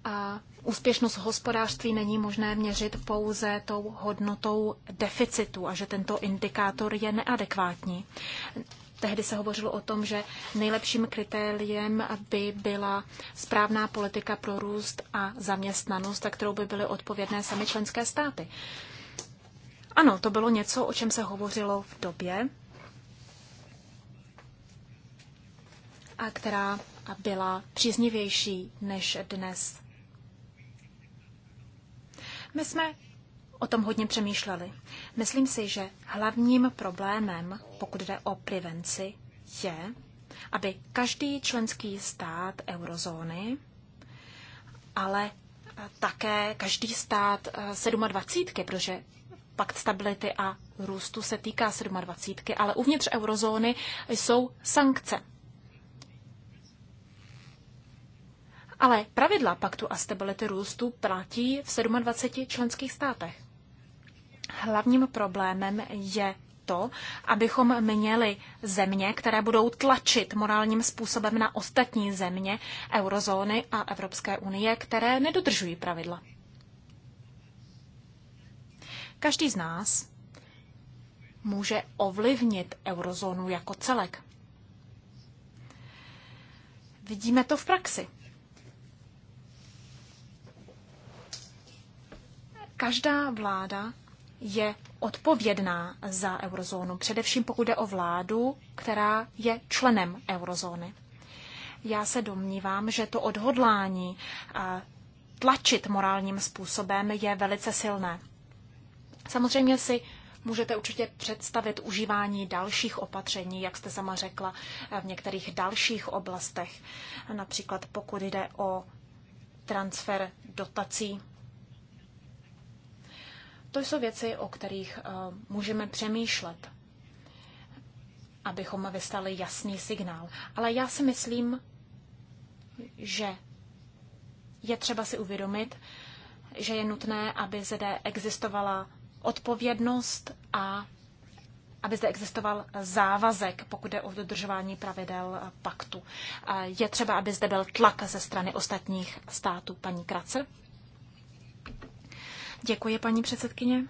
a úspěšnost hospodářství není možné měřit pouze tou hodnotou deficitu a že tento indikátor je neadekvátní. Tehdy se hovořilo o tom, že nejlepším kritériem by byla správná politika pro růst a zaměstnanost, za kterou by byly odpovědné sami členské státy. Ano, to bylo něco, o čem se hovořilo v době, a která byla příznivější než dnes. My jsme o tom hodně přemýšleli. Myslím si, že hlavním problémem, pokud jde o prevenci, je, aby každý členský stát eurozóny, ale také každý stát 27, eh, protože pakt stability a růstu se týká 27, ale uvnitř eurozóny jsou sankce Ale pravidla paktu a stability růstu platí v 27 členských státech. Hlavním problémem je to, abychom měli země, které budou tlačit morálním způsobem na ostatní země eurozóny a Evropské unie, které nedodržují pravidla. Každý z nás může ovlivnit eurozónu jako celek. Vidíme to v praxi. Každá vláda je odpovědná za eurozónu, především pokud jde o vládu, která je členem eurozóny. Já se domnívám, že to odhodlání eh, tlačit morálním způsobem je velice silné. Samozřejmě si můžete určitě představit užívání dalších opatření, jak jste sama řekla, eh, v některých dalších oblastech, například pokud jde o transfer dotací to jsou věci, o kterých eh, můžeme přemýšlet, abychom vystali jasný signál. Ale já si myslím, že je třeba si uvědomit, že je nutné, aby zde existovala odpovědnost a aby zde existoval závazek, pokud je o dodržování pravidel paktu. Eh, je třeba, aby zde byl tlak ze strany ostatních států. Paní Kracer? Děkuji, paní předsedkyně.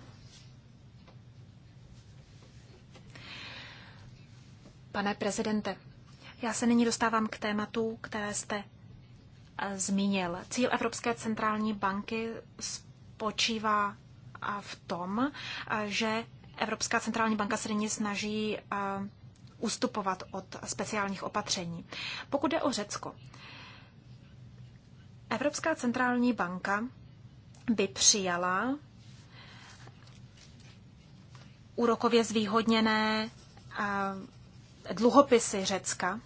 Pane prezidente, já se nyní dostávám k tématu, které jste eh, zmínil. Cíl Evropské centrální banky spočívá eh, v tom, eh, že Evropská centrální banka se nyní snaží ustupovat od speciálních opatření. Pokud jde o Řecko, Evropská centrální banka by přijala úrokově zvýhodněné dluhopisy Řecka,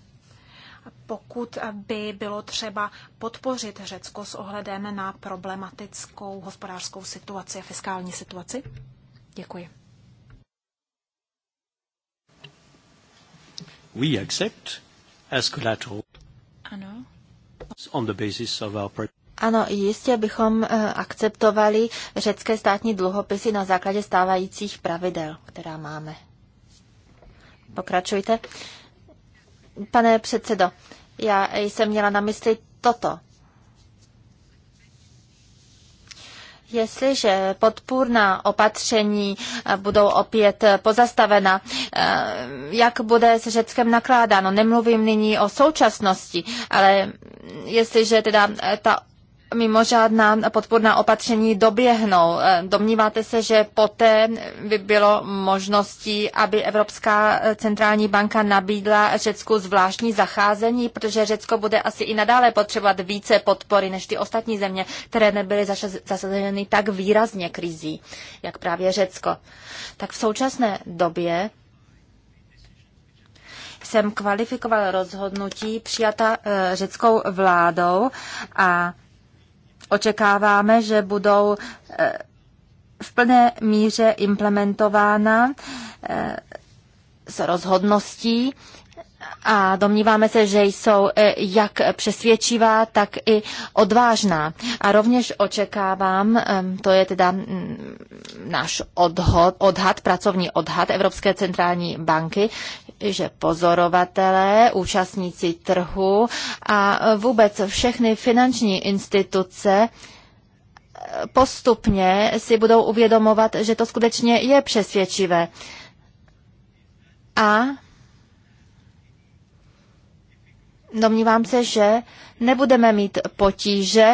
pokud by bylo třeba podpořit Řecko s ohledem na problematickou hospodářskou situaci a fiskální situaci? Děkuji. We accept as collateral ano. on the basis of our ano, jistě bychom eh, akceptovali řecké státní dluhopisy na základě stávajících pravidel, která máme. Pokračujte. Pane předsedo, já jsem měla na mysli toto. Jestliže podpůrná opatření eh, budou opět pozastavena, eh, jak bude s Řeckem nakládáno? Nemluvím nyní o současnosti, ale jestliže teda ta mimořádná podporná opatření doběhnou. Eh, domníváte se, že poté by bylo možností, aby Evropská centrální banka nabídla Řecku zvláštní zacházení, protože Řecko bude asi i nadále potřebovat více podpory než ty ostatní země, které nebyly zasazeny tak výrazně krizí, jak právě Řecko. Tak v současné době jsem kvalifikoval rozhodnutí přijata eh, řeckou vládou a očekáváme, že budou eh, v plné míře implementována eh, s rozhodností a domníváme se, že jsou eh, jak přesvědčivá, tak i odvážná. A rovněž očekávám, to je teda mm, náš odhod, odhad, pracovní odhad Evropské centrální banky, že pozorovatelé, účastníci trhu a vůbec všechny finanční instituce postupně si budou uvědomovat, že to skutečně je přesvědčivé. A domnívám se, že nebudeme mít potíže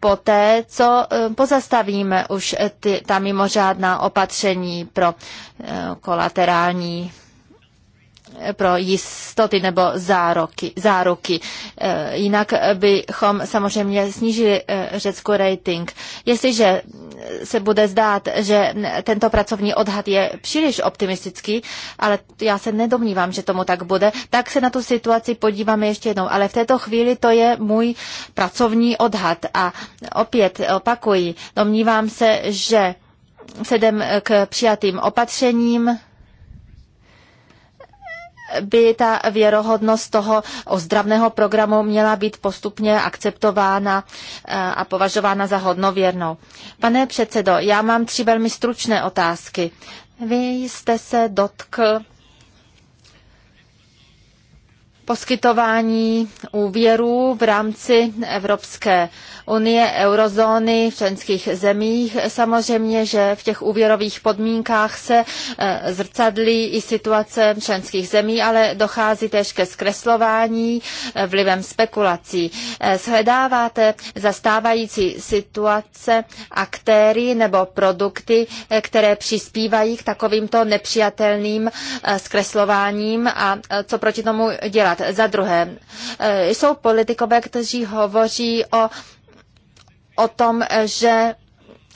poté, co eh, pozastavíme už ty, ta mimořádná opatření pro eh, kolaterální pro jistoty nebo zároky, záruky. E, jinak bychom samozřejmě snížili e, Řecku rating. Jestliže se bude zdát, že tento pracovní odhad je příliš optimistický, ale já se nedomnívám, že tomu tak bude, tak se na tu situaci podíváme ještě jednou. Ale v této chvíli to je můj pracovní odhad. A opět opakuji, domnívám se, že vzhledem k přijatým opatřením, by ta věrohodnost toho ozdravného programu měla být postupně akceptována eh, a považována za hodnověrnou. Pane předsedo, já mám tři velmi stručné otázky. Vy jste se dotkl poskytování úvěrů v rámci Evropské unie, eurozóny, v členských zemích. Samozřejmě, že v těch úvěrových podmínkách se eh, zrcadlí i situace členských zemí, ale dochází též ke zkreslování eh, vlivem spekulací. Eh, shledáváte zastávající situace aktéry nebo produkty, které přispívají k takovýmto nepřijatelným zkreslováním a co proti tomu dělat. Za druhé, jsou politikové, kteří hovoří o o tom, že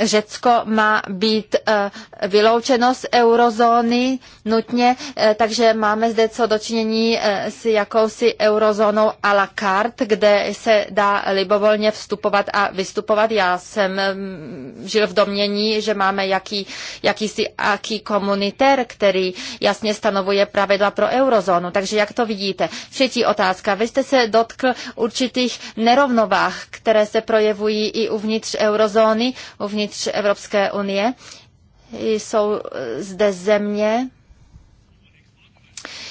Řecko má být eh, vyloučeno z eurozóny nutně, eh, takže máme zde co dočinění eh, s jakousi eurozónou à la carte, kde se dá libovolně vstupovat a vystupovat. Já jsem mm, žil v domnění, že máme jaký, jakýsi aký komunitér, který jasně stanovuje pravidla pro eurozónu. Takže jak to vidíte? Třetí otázka. Vy jste se dotkl určitých nerovnovách, které se projevují i uvnitř eurozóny, uvnitř uvnitř Evropské unie. Jsou zde země,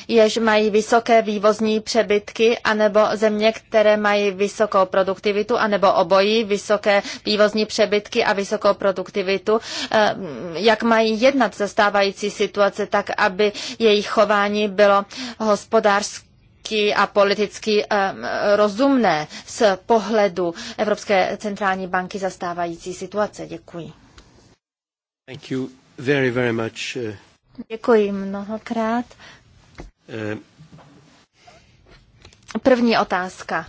jež mají vysoké vývozní přebytky, anebo země, které mají vysokou produktivitu, anebo obojí, vysoké vývozní přebytky a vysokou produktivitu, eh, jak mají jednat zastávající situace tak, aby jejich chování bylo hospodářské ekonomicky a politicky rozumné z pohledu Evropské centrální banky zastávající situace. Děkuji. Thank you very, very much. Eh. Děkuji mnohokrát. Eh. První otázka.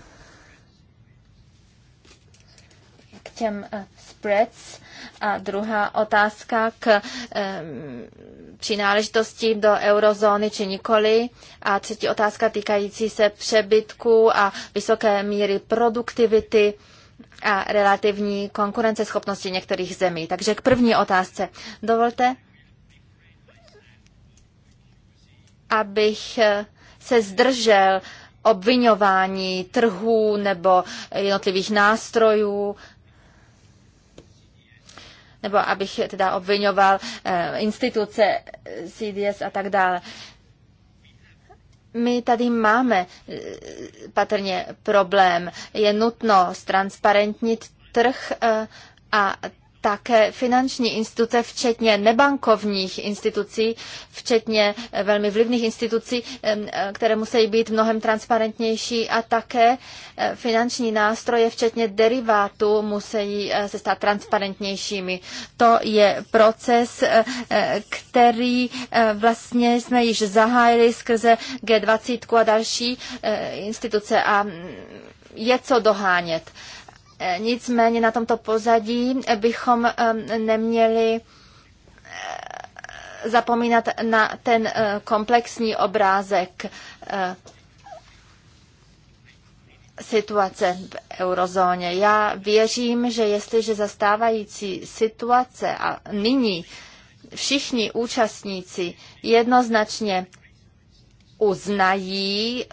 K těm eh, spreads a druhá otázka k eh, přináležitosti do eurozóny či nikoli. A třetí otázka týkající se přebytku a vysoké míry produktivity a relativní konkurenceschopnosti některých zemí. Takže k první otázce. Dovolte, abych eh, se zdržel obvinování trhů nebo jednotlivých nástrojů nebo abych teda obvinoval eh, instituce eh, CDS a tak dále. My tady máme eh, patrně problém. Je nutno ztransparentnit trh a také finanční instituce, včetně nebankovních institucí, včetně eh, velmi vlivných institucí, eh, které musí být mnohem transparentnější a také eh, finanční nástroje, včetně derivátů, musí se stát transparentnějšími. To je proces, který vlastně jsme již zahájili skrze G20 a další instituce a mm, je co dohánět. Nicméně na tomto pozadí bychom eh, neměli eh, zapomínat na ten eh, komplexní obrázek situace v eurozóně. Já věřím, že jestliže zastávající situace a nyní všichni účastníci jednoznačně uznají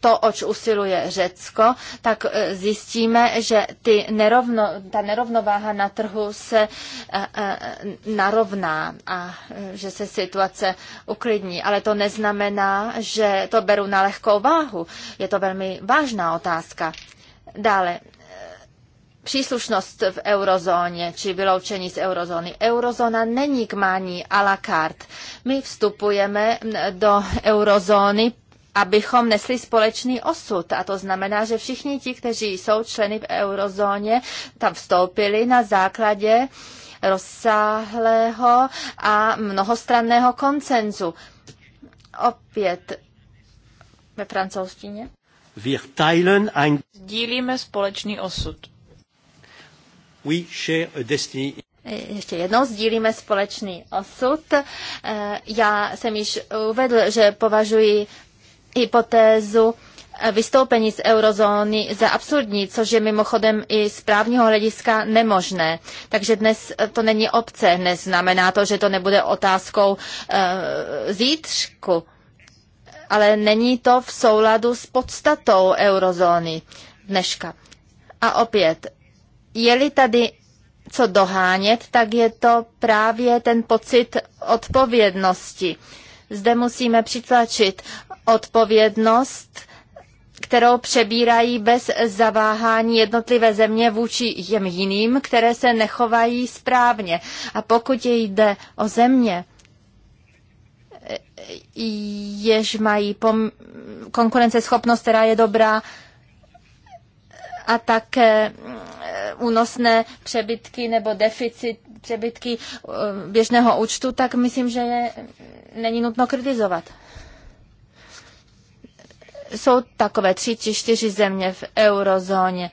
to, oč usiluje Řecko, tak e, zjistíme, že ty nerovno, ta nerovnováha na trhu se e, e, narovná a že se situace uklidní. Ale to neznamená, že to beru na lehkou váhu. Je to velmi vážná otázka. Dále, příslušnost v eurozóně či vyloučení z eurozóny. Eurozóna není k mání à la carte. My vstupujeme do eurozóny abychom nesli společný osud. A to znamená, že všichni ti, kteří jsou členy v eurozóně, tam vstoupili na základě rozsáhlého a mnohostranného koncenzu. Opět ve francouzštině. Wir teilen ein... Sdílíme společný osud. We share a destiny. E, ještě jednou sdílíme společný osud. E, já jsem již uvedl, že považuji hypotézu vystoupení z eurozóny za absurdní, což je mimochodem i z právního hlediska nemožné. Takže dnes to není obce, neznamená to, že to nebude otázkou uh, zítřku, ale není to v souladu s podstatou eurozóny dneška. A opět, je-li tady co dohánět, tak je to právě ten pocit odpovědnosti. Zde musíme přitlačit odpovědnost, kterou přebírají bez zaváhání jednotlivé země vůči jim jiným, které se nechovají správně. A pokud jde o země, jež mají konkurenceschopnost, která je dobrá, a také eh, únosné přebytky nebo deficit přebytky eh, běžného účtu, tak myslím, že je není nutno kritizovat jsou takové tři či čtyři země v eurozóně,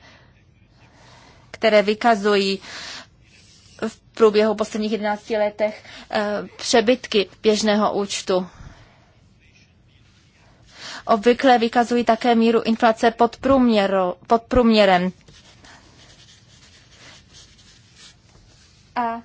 které vykazují v průběhu posledních 11 letech eh, přebytky běžného účtu. Obvykle vykazují také míru inflace pod, průměru, pod průměrem. A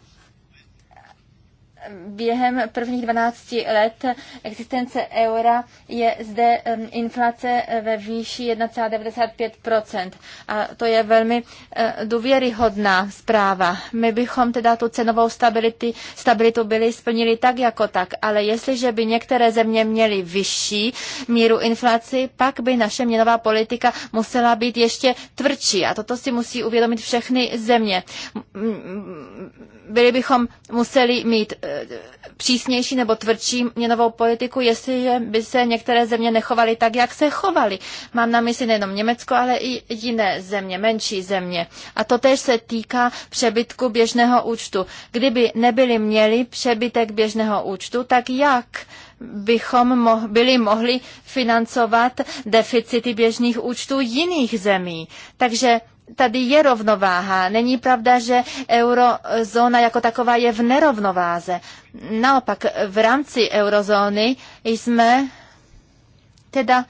během prvních 12 let existence eura je zde inflace e, ve výši 1,95 A to je velmi e, důvěryhodná zpráva. My bychom teda tu cenovou stability, stabilitu byli splnili tak jako tak, ale jestliže by některé země měly vyšší míru inflaci, pak by naše měnová politika musela být ještě tvrdší. A toto si musí uvědomit všechny země. Byli bychom museli mít e, přísnější nebo tvrdší měnovou politiku, jestli by se některé země nechovaly tak, jak se chovaly. Mám na mysli nejenom Německo, ale i jiné země, menší země. A to tež se týká přebytku běžného účtu. Kdyby nebyli měli přebytek běžného účtu, tak jak bychom mo- byli mohli financovat deficity běžných účtů jiných zemí. Takže tady je rovnováha. Není pravda, že eurozóna jako taková je v nerovnováze. Naopak, v rámci eurozóny jsme teda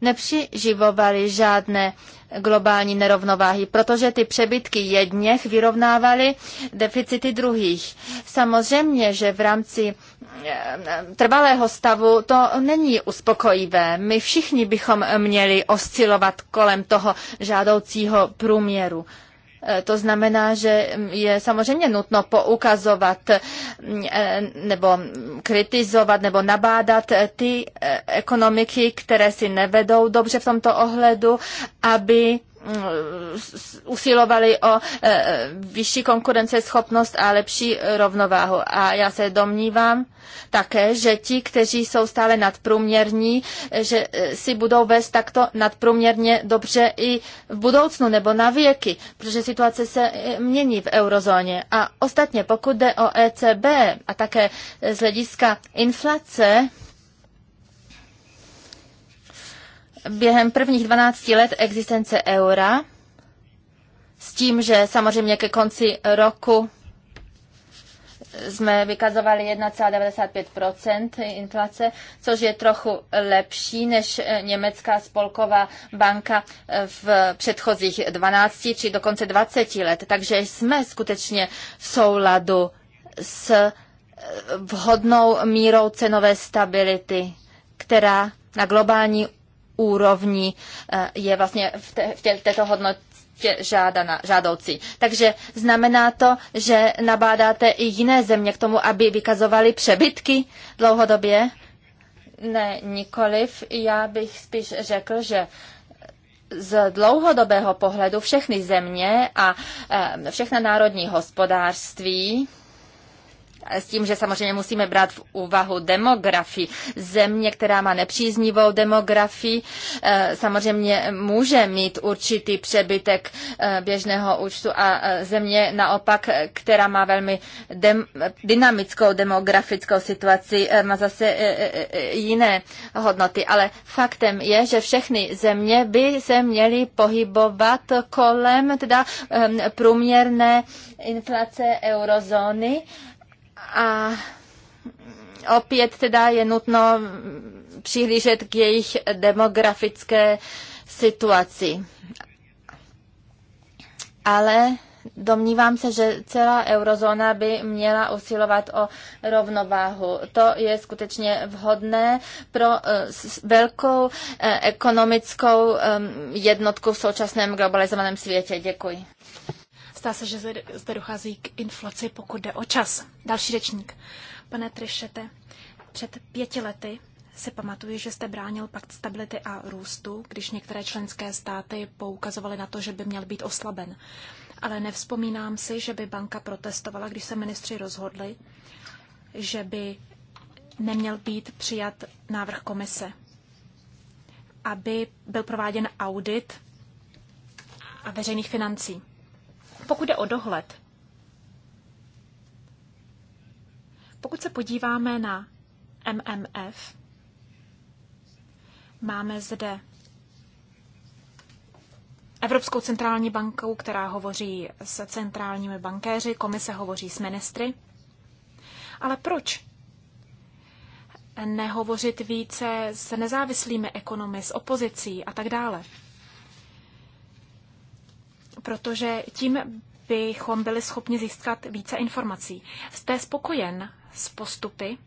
nepřiživovali žádné globální nerovnováhy, protože ty přebytky jedněch vyrovnávaly deficity druhých. Samozřejmě, že v rámci Eh, trvalého stavu, to není uspokojivé. My všichni bychom měli oscilovat kolem toho žádoucího průměru. Eh, to znamená, že je samozřejmě nutno poukazovat eh, nebo kritizovat nebo nabádat ty ekonomiky, které si nevedou dobře v tomto ohledu, aby Mm, usilovali o e, vyšší konkurenceschopnost a lepší rovnováhu. A já se domnívám také, že ti, kteří jsou stále nadprůměrní, že e, si budou vést takto nadprůměrně dobře i v budoucnu nebo na věky, protože situace se e, mění v eurozóně. A ostatně, pokud jde o ECB a také z hlediska inflace, během prvních 12 let existence eura, s tím, že samozřejmě ke konci roku jsme vykazovali 1,95 inflace, což je trochu lepší než eh, Německá spolková banka eh, v předchozích 12 či dokonce 20 let. Takže jsme skutečně v souladu s eh, vhodnou mírou cenové stability, která na globální úrovni eh, je vlastně v, té, v této hodnotě žádana, žádoucí. Takže znamená to, že nabádáte i jiné země k tomu, aby vykazovali přebytky dlouhodobě? Ne, nikoliv. Já bych spíš řekl, že z dlouhodobého pohledu všechny země a eh, všechna národní hospodářství s tím, že samozřejmě musíme brát v úvahu demografii. Země, která má nepříznivou demografii, eh, samozřejmě může mít určitý přebytek eh, běžného účtu a eh, země naopak, která má velmi dem- dynamickou demografickou situaci, má zase jiné hodnoty. Ale faktem je, že všechny země by se měly pohybovat kolem teda ehm, průměrné inflace eurozóny a opět teda je nutno přihlížet k jejich demografické situaci. Ale Domnívám se, že celá eurozóna by měla usilovat o rovnováhu. To je skutečně vhodné pro eh, velkou eh, ekonomickou eh, jednotku v současném globalizovaném světě. Děkuji. Zdá se, že zde dochází k inflaci, pokud jde o čas. Další řečník. Pane Trišete, před pěti lety si pamatuju, že jste bránil pakt stability a růstu, když některé členské státy poukazovaly na to, že by měl být oslaben. Ale nevzpomínám si, že by banka protestovala, když se ministři rozhodli, že by neměl být přijat návrh komise, aby byl prováděn audit a veřejných financí pokud jde o dohled, pokud se podíváme na MMF, máme zde Evropskou centrální banku, která hovoří s centrálními bankéři, komise hovoří s ministry. Ale proč nehovořit více s nezávislými ekonomy, s opozicí a tak dále? protože tím bychom byli schopni získat více informací. Jste spokojen s postupy,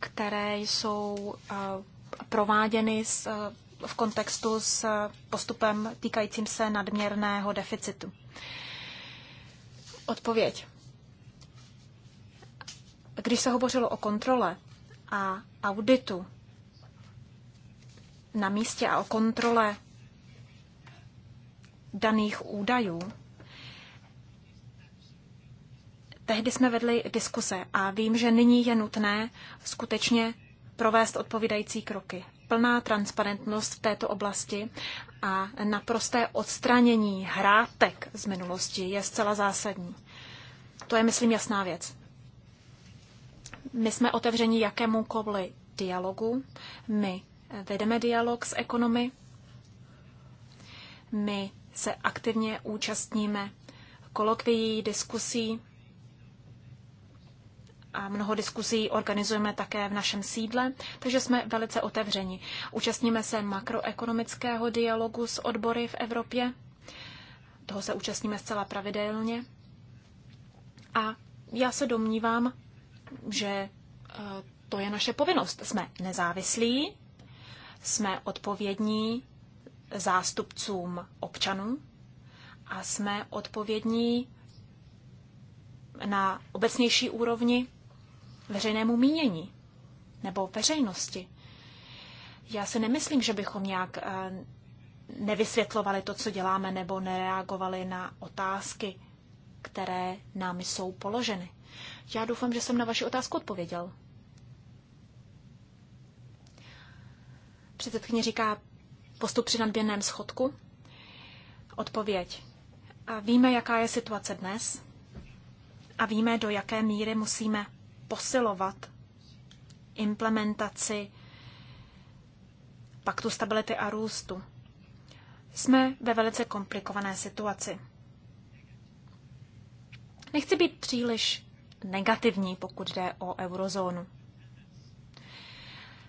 které jsou prováděny v kontextu s postupem týkajícím se nadměrného deficitu? Odpověď. Když se hovořilo o kontrole a auditu na místě a o kontrole daných údajů. Tehdy jsme vedli diskuse a vím, že nyní je nutné skutečně provést odpovídající kroky. Plná transparentnost v této oblasti a naprosté odstranění hrátek z minulosti je zcela zásadní. To je, myslím, jasná věc. My jsme otevřeni jakémukoliv dialogu. My vedeme dialog s ekonomy. My se aktivně účastníme kolokvií, diskusí. A mnoho diskusí organizujeme také v našem sídle, takže jsme velice otevřeni. Účastníme se makroekonomického dialogu s odbory v Evropě. Toho se účastníme zcela pravidelně. A já se domnívám, že e, to je naše povinnost. Jsme nezávislí, jsme odpovědní zástupcům občanů a jsme odpovědní na obecnější úrovni veřejnému mínění nebo veřejnosti. Já si nemyslím, že bychom nějak eh, nevysvětlovali to, co děláme, nebo nereagovali na otázky, které nám jsou položeny. Já doufám, že jsem na vaši otázku odpověděl. Předsedkyně říká, postup při nadměrném schodku? Odpověď. A víme, jaká je situace dnes a víme, do jaké míry musíme posilovat implementaci paktu stability a růstu. Jsme ve velice komplikované situaci. Nechci být příliš negativní, pokud jde o eurozónu.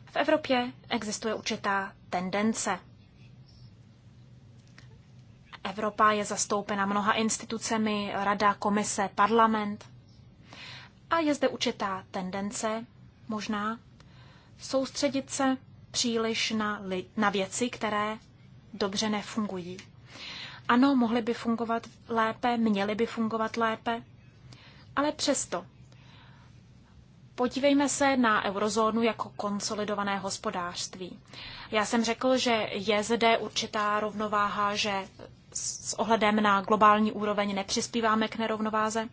V Evropě existuje určitá tendence Evropa je zastoupena mnoha institucemi, rada, komise, parlament. A je zde určitá tendence, možná, soustředit se příliš na, li, na věci, které dobře nefungují. Ano, mohly by fungovat lépe, měly by fungovat lépe, ale přesto Podívejme se na eurozónu jako konsolidované hospodářství. Já jsem řekl, že je zde určitá rovnováha, že s ohledem na globální úroveň nepřispíváme k nerovnováze.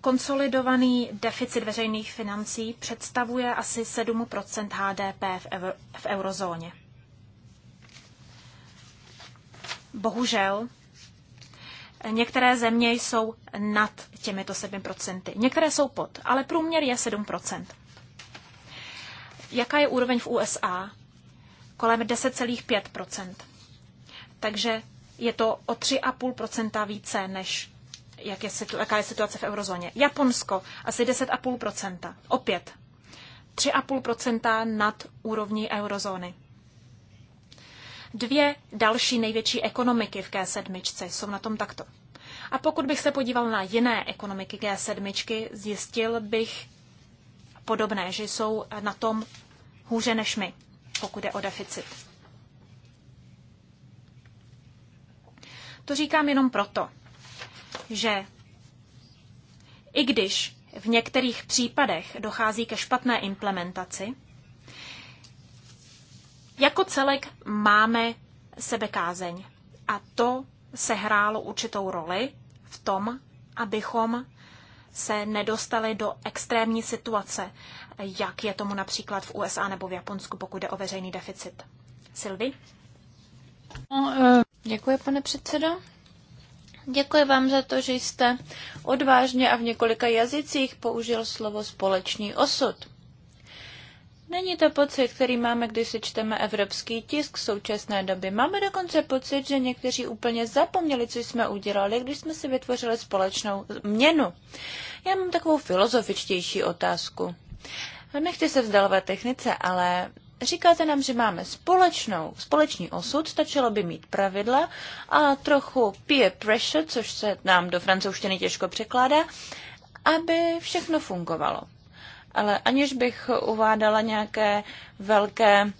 Konsolidovaný deficit veřejných financí představuje asi 7 HDP v eurozóně. Bohužel, Některé země jsou nad těmito 7%, některé jsou pod, ale průměr je 7%. Jaká je úroveň v USA? Kolem 10,5%. Takže je to o 3,5% více, než jak je situ, jaká je situace v eurozóně. Japonsko asi 10,5%. Opět 3,5% nad úrovní eurozóny. Dvě další největší ekonomiky v G7 jsou na tom takto. A pokud bych se podíval na jiné ekonomiky G7, zjistil bych podobné, že jsou na tom hůře než my, pokud je o deficit. To říkám jenom proto, že i když v některých případech dochází ke špatné implementaci, jako celek máme sebekázeň a to se hrálo určitou roli v tom, abychom se nedostali do extrémní situace, jak je tomu například v USA nebo v Japonsku, pokud jde o veřejný deficit. Silvi? No, eh, děkuji, pane předsedo. Děkuji vám za to, že jste odvážně a v několika jazycích použil slovo společný osud. Není to pocit, který máme, když si čteme evropský tisk v současné době. Máme dokonce pocit, že někteří úplně zapomněli, co jsme udělali, když jsme si vytvořili společnou měnu. Já mám takovou filozofičtější otázku. Nechci se vzdalovat technice, ale říkáte nám, že máme společnou, společný osud, stačilo by mít pravidla a trochu peer pressure, což se nám do francouzštiny těžko překládá, aby všechno fungovalo ale aniž bych uvádala nějaké velké,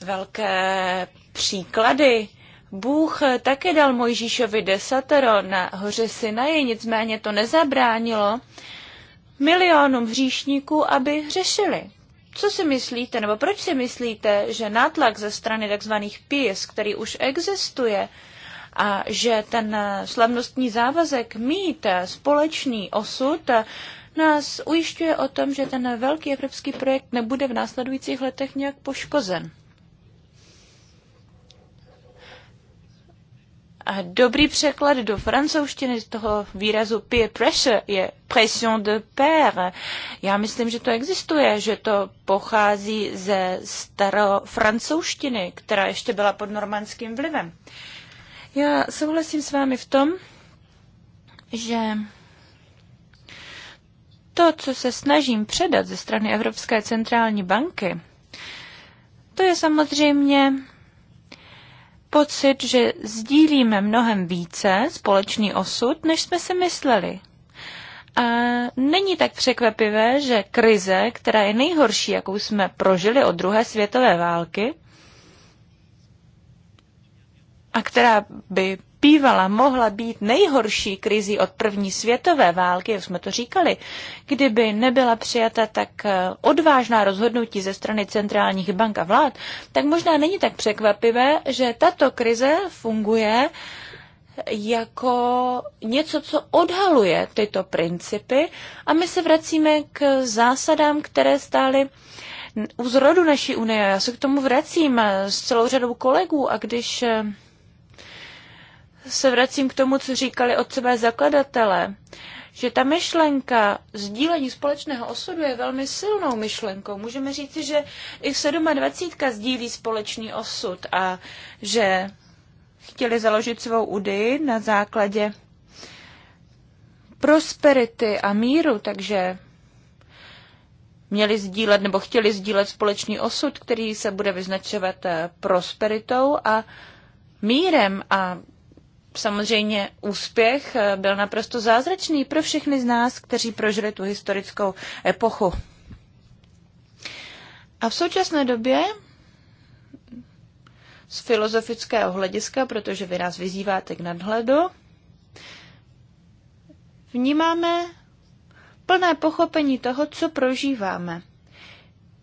velké příklady, Bůh také dal Mojžíšovi desatero na hoře Sinaji, nicméně to nezabránilo milionům hříšníků, aby hřešili. Co si myslíte, nebo proč si myslíte, že nátlak ze strany tzv. pís, který už existuje, a že ten slavnostní závazek mít společný osud nás ujišťuje o tom, že ten velký evropský projekt nebude v následujících letech nějak poškozen. A dobrý překlad do francouzštiny z toho výrazu peer pressure je pression de pair. Já myslím, že to existuje, že to pochází ze starofrancouzštiny, která ještě byla pod normandským vlivem. Já souhlasím s vámi v tom, že to, co se snažím předat ze strany Evropské centrální banky, to je samozřejmě pocit, že sdílíme mnohem více společný osud, než jsme si mysleli. A není tak překvapivé, že krize, která je nejhorší, jakou jsme prožili od druhé světové války, a která by bývala mohla být nejhorší krizí od první světové války, už jsme to říkali, kdyby nebyla přijata tak eh, odvážná rozhodnutí ze strany centrálních bank a vlád, tak možná není tak překvapivé, že tato krize funguje jako něco, co odhaluje tyto principy a my se vracíme k zásadám, které stály u zrodu naší unie. Já se k tomu vracím eh, s celou řadou kolegů a když eh, se vracím k tomu, co říkali otcové zakladatelé, že ta myšlenka sdílení společného osudu je velmi silnou myšlenkou. Můžeme říct, že i 27. sdílí společný osud a že chtěli založit svou Udy na základě prosperity a míru, takže měli sdílet nebo chtěli sdílet společný osud, který se bude vyznačovat eh, prosperitou a mírem a samozřejmě úspěch eh, byl naprosto zázračný pro všechny z nás, kteří prožili tu historickou epochu. A v současné době z filozofického hlediska, protože vy nás vyzýváte k nadhledu, vnímáme plné pochopení toho, co prožíváme.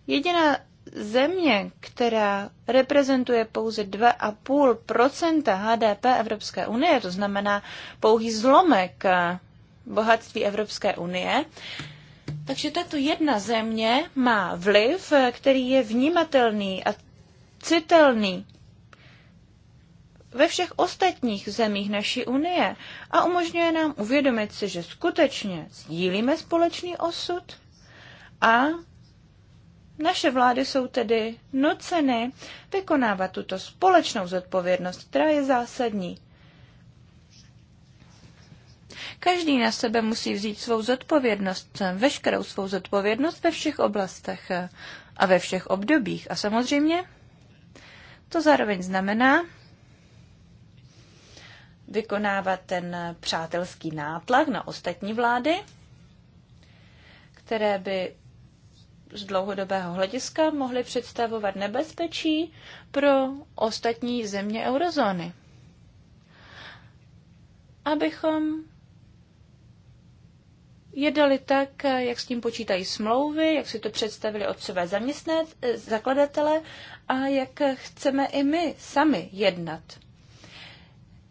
Jediná země, která reprezentuje pouze 2,5 HDP Evropské unie, to znamená pouhý zlomek eh, bohatství Evropské unie, takže tato jedna země má vliv, eh, který je vnímatelný a citelný ve všech ostatních zemích naší unie a umožňuje nám uvědomit si, že skutečně sdílíme společný osud a naše vlády jsou tedy nuceny vykonávat tuto společnou zodpovědnost, která je zásadní. Každý na sebe musí vzít svou zodpovědnost, veškerou svou zodpovědnost ve všech oblastech a ve všech obdobích. A samozřejmě to zároveň znamená vykonávat ten přátelský nátlak na ostatní vlády, které by z dlouhodobého hlediska mohly představovat nebezpečí pro ostatní země eurozóny. Abychom jedali tak, jak s tím počítají smlouvy, jak si to představili otcové zaměstnat, zakladatele a jak chceme i my sami jednat.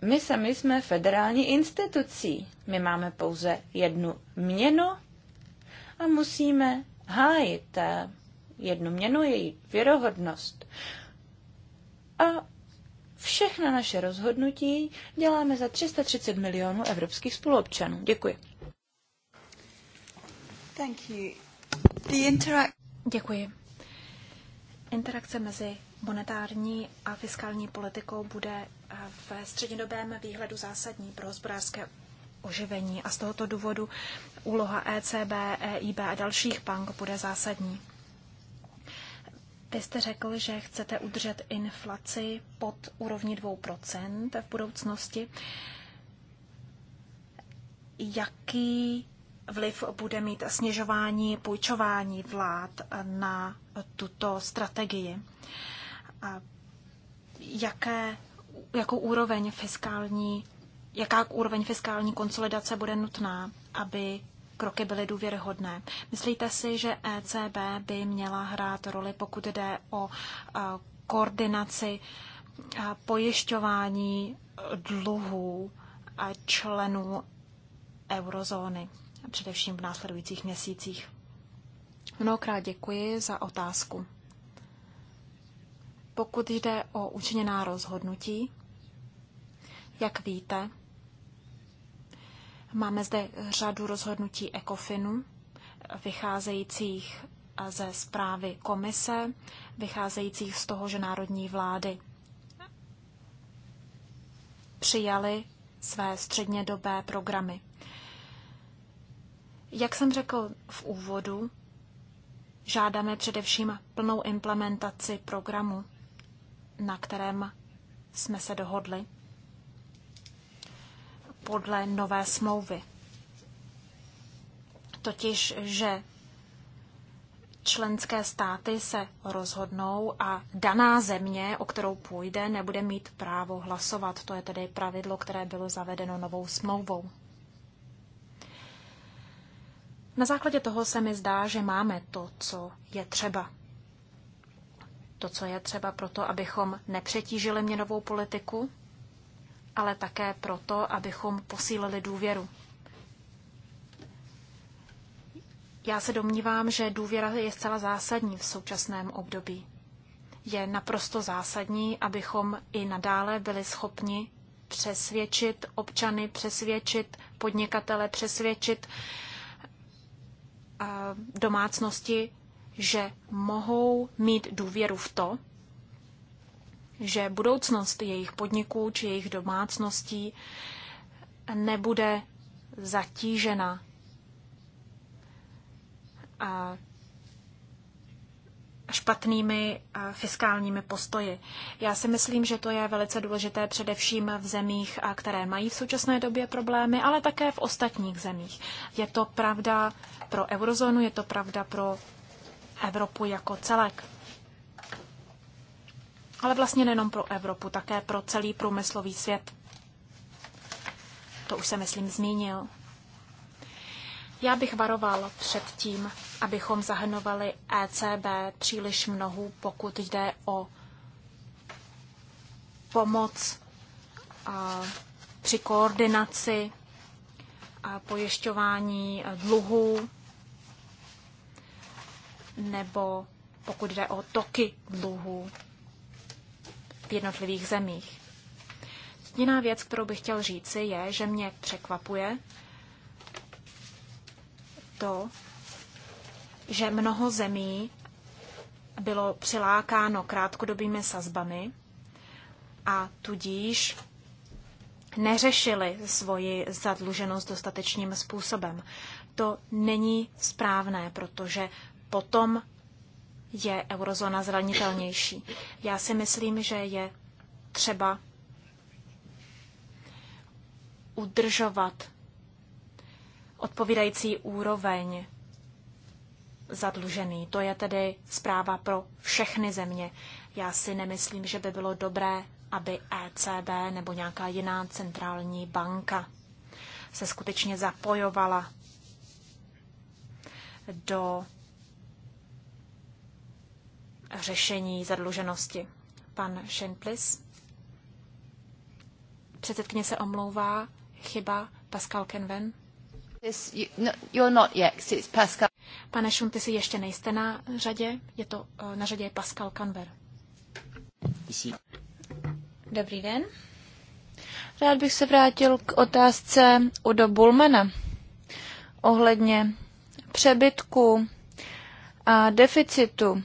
My sami jsme federální institucí. My máme pouze jednu měnu a musíme hájit jednu měnu, její věrohodnost. A všechna naše rozhodnutí děláme za 330 milionů evropských spoluobčanů. Děkuji. Thank you. The interac- Děkuji. Interakce mezi monetární a fiskální politikou bude eh, ve střednědobém výhledu zásadní pro hospodářské oživení a z tohoto důvodu úloha ECB, EIB a dalších bank bude zásadní. Vy jste řekl, že chcete udržet inflaci pod úrovni 2% v budoucnosti. Jaký vliv bude mít snižování půjčování vlád na tuto strategii? A jaké, jakou úroveň fiskální jaká úroveň fiskální konsolidace bude nutná, aby kroky byly důvěryhodné. Myslíte si, že ECB by měla hrát roli, pokud jde o eh, koordinaci eh, pojišťování dluhů a členů eurozóny, především v následujících měsících? Mnohokrát děkuji za otázku. Pokud jde o učiněná rozhodnutí, jak víte, Máme zde řadu rozhodnutí ECOFINu, vycházejících ze zprávy komise, vycházejících z toho, že národní vlády přijaly své střednědobé programy. Jak jsem řekl v úvodu, žádáme především plnou implementaci programu, na kterém jsme se dohodli podle nové smlouvy. Totiž, že členské státy se rozhodnou a daná země, o kterou půjde, nebude mít právo hlasovat. To je tedy pravidlo, které bylo zavedeno novou smlouvou. Na základě toho se mi zdá, že máme to, co je třeba. To, co je třeba proto, abychom nepřetížili měnovou politiku, ale také proto, abychom posílili důvěru. Já se domnívám, že důvěra je zcela zásadní v současném období. Je naprosto zásadní, abychom i nadále byli schopni přesvědčit občany, přesvědčit podnikatele, přesvědčit eh, domácnosti, že mohou mít důvěru v to, že budoucnost jejich podniků či jejich domácností nebude zatížena a špatnými fiskálními postoji. Já si myslím, že to je velice důležité především v zemích, které mají v současné době problémy, ale také v ostatních zemích. Je to pravda pro eurozónu, je to pravda pro Evropu jako celek ale vlastně nejenom pro Evropu, také pro celý průmyslový svět. To už se, myslím, zmínil. Já bych varoval před tím, abychom zahrnovali ECB příliš mnohu, pokud jde o pomoc a, při koordinaci a pojišťování dluhů nebo pokud jde o toky dluhů jednotlivých zemích. Jediná věc, kterou bych chtěl říci, je, že mě překvapuje to, že mnoho zemí bylo přilákáno krátkodobými sazbami a tudíž neřešili svoji zadluženost dostatečným způsobem. To není správné, protože potom je eurozóna zranitelnější. Já si myslím, že je třeba udržovat odpovídající úroveň zadlužený. To je tedy zpráva pro všechny země. Já si nemyslím, že by bylo dobré, aby ECB nebo nějaká jiná centrální banka se skutečně zapojovala do řešení zadluženosti. Pan Šenplis. Předsedkyně se omlouvá. Chyba Pascal Kenven. Pane you, no, you're not yet, Pascal. Pane ještě nejste na řadě. Je to, eh, na řadě je Pascal Kanver. Dobrý den. Rád bych se vrátil k otázce Udo Bulmana ohledně přebytku a deficitu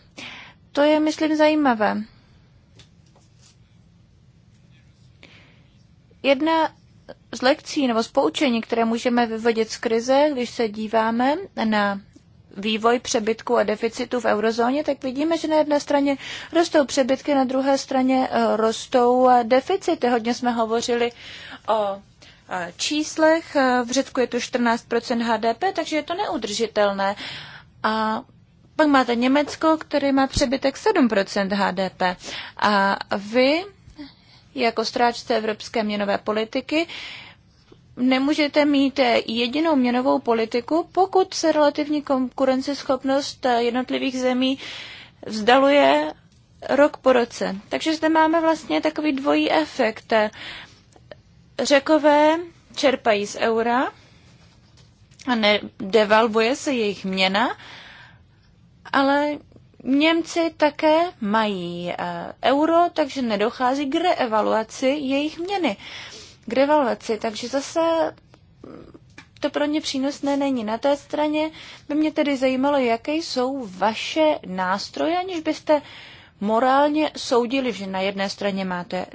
to je, myslím, zajímavé. Jedna z lekcí nebo z poučení, které můžeme vyvodit z krize, když se díváme na vývoj přebytku a deficitu v eurozóně, tak vidíme, že na jedné straně rostou přebytky, na druhé straně eh, rostou eh, deficity. Hodně jsme hovořili o eh, číslech, v Řecku je to 14% HDP, takže je to neudržitelné. A pak máte Německo, které má přebytek 7% HDP. A vy, jako stráčce evropské měnové politiky, nemůžete mít jedinou měnovou politiku, pokud se relativní konkurenceschopnost jednotlivých zemí vzdaluje rok po roce. Takže zde máme vlastně takový dvojí efekt. Řekové čerpají z eura a devalvuje se jejich měna ale Němci také mají eh, euro, takže nedochází k reevaluaci jejich měny, k revaluaci, takže zase mm, to pro ně přínosné není. Na té straně by mě tedy zajímalo, jaké jsou vaše nástroje, aniž byste morálně soudili, že na jedné straně máte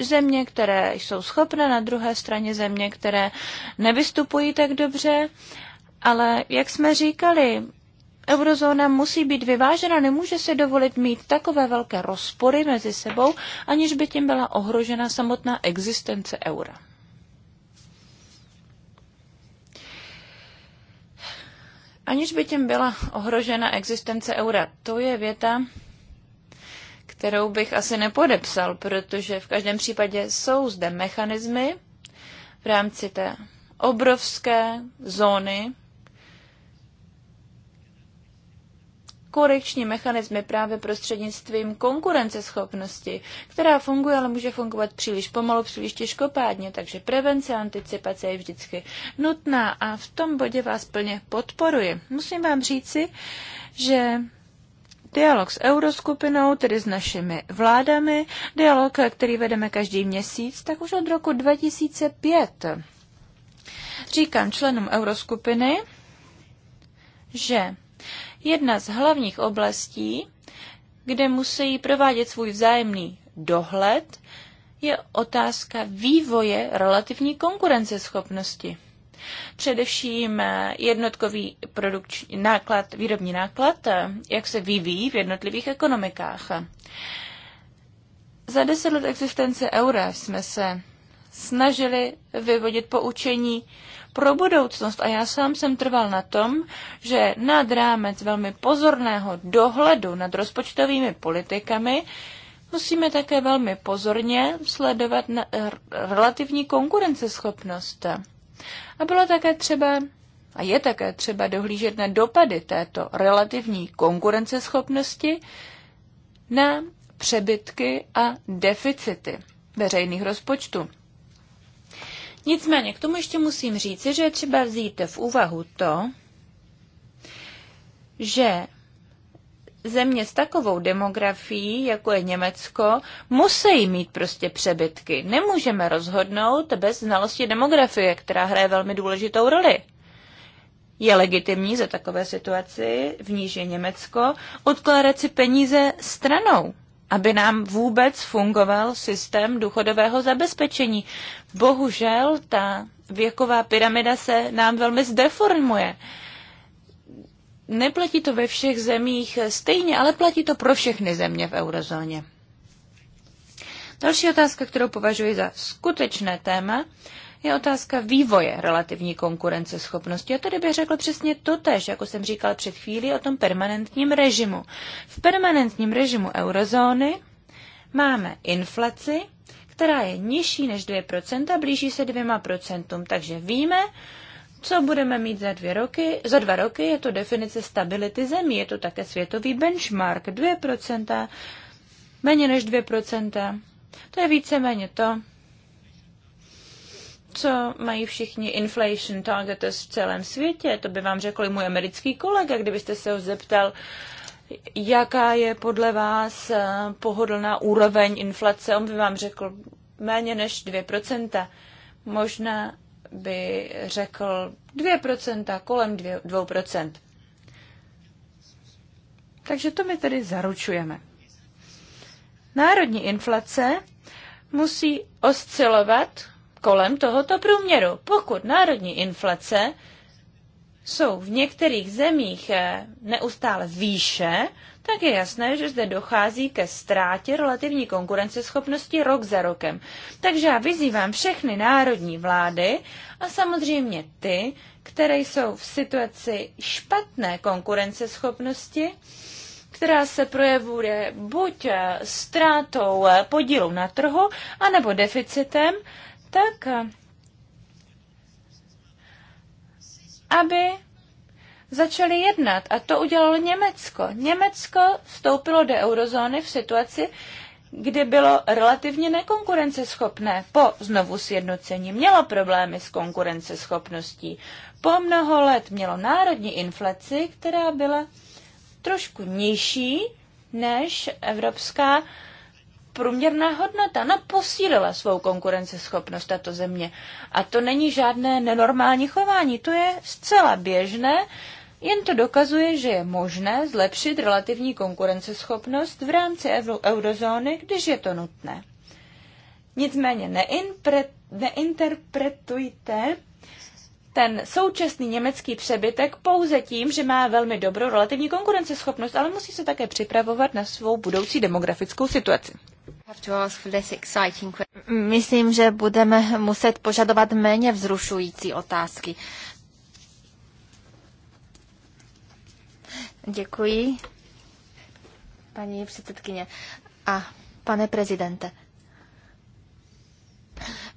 země, které jsou schopné, na druhé straně země, které nevystupují tak dobře. Ale jak jsme říkali, Eurozóna musí být vyvážena, nemůže se dovolit mít takové velké rozpory mezi sebou, aniž by tím byla ohrožena samotná existence eura. Aniž by tím byla ohrožena existence eura. To je věta, kterou bych asi nepodepsal, protože v každém případě jsou zde mechanismy v rámci té obrovské zóny korekční mechanismy právě prostřednictvím konkurenceschopnosti, která funguje, ale může fungovat příliš pomalu, příliš těžkopádně, takže prevence a anticipace je vždycky nutná a v tom bodě vás plně podporuji. Musím vám říci, že dialog s euroskupinou, tedy s našimi vládami, dialog, který vedeme každý měsíc, tak už od roku 2005. Říkám členům euroskupiny, že jedna z hlavních oblastí, kde musí provádět svůj vzájemný dohled, je otázka vývoje relativní konkurenceschopnosti. Především eh, jednotkový náklad, výrobní náklad, eh, jak se vyvíjí v jednotlivých ekonomikách. Za deset let existence eura jsme se snažili vyvodit poučení pro budoucnost. A já sám jsem trval na tom, že nad rámec velmi pozorného dohledu nad rozpočtovými politikami musíme také velmi pozorně sledovat na, eh, relativní konkurenceschopnost. A bylo také třeba a je také třeba dohlížet na dopady této relativní konkurenceschopnosti na přebytky a deficity veřejných rozpočtů. Nicméně k tomu ještě musím říci, že je třeba vzít v úvahu to, že země s takovou demografií, jako je Německo, musí mít prostě přebytky. Nemůžeme rozhodnout bez znalosti demografie, která hraje velmi důležitou roli. Je legitimní za takové situaci, v níž je Německo, odkládat si peníze stranou aby nám vůbec fungoval systém důchodového zabezpečení. Bohužel ta věková pyramida se nám velmi zdeformuje. Neplatí to ve všech zemích stejně, ale platí to pro všechny země v eurozóně. Další otázka, kterou považuji za skutečné téma, je otázka vývoje relativní konkurenceschopnosti. a tady bych řekl přesně to tež, jako jsem říkal před chvílí o tom permanentním režimu. V permanentním režimu eurozóny máme inflaci, která je nižší než 2%, blíží se 2%, takže víme, co budeme mít za, dvě roky? za dva roky, je to definice stability zemí, je to také světový benchmark, 2%, méně než 2%. To je víceméně to, co mají všichni inflation targeters v celém světě. To by vám řekl i můj americký kolega, kdybyste se ho zeptal, jaká je podle vás eh, pohodlná úroveň inflace. On by vám řekl méně než 2%. Možná by řekl 2%, kolem 2%. Takže to my tedy zaručujeme. Národní inflace musí oscilovat kolem tohoto průměru. Pokud národní inflace jsou v některých zemích eh, neustále výše, tak je jasné, že zde dochází ke ztrátě relativní konkurenceschopnosti rok za rokem. Takže já vyzývám všechny národní vlády a samozřejmě ty, které jsou v situaci špatné konkurenceschopnosti, která se projevuje buď eh, ztrátou eh, podílu na trhu, anebo deficitem, tak aby začali jednat. A to udělalo Německo. Německo vstoupilo do eurozóny v situaci, kdy bylo relativně nekonkurenceschopné po znovu sjednocení. Mělo problémy s konkurenceschopností. Po mnoho let mělo národní inflaci, která byla trošku nižší než evropská, průměrná hodnota. Ona posílila svou konkurenceschopnost tato země. A to není žádné nenormální chování, to je zcela běžné, jen to dokazuje, že je možné zlepšit relativní konkurenceschopnost v rámci eurozóny, když je to nutné. Nicméně neinpre, neinterpretujte ten současný německý přebytek pouze tím, že má velmi dobrou relativní konkurenceschopnost, ale musí se také připravovat na svou budoucí demografickou situaci. Myslím, že budeme muset požadovat méně vzrušující otázky. Děkuji, paní předsedkyně. A pane prezidente,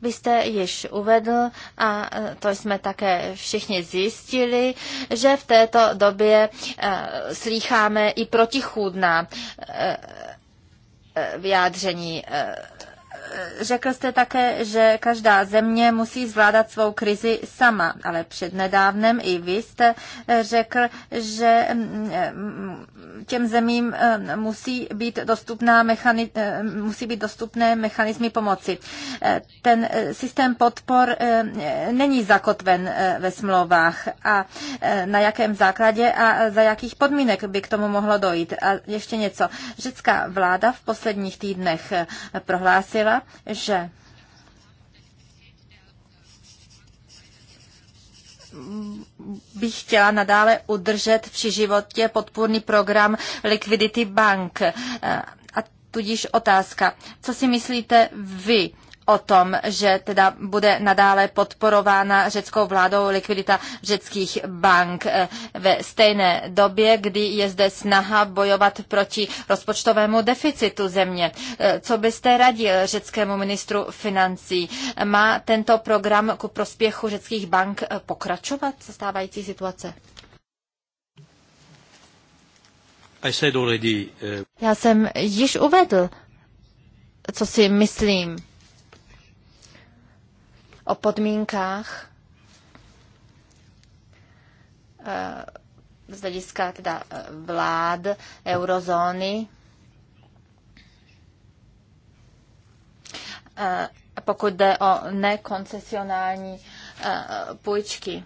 vy jste již uvedl, a e, to jsme také všichni zjistili, že v této době e, slýcháme i protichůdná e, vyjádření Řekl jste také, že každá země musí zvládat svou krizi sama, ale přednedávnem i vy jste eh, řekl, že mm, mm, těm zemím eh, musí být, dostupná mechani- eh, musí být dostupné mechanizmy pomoci. Ten systém podpor není zakotven ve smlouvách a na jakém základě a za jakých podmínek by k tomu mohlo dojít. A ještě něco. Řecká vláda v posledních týdnech prohlásila, že bych chtěla nadále udržet při životě podpůrný program Liquidity Bank. A tudíž otázka, co si myslíte vy? o tom, že teda bude nadále podporována řeckou vládou likvidita řeckých bank eh, ve stejné době, kdy je zde snaha bojovat proti rozpočtovému deficitu země. Eh, co byste radil řeckému ministru financí? Má tento program ku prospěchu řeckých bank eh, pokračovat se stávající situace? Já jsem již uvedl, co si myslím o podmínkách eh, z hlediska teda eh, vlád eurozóny. Eh, pokud jde o nekoncesionální půjčky,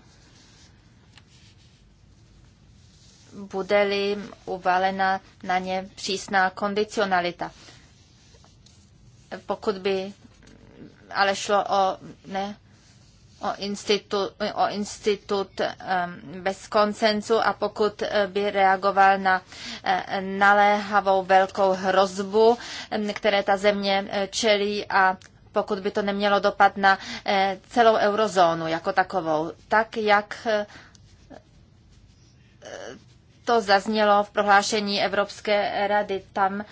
bude-li uvalena na ně přísná kondicionalita. Pokud by ale šlo o, ne, o institut, o institut bez koncenzu a pokud eh, by reagoval na eh, naléhavou velkou hrozbu, které ta země eh, čelí a pokud by to nemělo dopad na celou eurozónu jako takovou, tak jak to zaznělo v prohlášení Evropské rady, tam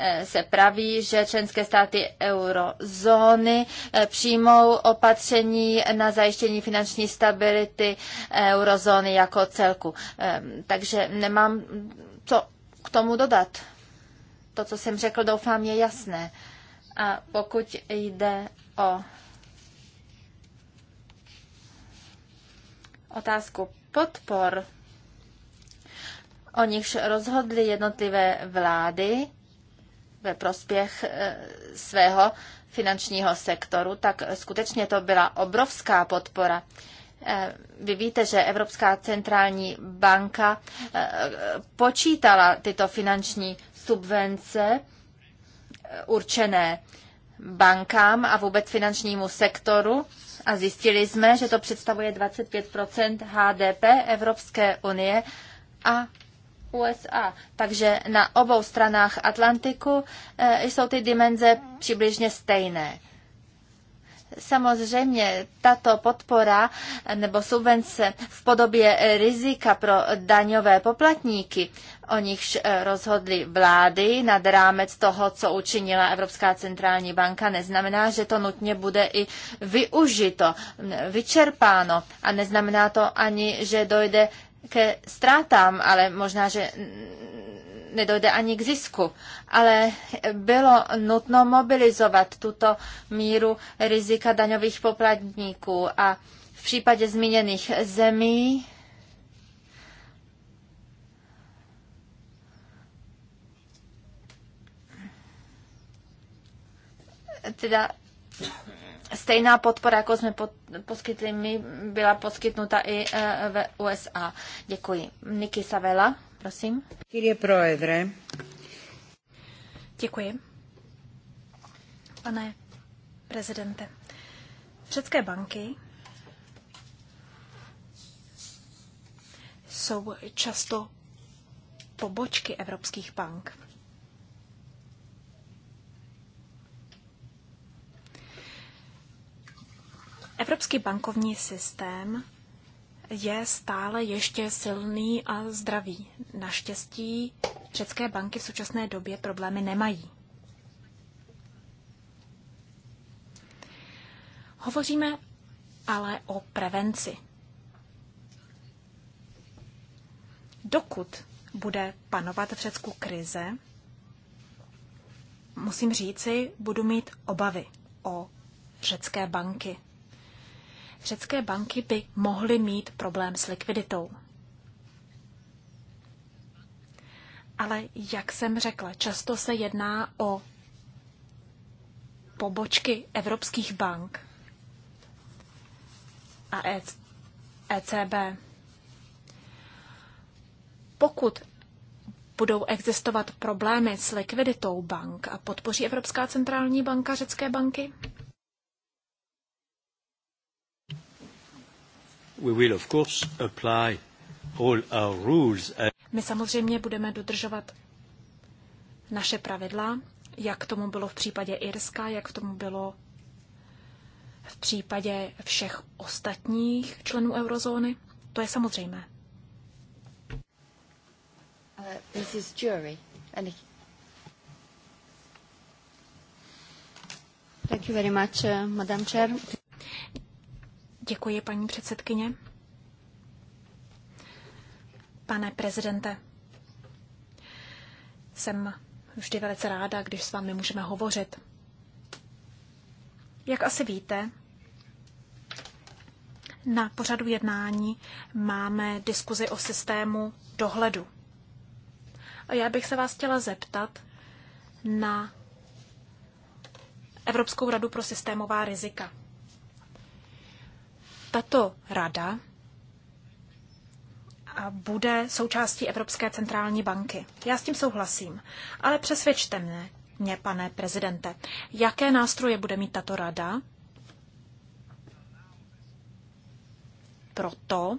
Eh, se praví, že členské státy eurozóny eh, přijmou opatření na zajištění finanční stability eh, eurozóny jako celku. Ehm, takže nemám co k tomu dodat. To, co jsem řekl, doufám, je jasné. A pokud jde o otázku podpor, o nichž rozhodly jednotlivé vlády, ve prospěch e, svého finančního sektoru, tak skutečně to byla obrovská podpora. E, vy víte, že Evropská centrální banka e, počítala tyto finanční subvence určené bankám a vůbec finančnímu sektoru a zjistili jsme, že to představuje 25 HDP Evropské unie a USA. Takže na obou stranách Atlantiku eh, jsou ty dimenze přibližně stejné. Samozřejmě tato podpora nebo subvence v podobě eh, rizika pro daňové poplatníky, o nichž eh, rozhodly vlády nad rámec toho, co učinila Evropská centrální banka, neznamená, že to nutně bude i využito, vyčerpáno a neznamená to ani, že dojde ke ztrátám, ale možná, že nedojde ani k zisku. Ale bylo nutno mobilizovat tuto míru rizika daňových poplatníků a v případě zmíněných zemí teda Stejná podpora, jako jsme pod, poskytli my, byla poskytnuta i eh, v USA. Děkuji. Niky Savela, prosím. Kyrie Proedre. Děkuji. Pane prezidente, řecké banky jsou často pobočky evropských bank. Evropský bankovní systém je stále ještě silný a zdravý. Naštěstí řecké banky v současné době problémy nemají. Hovoříme ale o prevenci. Dokud bude panovat v Řecku krize, musím říci, budu mít obavy o řecké banky řecké banky by mohly mít problém s likviditou. Ale jak jsem řekla, často se jedná o pobočky evropských bank a ECB. E Pokud budou existovat problémy s likviditou bank a podpoří Evropská centrální banka řecké banky? we will of course apply all our rules. My samozřejmě budeme dodržovat naše pravidla, jak tomu bylo v případě Irska, jak tomu bylo v případě všech ostatních členů eurozóny. To je samozřejmé. Uh, Mrs. Jury. Thank you very much, uh, Madam Chair. Děkuji, paní předsedkyně. Pane prezidente, jsem vždy velice ráda, když s vámi můžeme hovořit. Jak asi víte, na pořadu jednání máme diskuzi o systému dohledu. A já bych se vás chtěla zeptat na Evropskou radu pro systémová rizika. Tato rada bude součástí Evropské centrální banky. Já s tím souhlasím, ale přesvědčte mne, mě, pane prezidente, jaké nástroje bude mít tato rada Pro to,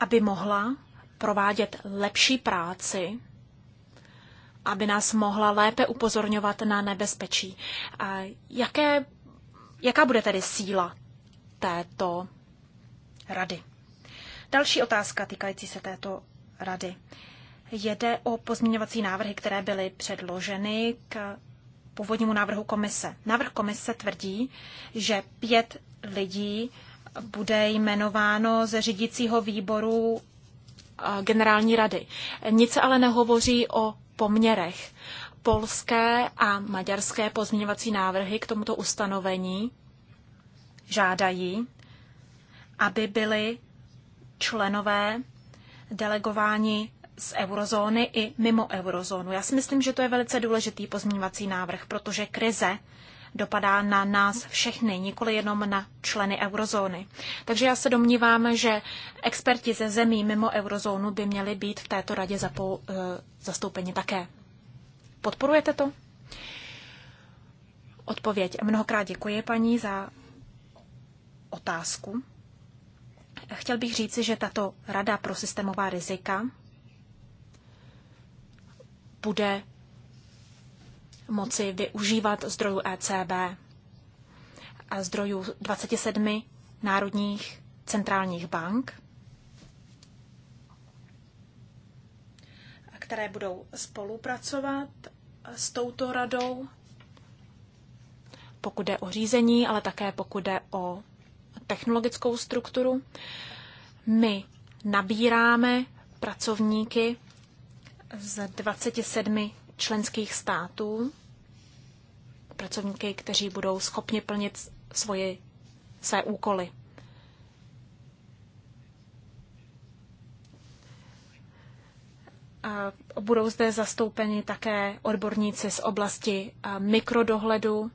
aby mohla provádět lepší práci, aby nás mohla lépe upozorňovat na nebezpečí. A jaké Jaká bude tedy síla této rady? Další otázka týkající se této rady. Jede o pozměňovací návrhy, které byly předloženy k původnímu návrhu komise. Návrh komise tvrdí, že pět lidí bude jmenováno ze řídícího výboru eh, generální rady. Nic ale nehovoří o poměrech polské a maďarské pozměňovací návrhy k tomuto ustanovení žádají, aby byly členové delegováni z eurozóny i mimo eurozónu. Já si myslím, že to je velice důležitý pozměňovací návrh, protože krize dopadá na nás všechny, nikoli jenom na členy eurozóny. Takže já se domnívám, že experti ze zemí mimo eurozónu by měli být v této radě zapou, eh, zastoupeni také. Podporujete to? Odpověď. Mnohokrát děkuji paní za otázku. Chtěl bych říci, že tato Rada pro systémová rizika bude moci využívat zdrojů ECB a zdrojů 27 národních centrálních bank, které budou spolupracovat s touto radou, pokud jde o řízení, ale také pokud jde o technologickou strukturu. My nabíráme pracovníky z 27 členských států, pracovníky, kteří budou schopni plnit svoje, své úkoly. budou zde zastoupeni také odborníci z oblasti mikrodohledu.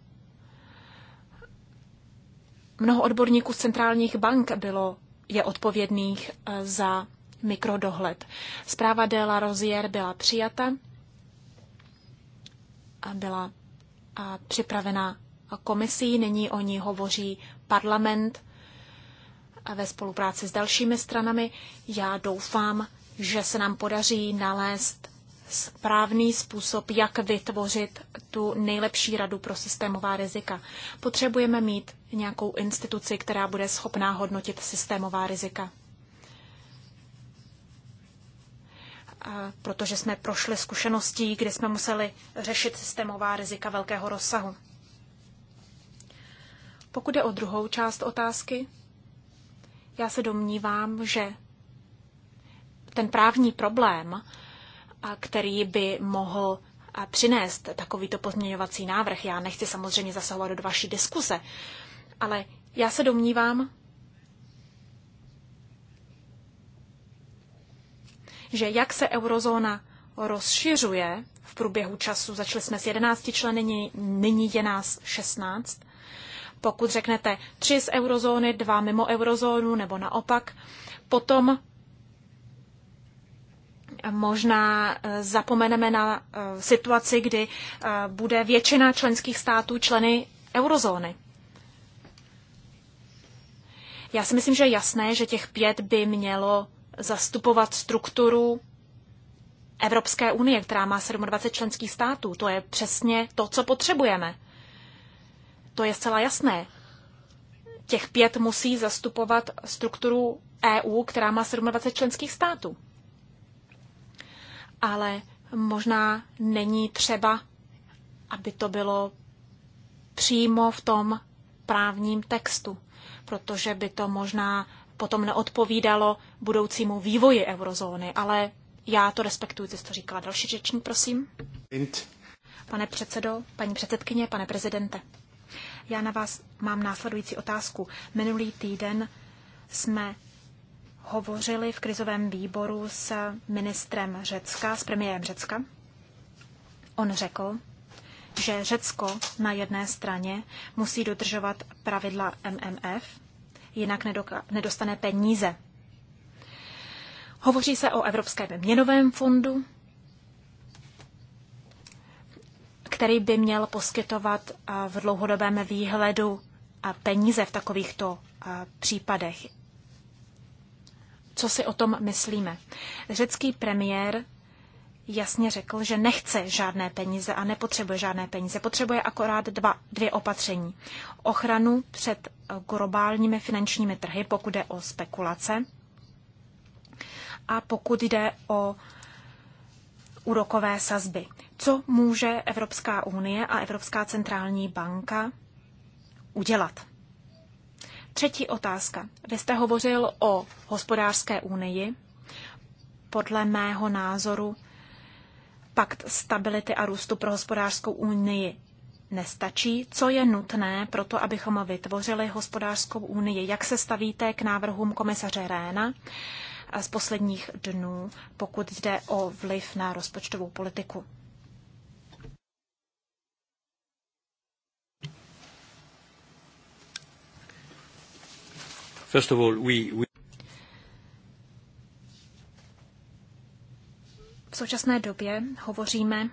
Mnoho odborníků z centrálních bank bylo, je odpovědných za mikrodohled. Zpráva de la Rozier byla přijata a byla připravena komisí, nyní o ní hovoří parlament ve spolupráci s dalšími stranami. Já doufám, že se nám podaří nalézt správný způsob, jak vytvořit tu nejlepší radu pro systémová rizika. Potřebujeme mít nějakou instituci, která bude schopná hodnotit systémová rizika. A protože jsme prošli zkušeností, kdy jsme museli řešit systémová rizika velkého rozsahu. Pokud je o druhou část otázky, já se domnívám, že ten právní problém, který by mohl přinést takovýto pozměňovací návrh. Já nechci samozřejmě zasahovat do vaší diskuze, ale já se domnívám, že jak se eurozóna rozšiřuje v průběhu času, začali jsme s 11 členy, nyní je nás 16, pokud řeknete tři z eurozóny, dva mimo eurozónu nebo naopak, potom možná eh, zapomeneme na eh, situaci, kdy eh, bude většina členských států členy eurozóny. Já si myslím, že je jasné, že těch pět by mělo zastupovat strukturu Evropské unie, která má 27 členských států. To je přesně to, co potřebujeme. To je zcela jasné. Těch pět musí zastupovat strukturu EU, která má 27 členských států ale možná není třeba, aby to bylo přímo v tom právním textu, protože by to možná potom neodpovídalo budoucímu vývoji eurozóny, ale já to respektuji, co jste říkala. Další řečník, prosím. Pane předsedo, paní předsedkyně, pane prezidente. Já na vás mám následující otázku. Minulý týden jsme hovořili v krizovém výboru s ministrem Řecka, s premiérem Řecka. On řekl, že Řecko na jedné straně musí dodržovat pravidla MMF, jinak nedostane peníze. Hovoří se o Evropském měnovém fondu, který by měl poskytovat eh, v dlouhodobém výhledu eh, peníze v takovýchto eh, případech co si o tom myslíme. Řecký premiér jasně řekl, že nechce žádné peníze a nepotřebuje žádné peníze. Potřebuje akorát dva, dvě opatření. Ochranu před globálními finančními trhy, pokud jde o spekulace a pokud jde o úrokové sazby. Co může Evropská unie a Evropská centrální banka udělat? Třetí otázka. Vy jste hovořil o hospodářské unii. Podle mého názoru pakt stability a růstu pro hospodářskou unii nestačí. Co je nutné pro to, abychom vytvořili hospodářskou unii? Jak se stavíte k návrhům komisaře Réna z posledních dnů, pokud jde o vliv na rozpočtovou politiku? First of all, we, V současné době hovoříme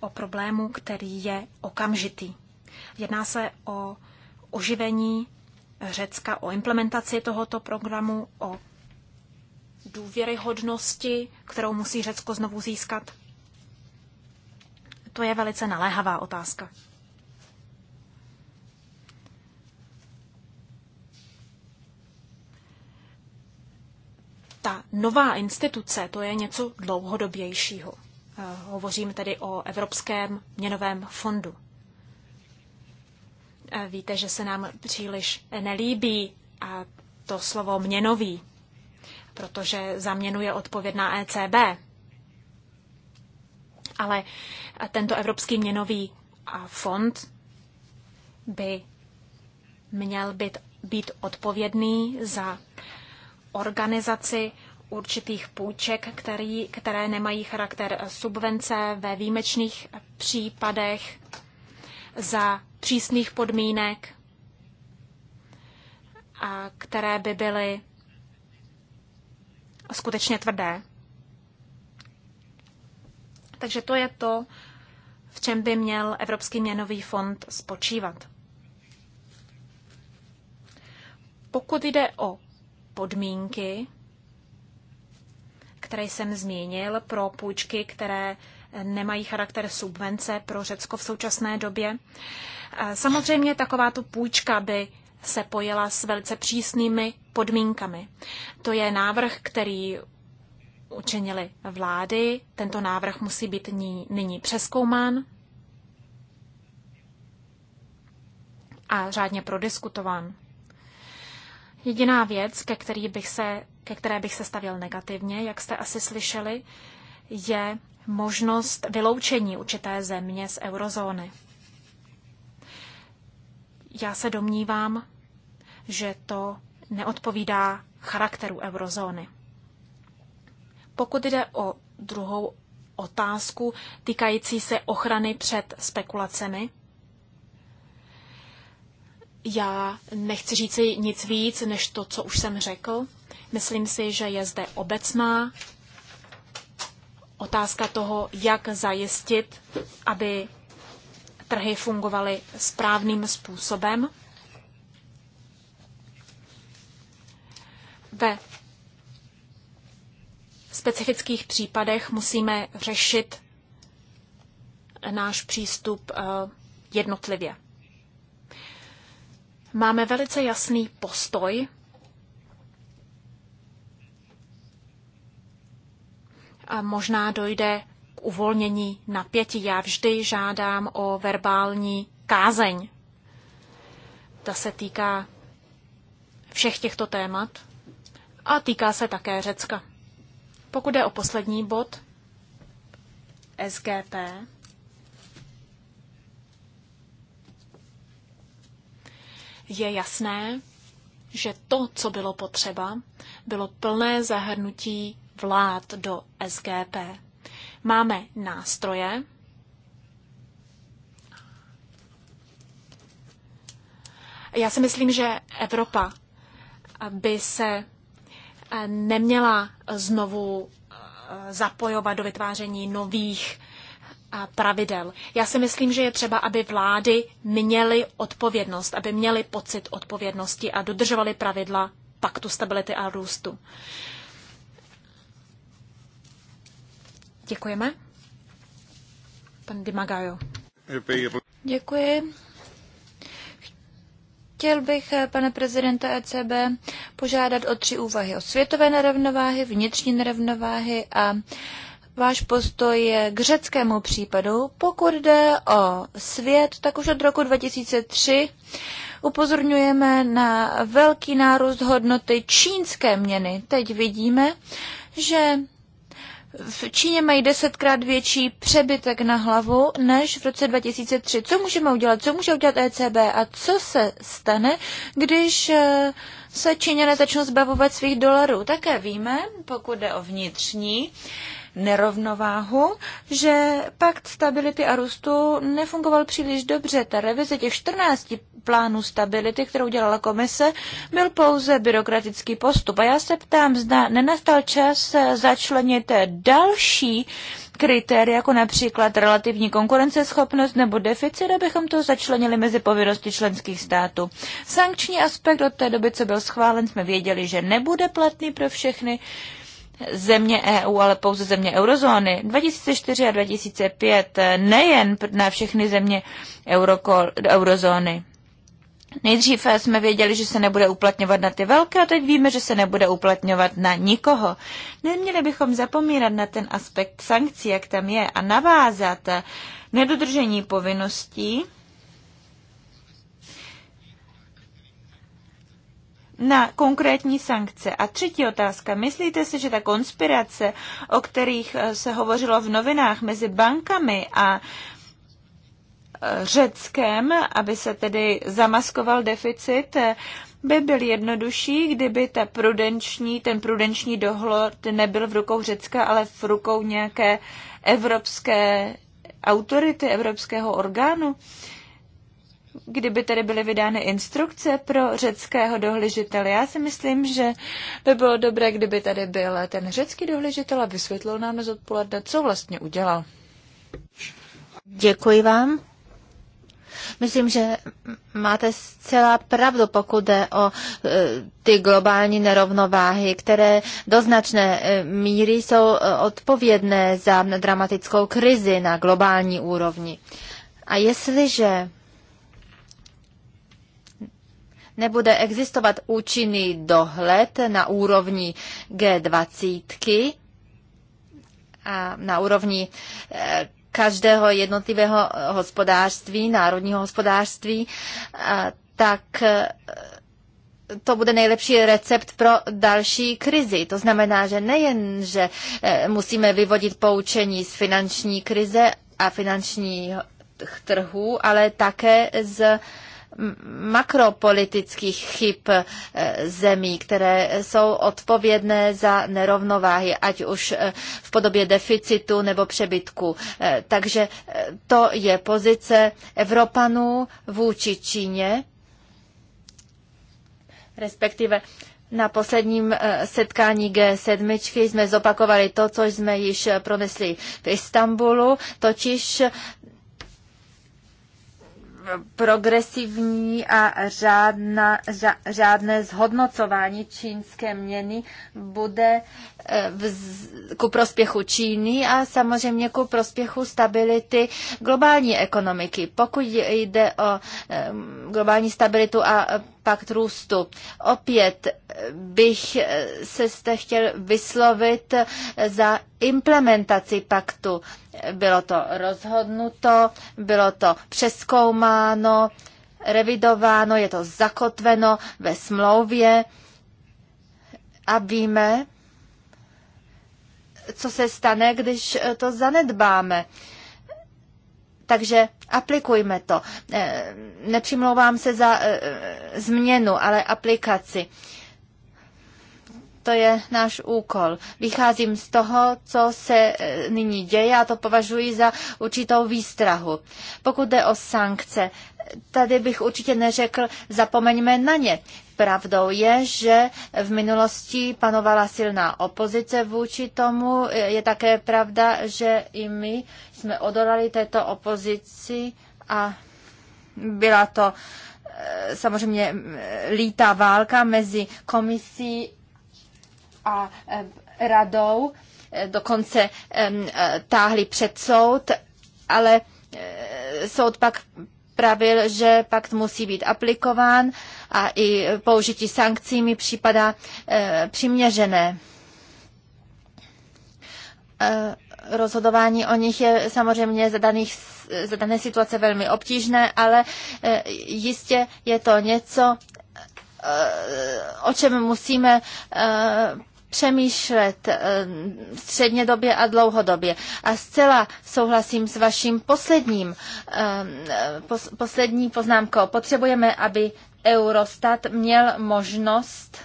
o problému, který je okamžitý. Jedná se o oživení Řecka, o implementaci tohoto programu, o důvěryhodnosti, kterou musí Řecko znovu získat? To je velice naléhavá otázka. ta nová instituce, to je něco dlouhodobějšího. Eh, hovořím tedy o Evropském měnovém fondu. Eh, víte, že se nám příliš nelíbí a to slovo měnový, protože za měnu je odpovědná ECB. Ale eh, tento Evropský měnový fond by měl být, být odpovědný za uh, organizaci určitých půjček, který, které nemají charakter subvence ve výjimečných případech za přísných podmínek, a které by byly skutečně tvrdé. Takže to je to, v čem by měl Evropský měnový fond spočívat. Pokud jde o podmínky, které jsem zmínil pro půjčky, které nemají charakter subvence pro Řecko v současné době. Samozřejmě taková tu půjčka by se pojela s velice přísnými podmínkami. To je návrh, který učinili vlády. Tento návrh musí být nyní přeskoumán a řádně prodiskutován. Jediná věc, ke, který bych se, ke které bych se stavil negativně, jak jste asi slyšeli, je možnost vyloučení určité země z eurozóny. Já se domnívám, že to neodpovídá charakteru eurozóny. Pokud jde o druhou otázku týkající se ochrany před spekulacemi, já nechci říci nic víc, než to, co už jsem řekl. Myslím si, že je zde obecná otázka toho, jak zajistit, aby trhy fungovaly správným způsobem. Ve specifických případech musíme řešit náš přístup eh, jednotlivě. Máme velice jasný postoj a možná dojde k uvolnění napětí. Já vždy žádám o verbální kázeň. Ta se týká všech těchto témat a týká se také Řecka. Pokud je o poslední bod, SGP, Je jasné, že to, co bylo potřeba, bylo plné zahrnutí vlád do SGP. Máme nástroje, Já si myslím, že Evropa by se eh, neměla znovu eh, zapojovat do vytváření nových pravidel. Já si myslím, že je třeba, aby vlády měly odpovědnost, aby měly pocit odpovědnosti a dodržovaly pravidla paktu stability a růstu. Děkujeme. Pan Dimagajo. Děkuji. Chtěl bych eh, pane prezidenta ECB požádat o tři úvahy o světové nerovnováhy, vnitřní nerovnováhy a váš postoj k řeckému případu. Pokud jde o svět, tak už od roku 2003 upozorňujeme na velký nárůst hodnoty čínské měny. Teď vidíme, že v Číně mají desetkrát větší přebytek na hlavu než v roce 2003. Co můžeme udělat? Co může udělat ECB? A co se stane, když eh, se Číňané začnou zbavovat svých dolarů? Také víme, pokud jde o vnitřní nerovnováhu, že pakt stability a růstu nefungoval příliš dobře. Ta revize těch 14 plánů stability, kterou dělala komise, byl pouze byrokratický postup. A já se ptám, zda nenastal čas začlenit další kritéria, jako například relativní konkurenceschopnost nebo deficit, abychom to začlenili mezi povinnosti členských států. Sankční aspekt od té doby, co byl schválen, jsme věděli, že nebude platný pro všechny. Uh, země EU, ale pouze země eurozóny. 2004 a 2005 eh, nejen na všechny země eurokol, eurozóny. Nejdřív eh, jsme věděli, že se nebude uplatňovat na ty velké a teď víme, že se nebude uplatňovat na nikoho. Neměli bychom zapomínat na ten aspekt sankcí, jak tam je, a navázat eh, nedodržení povinností na konkrétní sankce. A třetí otázka. Myslíte si, že ta konspirace, o kterých eh, se hovořilo v novinách mezi bankami a eh, Řeckem, aby se tedy zamaskoval deficit, eh, by byl jednodušší, kdyby ta prudenční, ten prudenční dohlod nebyl v rukou Řecka, ale v rukou nějaké evropské autority, evropského orgánu kdyby tedy byly vydány instrukce pro řeckého dohlížitele. Já si myslím, že by bylo dobré, kdyby tady byl ten řecký dohlížitel a vysvětlil nám z odpoledne, co vlastně udělal. Děkuji vám. Myslím, že máte zcela pravdu, pokud jde o e, ty globální nerovnováhy, které do značné e, míry jsou e, odpovědné za dramatickou krizi na globální úrovni. A jestliže nebude existovat účinný dohled na úrovni G20 a na úrovni eh, každého jednotlivého hospodářství, národního hospodářství, tak eh, to bude nejlepší recept pro další krizi. To znamená, že nejen, že eh, musíme vyvodit poučení z finanční krize a finančních trhů, ale také z makropolitických chyb eh, zemí, které jsou odpovědné za nerovnováhy, ať už eh, v podobě deficitu nebo přebytku. Eh, takže to je pozice Evropanů vůči Číně, respektive na posledním setkání G7 jsme zopakovali to, co jsme již pronesli v Istanbulu, totiž progresivní a řádna, řádné zhodnocování čínské měny bude Eh, ku prospěchu Číny a samozřejmě ku prospěchu stability globální ekonomiky. Pokud jde o eh, globální stabilitu a eh, pakt růstu. Opět bych se jste chtěl vyslovit za implementaci paktu. Bylo to rozhodnuto, bylo to přeskoumáno, revidováno, je to zakotveno ve smlouvě a víme, co se stane, když eh, to zanedbáme. Takže aplikujme to. Eh, nepřimlouvám se za eh, změnu, ale aplikaci. To je náš úkol. Vycházím z toho, co se nyní děje a to považuji za určitou výstrahu. Pokud jde o sankce, tady bych určitě neřekl, zapomeňme na ně. Pravdou je, že v minulosti panovala silná opozice vůči tomu. Je také pravda, že i my jsme odolali této opozici a byla to eh, samozřejmě eh, lítá válka mezi komisí a eh, radou. Dokonce táhli před soud, ale soud pak pravil, že pakt musí být aplikován a i použití sankcí mi připadá e, přiměřené. E, rozhodování o nich je samozřejmě za, daných, za dané situace velmi obtížné, ale e, jistě je to něco, e, o čem musíme e, přemýšlet eh, střednědobě a dlouhodobě. A zcela souhlasím s vaším posledním, ehm, eh, poslední poznámkou. Potřebujeme, aby Eurostat měl možnost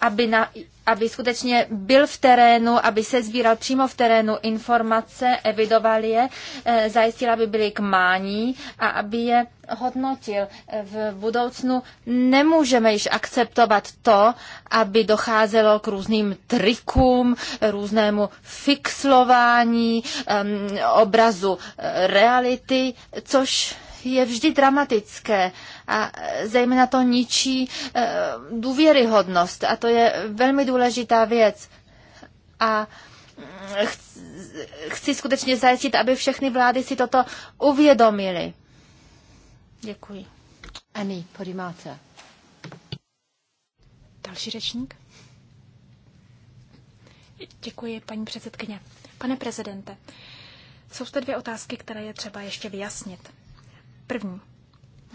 aby na aby skutečně byl v terénu, aby se sbíral přímo v terénu informace, evidoval je, eh, zajistil, aby byly k mání a aby je hodnotil. V budoucnu nemůžeme již akceptovat to, aby docházelo k různým trikům, různému fixlování ehm, obrazu eh, reality, což je vždy dramatické a e, zejména to ničí e, důvěryhodnost a to je velmi důležitá věc. A mm, chci skutečně zajistit, aby všechny vlády si toto uvědomily. Děkuji. Ani podímáte. Další řečník. Děkuji, paní předsedkyně. Pane prezidente, jsou zde dvě otázky, které je třeba ještě vyjasnit. První.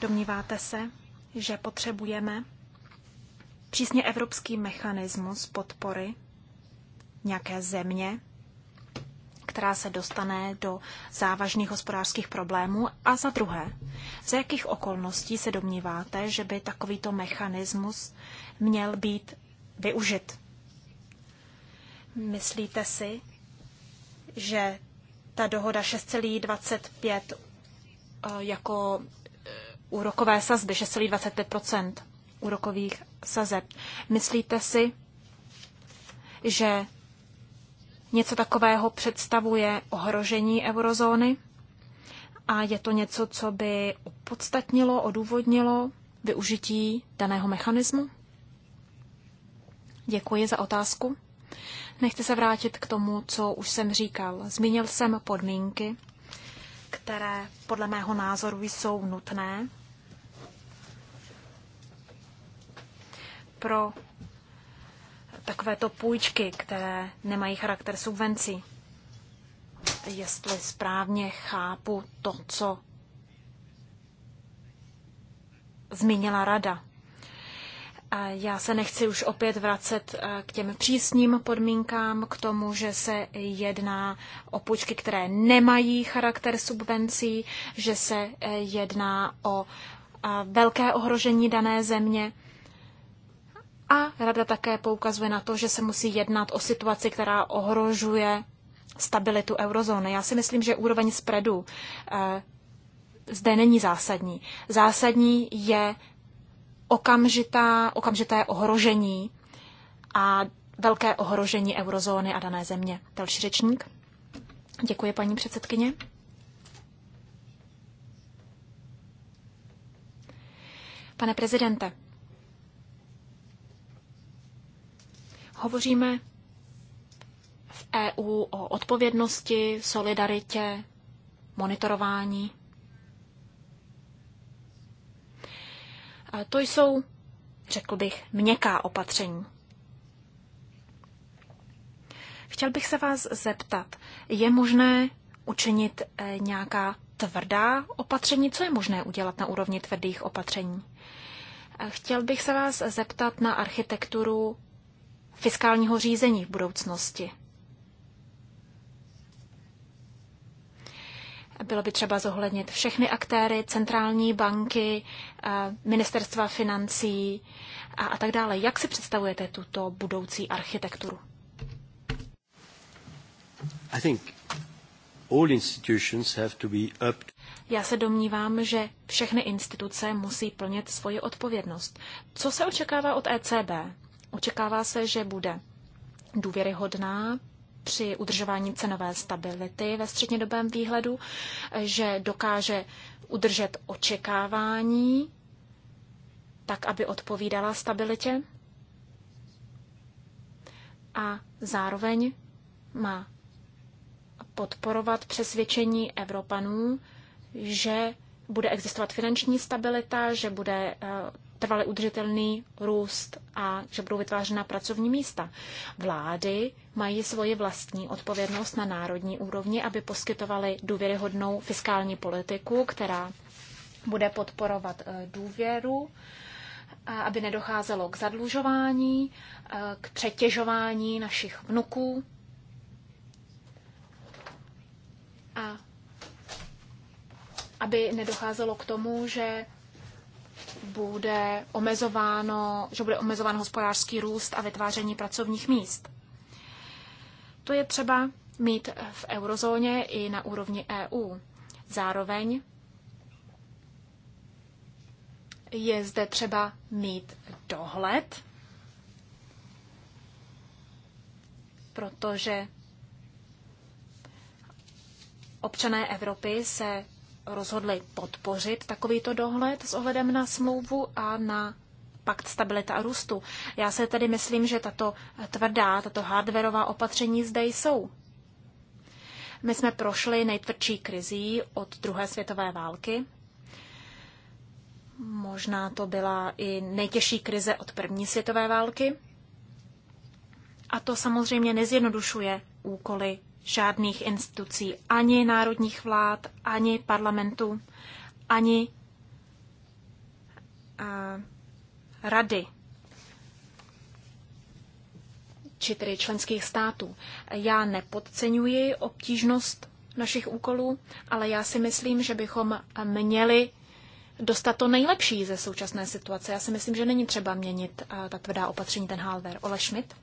Domníváte se, že potřebujeme přísně evropský mechanismus podpory nějaké země, která se dostane do závažných hospodářských problémů? A za druhé, za jakých okolností se domníváte, že by takovýto mechanismus měl být využit? Myslíte si, že ta dohoda 6,25 E, jako e, úrokové sazby, 6,25 úrokových sazeb. Myslíte si, že něco takového představuje ohrožení eurozóny? A je to něco, co by opodstatnilo, odůvodnilo využití daného mechanismu? Děkuji za otázku. Nechci se vrátit k tomu, co už jsem říkal. Zmínil jsem podmínky, které podle mého názoru jsou nutné pro takovéto půjčky, které nemají charakter subvencí. Jestli správně chápu to, co zmínila rada. Já se nechci už opět vracet eh, k těm přísným podmínkám, k tomu, že se jedná o půjčky, které nemají charakter subvencí, že se eh, jedná o eh, velké ohrožení dané země. A rada také poukazuje na to, že se musí jednat o situaci, která ohrožuje stabilitu eurozóny. Já si myslím, že úroveň spreadu zde není zásadní. Zásadní je okamžitá, okamžité ohrožení a velké ohrožení eurozóny a dané země. Další řečník. Děkuji, paní předsedkyně. Pane prezidente, hovoříme v EU o odpovědnosti, solidaritě, monitorování To jsou, řekl bych, měkká opatření. Chtěl bych se vás zeptat, je možné učinit eh, nějaká tvrdá opatření? Co je možné udělat na úrovni tvrdých opatření? Eh, chtěl bych se vás zeptat na architekturu fiskálního řízení v budoucnosti. Bylo by třeba zohlednit všechny aktéry, centrální banky, eh, ministerstva financí a, a tak dále. Jak si představujete tuto budoucí architekturu? I think all institutions have to be up já se domnívám, že všechny instituce musí plnit svoji odpovědnost. Co se očekává od ECB? Očekává se, že bude důvěryhodná, při udržování cenové stability ve střednědobém výhledu, že dokáže udržet očekávání tak, aby odpovídala stabilitě a zároveň má podporovat přesvědčení Evropanů, že bude existovat finanční stabilita, že bude eh, trvale udržitelný růst a že budou vytvářena pracovní místa. Vlády mají svoji vlastní odpovědnost na národní úrovni, aby poskytovaly důvěryhodnou fiskální politiku, která bude podporovat eh, důvěru, aby nedocházelo k zadlužování, eh, k přetěžování našich vnuků. A aby nedocházelo k tomu, že bude omezováno, že bude omezován hospodářský růst a vytváření pracovních míst. To je třeba mít v eurozóně i na úrovni EU. Zároveň je zde třeba mít dohled, protože občané Evropy se rozhodli podpořit takovýto dohled s ohledem na smlouvu a na pakt stabilita a růstu. Já se tedy myslím, že tato tvrdá, tato hardwareová opatření zde jsou. My jsme prošli nejtvrdší krizí od druhé světové války. Možná to byla i nejtěžší krize od první světové války. A to samozřejmě nezjednodušuje úkoly žádných institucí, ani národních vlád, ani parlamentu, ani uh, rady, či tedy členských států. Já nepodceňuji obtížnost našich úkolů, ale já si myslím, že bychom měli dostat to nejlepší ze současné situace. Já si myslím, že není třeba měnit uh, ta tvrdá opatření, ten halver. Ole Schmidt?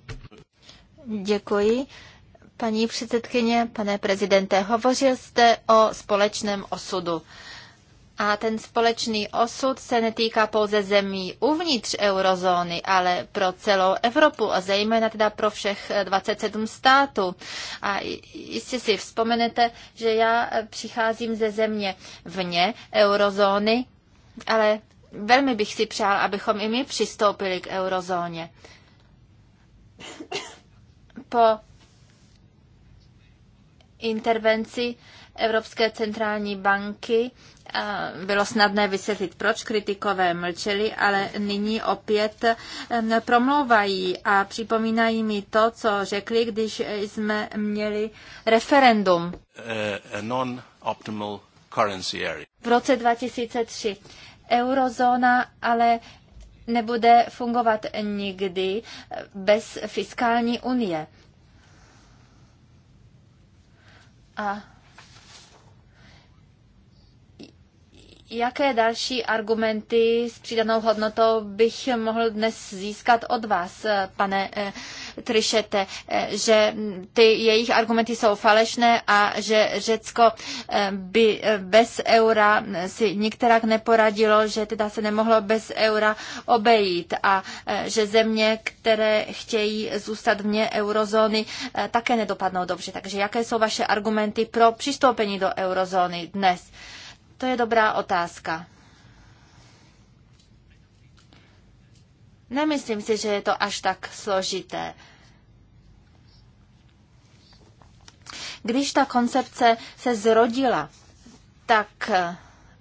Děkuji. Paní předsedkyně, pane prezidente, hovořil jste o společném osudu. A ten společný osud se netýká pouze zemí uvnitř eurozóny, ale pro celou Evropu a zejména teda pro všech 27 států. A jistě si vzpomenete, že já přicházím ze země vně eurozóny, ale velmi bych si přál, abychom i my přistoupili k eurozóně. Po intervenci Evropské centrální banky eh, bylo snadné vysvětlit, proč kritikové mlčeli, ale nyní opět eh, promlouvají a připomínají mi to, co řekli, když jsme měli referendum eh, v roce 2003. Eurozóna ale nebude fungovat nikdy bez fiskální unie. A jaké další argumenty s přidanou hodnotou bych mohl dnes získat od vás, pane eh, Trišete, eh, že ty jejich argumenty jsou falešné a že Řecko eh, by eh, bez eura si nikterak neporadilo, že teda se nemohlo bez eura obejít a že země, které chtějí zůstat vně eurozóny, také nedopadnou dobře. Takže jaké jsou vaše argumenty pro přistoupení do eurozóny dnes? To je dobrá otázka. Nemyslím si, že je to až tak složité. Když ta koncepce se zrodila, tak eh,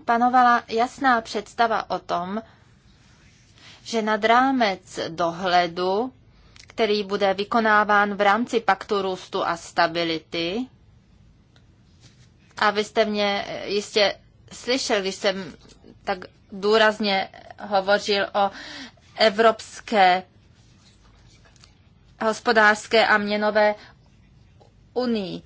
panovala jasná představa o tom, že nad rámec dohledu, který bude vykonáván v rámci paktu růstu a stability, a vy jste mě eh, jistě slyšel, když jsem tak důrazně hovořil o Evropské hospodářské a měnové unii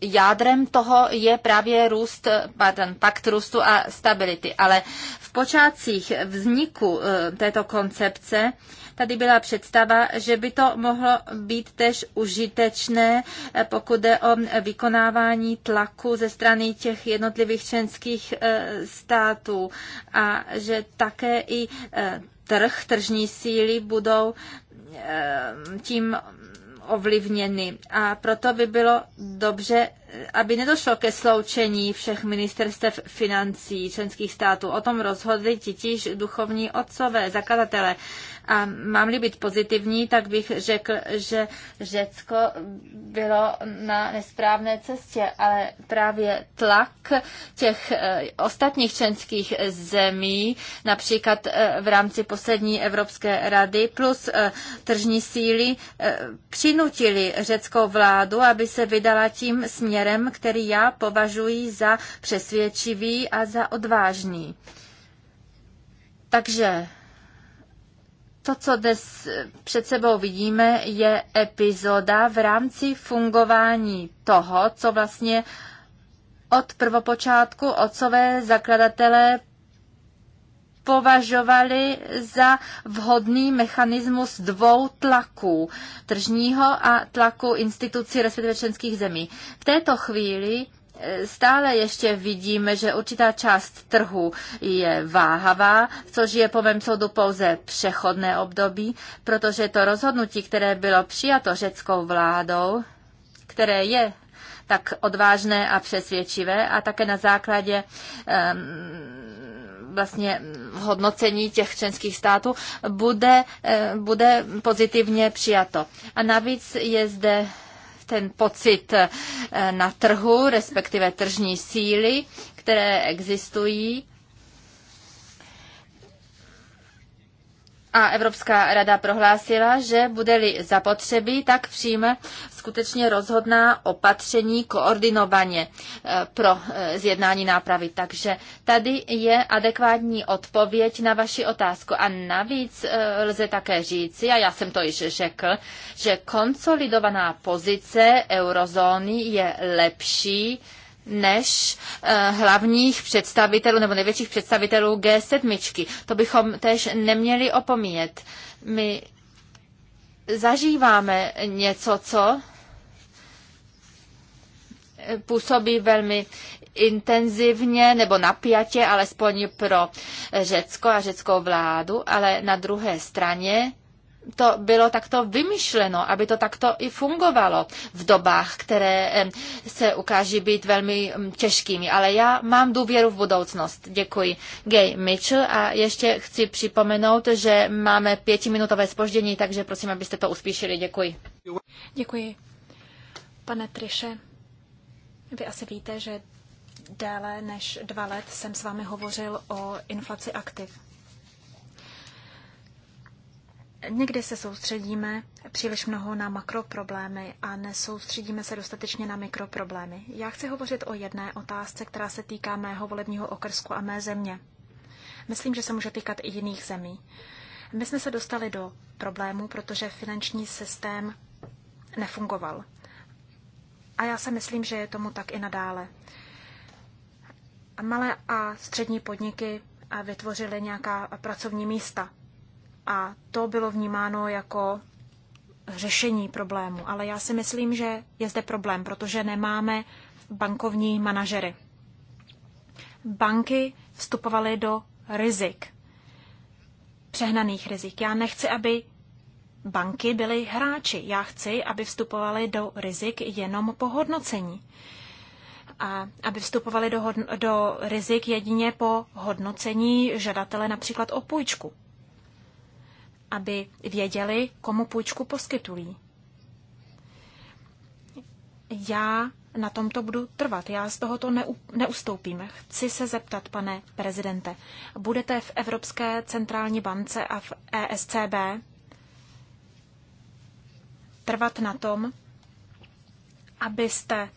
jádrem toho je právě růst, pardon, pakt růstu a stability. Ale v počátcích vzniku eh, této koncepce tady byla představa, že by to mohlo být tež užitečné, eh, pokud jde o vykonávání tlaku ze strany těch jednotlivých členských eh, států a že také i trh, tržní síly budou tím ovlivněny. A proto by bylo dobře aby nedošlo ke sloučení všech ministerstev financí členských států. O tom rozhodli titíž duchovní otcové, zakladatelé. A mám-li být pozitivní, tak bych řekl, že Řecko bylo na nesprávné cestě, ale právě tlak těch eh, ostatních členských zemí, například eh, v rámci poslední Evropské rady, plus eh, tržní síly, přinutili řeckou vládu, aby se vydala tím směrem, směrem, který já považuji za přesvědčivý a za odvážný. Takže to, co dnes před sebou vidíme, je epizoda v rámci fungování toho, co vlastně od prvopočátku otcové zakladatelé považovali za vhodný mechanismus dvou tlaků, tržního a tlaku institucí, respektive členských zemí. V této chvíli e, stále ještě vidíme, že určitá část trhu je váhavá, což je po mém soudu pouze přechodné období, protože to rozhodnutí, které bylo přijato řeckou vládou, které je tak odvážné a přesvědčivé a také na základě um, vlastně hodnocení těch členských států bude, eh, bude pozitivně přijato. A navíc je zde ten pocit eh, na trhu, respektive tržní síly, které existují A Evropská rada prohlásila, že bude-li zapotřebí, tak přijme skutečně rozhodná opatření koordinovaně eh, pro eh, zjednání nápravy. Takže tady je adekvátní odpověď na vaši otázku. A navíc eh, lze také říci, a já jsem to již řekl, že konsolidovaná pozice eurozóny je lepší, než eh, hlavních představitelů nebo největších představitelů G7. To bychom tež neměli opomíjet. My zažíváme něco, co eh, působí velmi intenzivně nebo napjatě, alespoň pro Řecko a řeckou vládu, ale na druhé straně to bylo takto vymyšleno, aby to takto i fungovalo v dobách, které se ukáží být velmi těžkými. Ale já mám důvěru v budoucnost. Děkuji. Gay Mitchell a ještě chci připomenout, že máme pětiminutové spoždění, takže prosím, abyste to uspíšili. Děkuji. Děkuji. Pane Triše, vy asi víte, že déle než dva let jsem s vámi hovořil o inflaci aktiv. Někdy se soustředíme příliš mnoho na makroproblémy a nesoustředíme se dostatečně na mikroproblémy. Já chci hovořit o jedné otázce, která se týká mého volebního okrsku a mé země. Myslím, že se může týkat i jiných zemí. My jsme se dostali do problémů, protože finanční systém nefungoval. A já se myslím, že je tomu tak i nadále. Malé a střední podniky vytvořily nějaká pracovní místa a to bylo vnímáno jako řešení problému. Ale já si myslím, že je zde problém, protože nemáme bankovní manažery. Banky vstupovaly do rizik, přehnaných rizik. Já nechci, aby banky byly hráči. Já chci, aby vstupovaly do rizik jenom po hodnocení. A aby vstupovaly do, hodno, do rizik jedině po hodnocení žadatele například o půjčku aby věděli, komu půjčku poskytují. Já na tomto budu trvat. Já z tohoto neustoupím. Chci se zeptat, pane prezidente, budete v Evropské centrální bance a v ESCB trvat na tom, abyste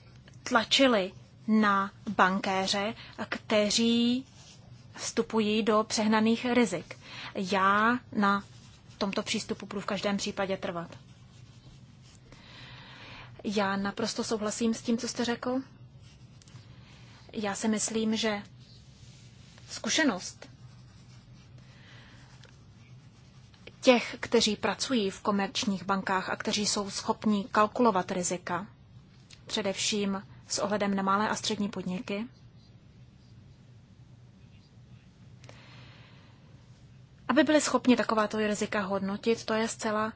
tlačili na bankéře, kteří vstupují do přehnaných rizik. Já na tomto přístupu budu v každém případě trvat. Já naprosto souhlasím s tím, co jste řekl. Já si myslím, že zkušenost těch, kteří pracují v komerčních bankách a kteří jsou schopní kalkulovat rizika, především s ohledem na malé a střední podniky, Aby byly schopni takováto rizika hodnotit, to je zcela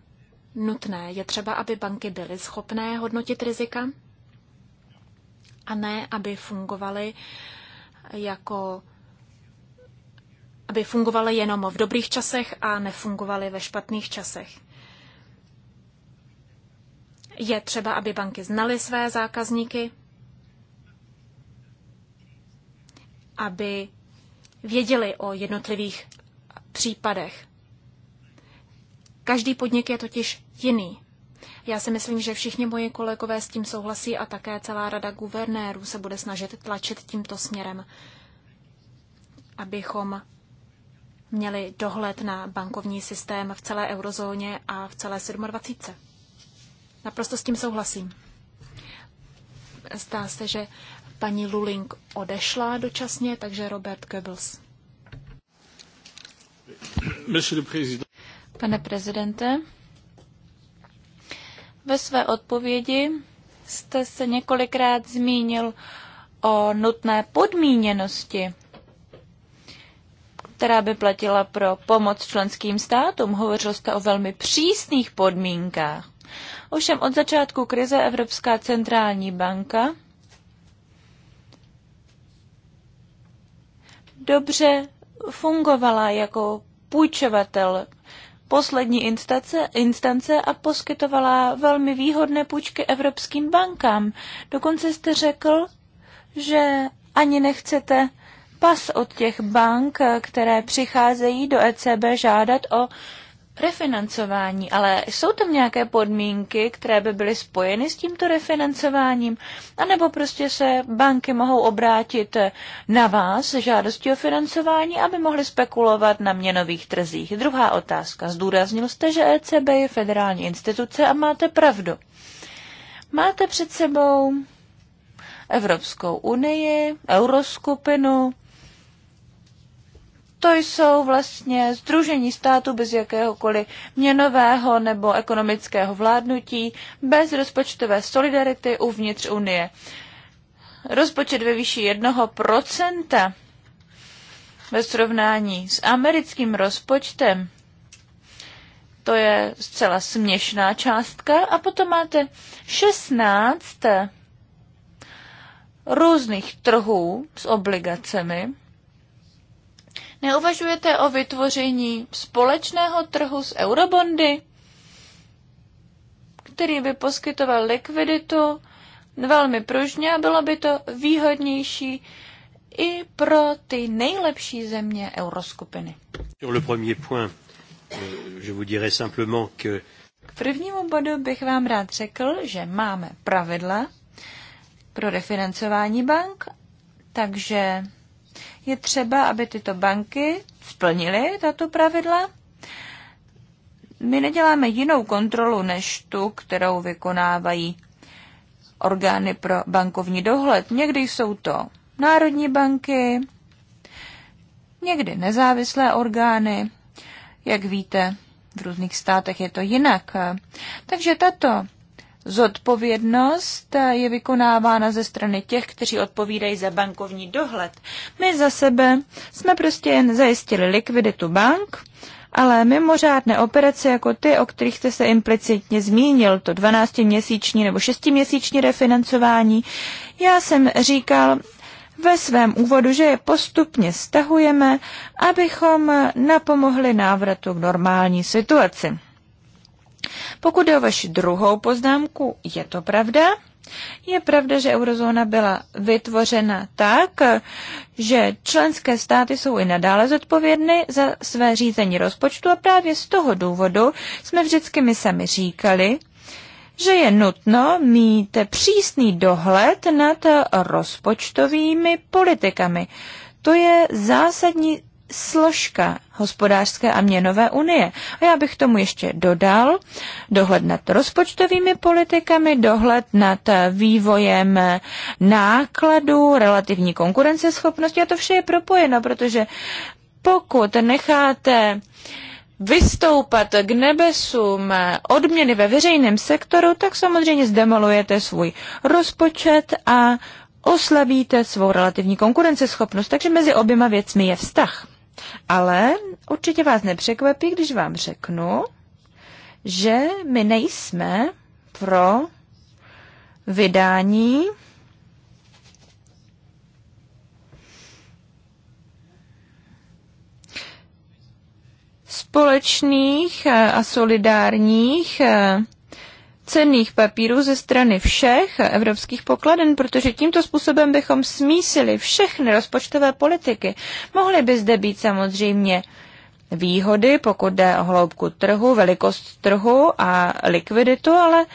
nutné. Je třeba, aby banky byly schopné hodnotit rizika a ne, aby fungovaly jako aby fungovaly jenom v dobrých časech a nefungovaly ve špatných časech. Je třeba, aby banky znaly své zákazníky, aby věděli o jednotlivých případech. Každý podnik je totiž jiný. Já si myslím, že všichni moji kolegové s tím souhlasí a také celá rada guvernérů se bude snažit tlačit tímto směrem, abychom měli dohled na bankovní systém v celé eurozóně a v celé 27. Naprosto s tím souhlasím. Zdá se, že paní Luling odešla dočasně, takže Robert Goebbels. Pane prezidente, ve své odpovědi jste se několikrát zmínil o nutné podmíněnosti, která by platila pro pomoc členským státům. Hovořil jste o velmi přísných podmínkách. Ovšem od začátku krize Evropská centrální banka dobře fungovala jako půjčovatel poslední instance, instance a poskytovala velmi výhodné půjčky evropským bankám. Dokonce jste řekl, že ani nechcete pas od těch bank, které přicházejí do ECB žádat o refinancování, ale jsou tam nějaké podmínky, které by byly spojeny s tímto refinancováním, anebo prostě se banky mohou obrátit na vás žádostí o financování, aby mohly spekulovat na měnových trzích. Druhá otázka. Zdůraznil jste, že ECB je federální instituce a máte pravdu. Máte před sebou Evropskou unii, euroskupinu, to jsou vlastně združení státu bez jakéhokoliv měnového nebo ekonomického vládnutí, bez rozpočtové solidarity uvnitř Unie. Rozpočet ve výši 1% ve srovnání s americkým rozpočtem, to je zcela směšná částka. A potom máte 16 různých trhů s obligacemi, Neuvažujete o vytvoření společného trhu s eurobondy, který by poskytoval likviditu velmi pružně a bylo by to výhodnější i pro ty nejlepší země euroskupiny. Euh, K prvnímu bodu bych vám rád řekl, že máme pravidla pro refinancování bank, takže je třeba, aby tyto banky splnily tato pravidla. My neděláme jinou kontrolu než tu, kterou vykonávají orgány pro bankovní dohled. Někdy jsou to národní banky, někdy nezávislé orgány. Jak víte, v různých státech je to jinak. Takže tato zodpovědnost je vykonávána ze strany těch, kteří odpovídají za bankovní dohled. My za sebe jsme prostě jen zajistili likviditu bank, ale mimořádné operace jako ty, o kterých jste se implicitně zmínil, to 12-měsíční nebo 6-měsíční refinancování, já jsem říkal ve svém úvodu, že je postupně stahujeme, abychom napomohli návratu k normální situaci. Pokud je o vaši druhou poznámku, je to pravda. Je pravda, že eurozóna byla vytvořena tak, že členské státy jsou i nadále zodpovědny za své řízení rozpočtu a právě z toho důvodu jsme vždycky my sami říkali, že je nutno mít přísný dohled nad rozpočtovými politikami. To je zásadní složka hospodářské a měnové unie. A já bych tomu ještě dodal dohled nad rozpočtovými politikami, dohled nad vývojem nákladů, relativní konkurenceschopnosti a to vše je propojeno, protože pokud necháte vystoupat k nebesům odměny ve veřejném sektoru, tak samozřejmě zdemolujete svůj rozpočet a oslabíte svou relativní konkurenceschopnost. Takže mezi oběma věcmi je vztah. Ale určitě vás nepřekvapí, když vám řeknu, že my nejsme pro vydání společných eh, a solidárních eh, cenných papírů ze strany všech evropských pokladen, protože tímto způsobem bychom smísili všechny rozpočtové politiky. Mohly by zde být samozřejmě výhody, pokud jde o hloubku trhu, velikost trhu a likviditu, ale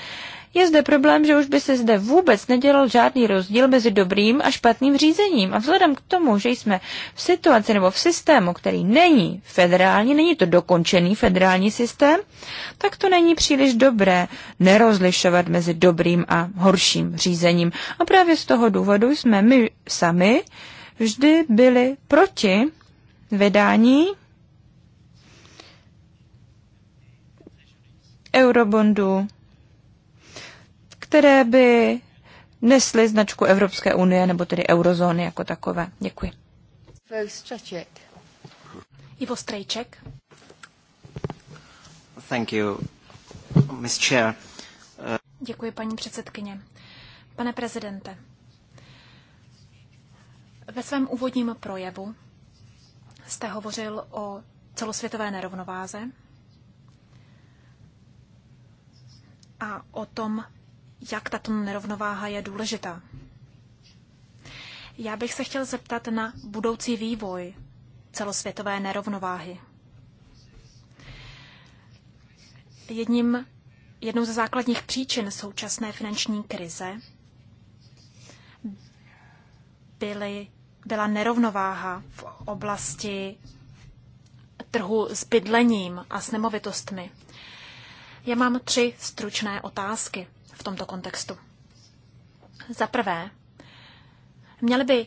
je zde problém, že už by se zde vůbec nedělal žádný rozdíl mezi dobrým a špatným řízením. A vzhledem k tomu, že jsme v situaci nebo v systému, který není federální, není to dokončený federální systém, tak to není příliš dobré nerozlišovat mezi dobrým a horším řízením. A právě z toho důvodu jsme my sami vždy byli proti vydání eurobondů které by nesly značku Evropské unie nebo tedy eurozóny jako takové. Děkuji. Ivo Strejček. Thank you, Ms. Chair. Děkuji, paní předsedkyně. Pane prezidente, ve svém úvodním projevu jste hovořil o celosvětové nerovnováze a o tom, jak tato nerovnováha je důležitá. Já bych se chtěl zeptat na budoucí vývoj celosvětové nerovnováhy. Jedním, jednou ze základních příčin současné finanční krize byly, byla nerovnováha v oblasti trhu s bydlením a s nemovitostmi. Já mám tři stručné otázky v tomto kontextu. Za prvé, měly by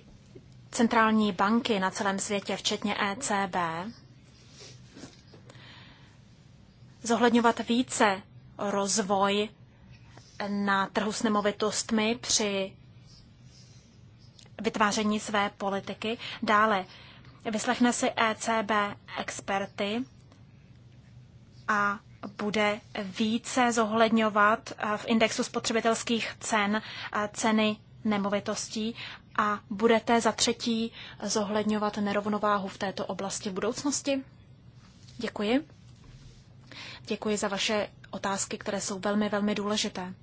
centrální banky na celém světě, včetně ECB, zohledňovat více rozvoj na trhu s nemovitostmi při vytváření své politiky. Dále vyslechne si ECB experty a bude více zohledňovat eh, v indexu spotřebitelských cen eh, ceny nemovitostí a budete za třetí zohledňovat nerovnováhu v této oblasti v budoucnosti? Děkuji. Děkuji za vaše otázky, které jsou velmi, velmi důležité.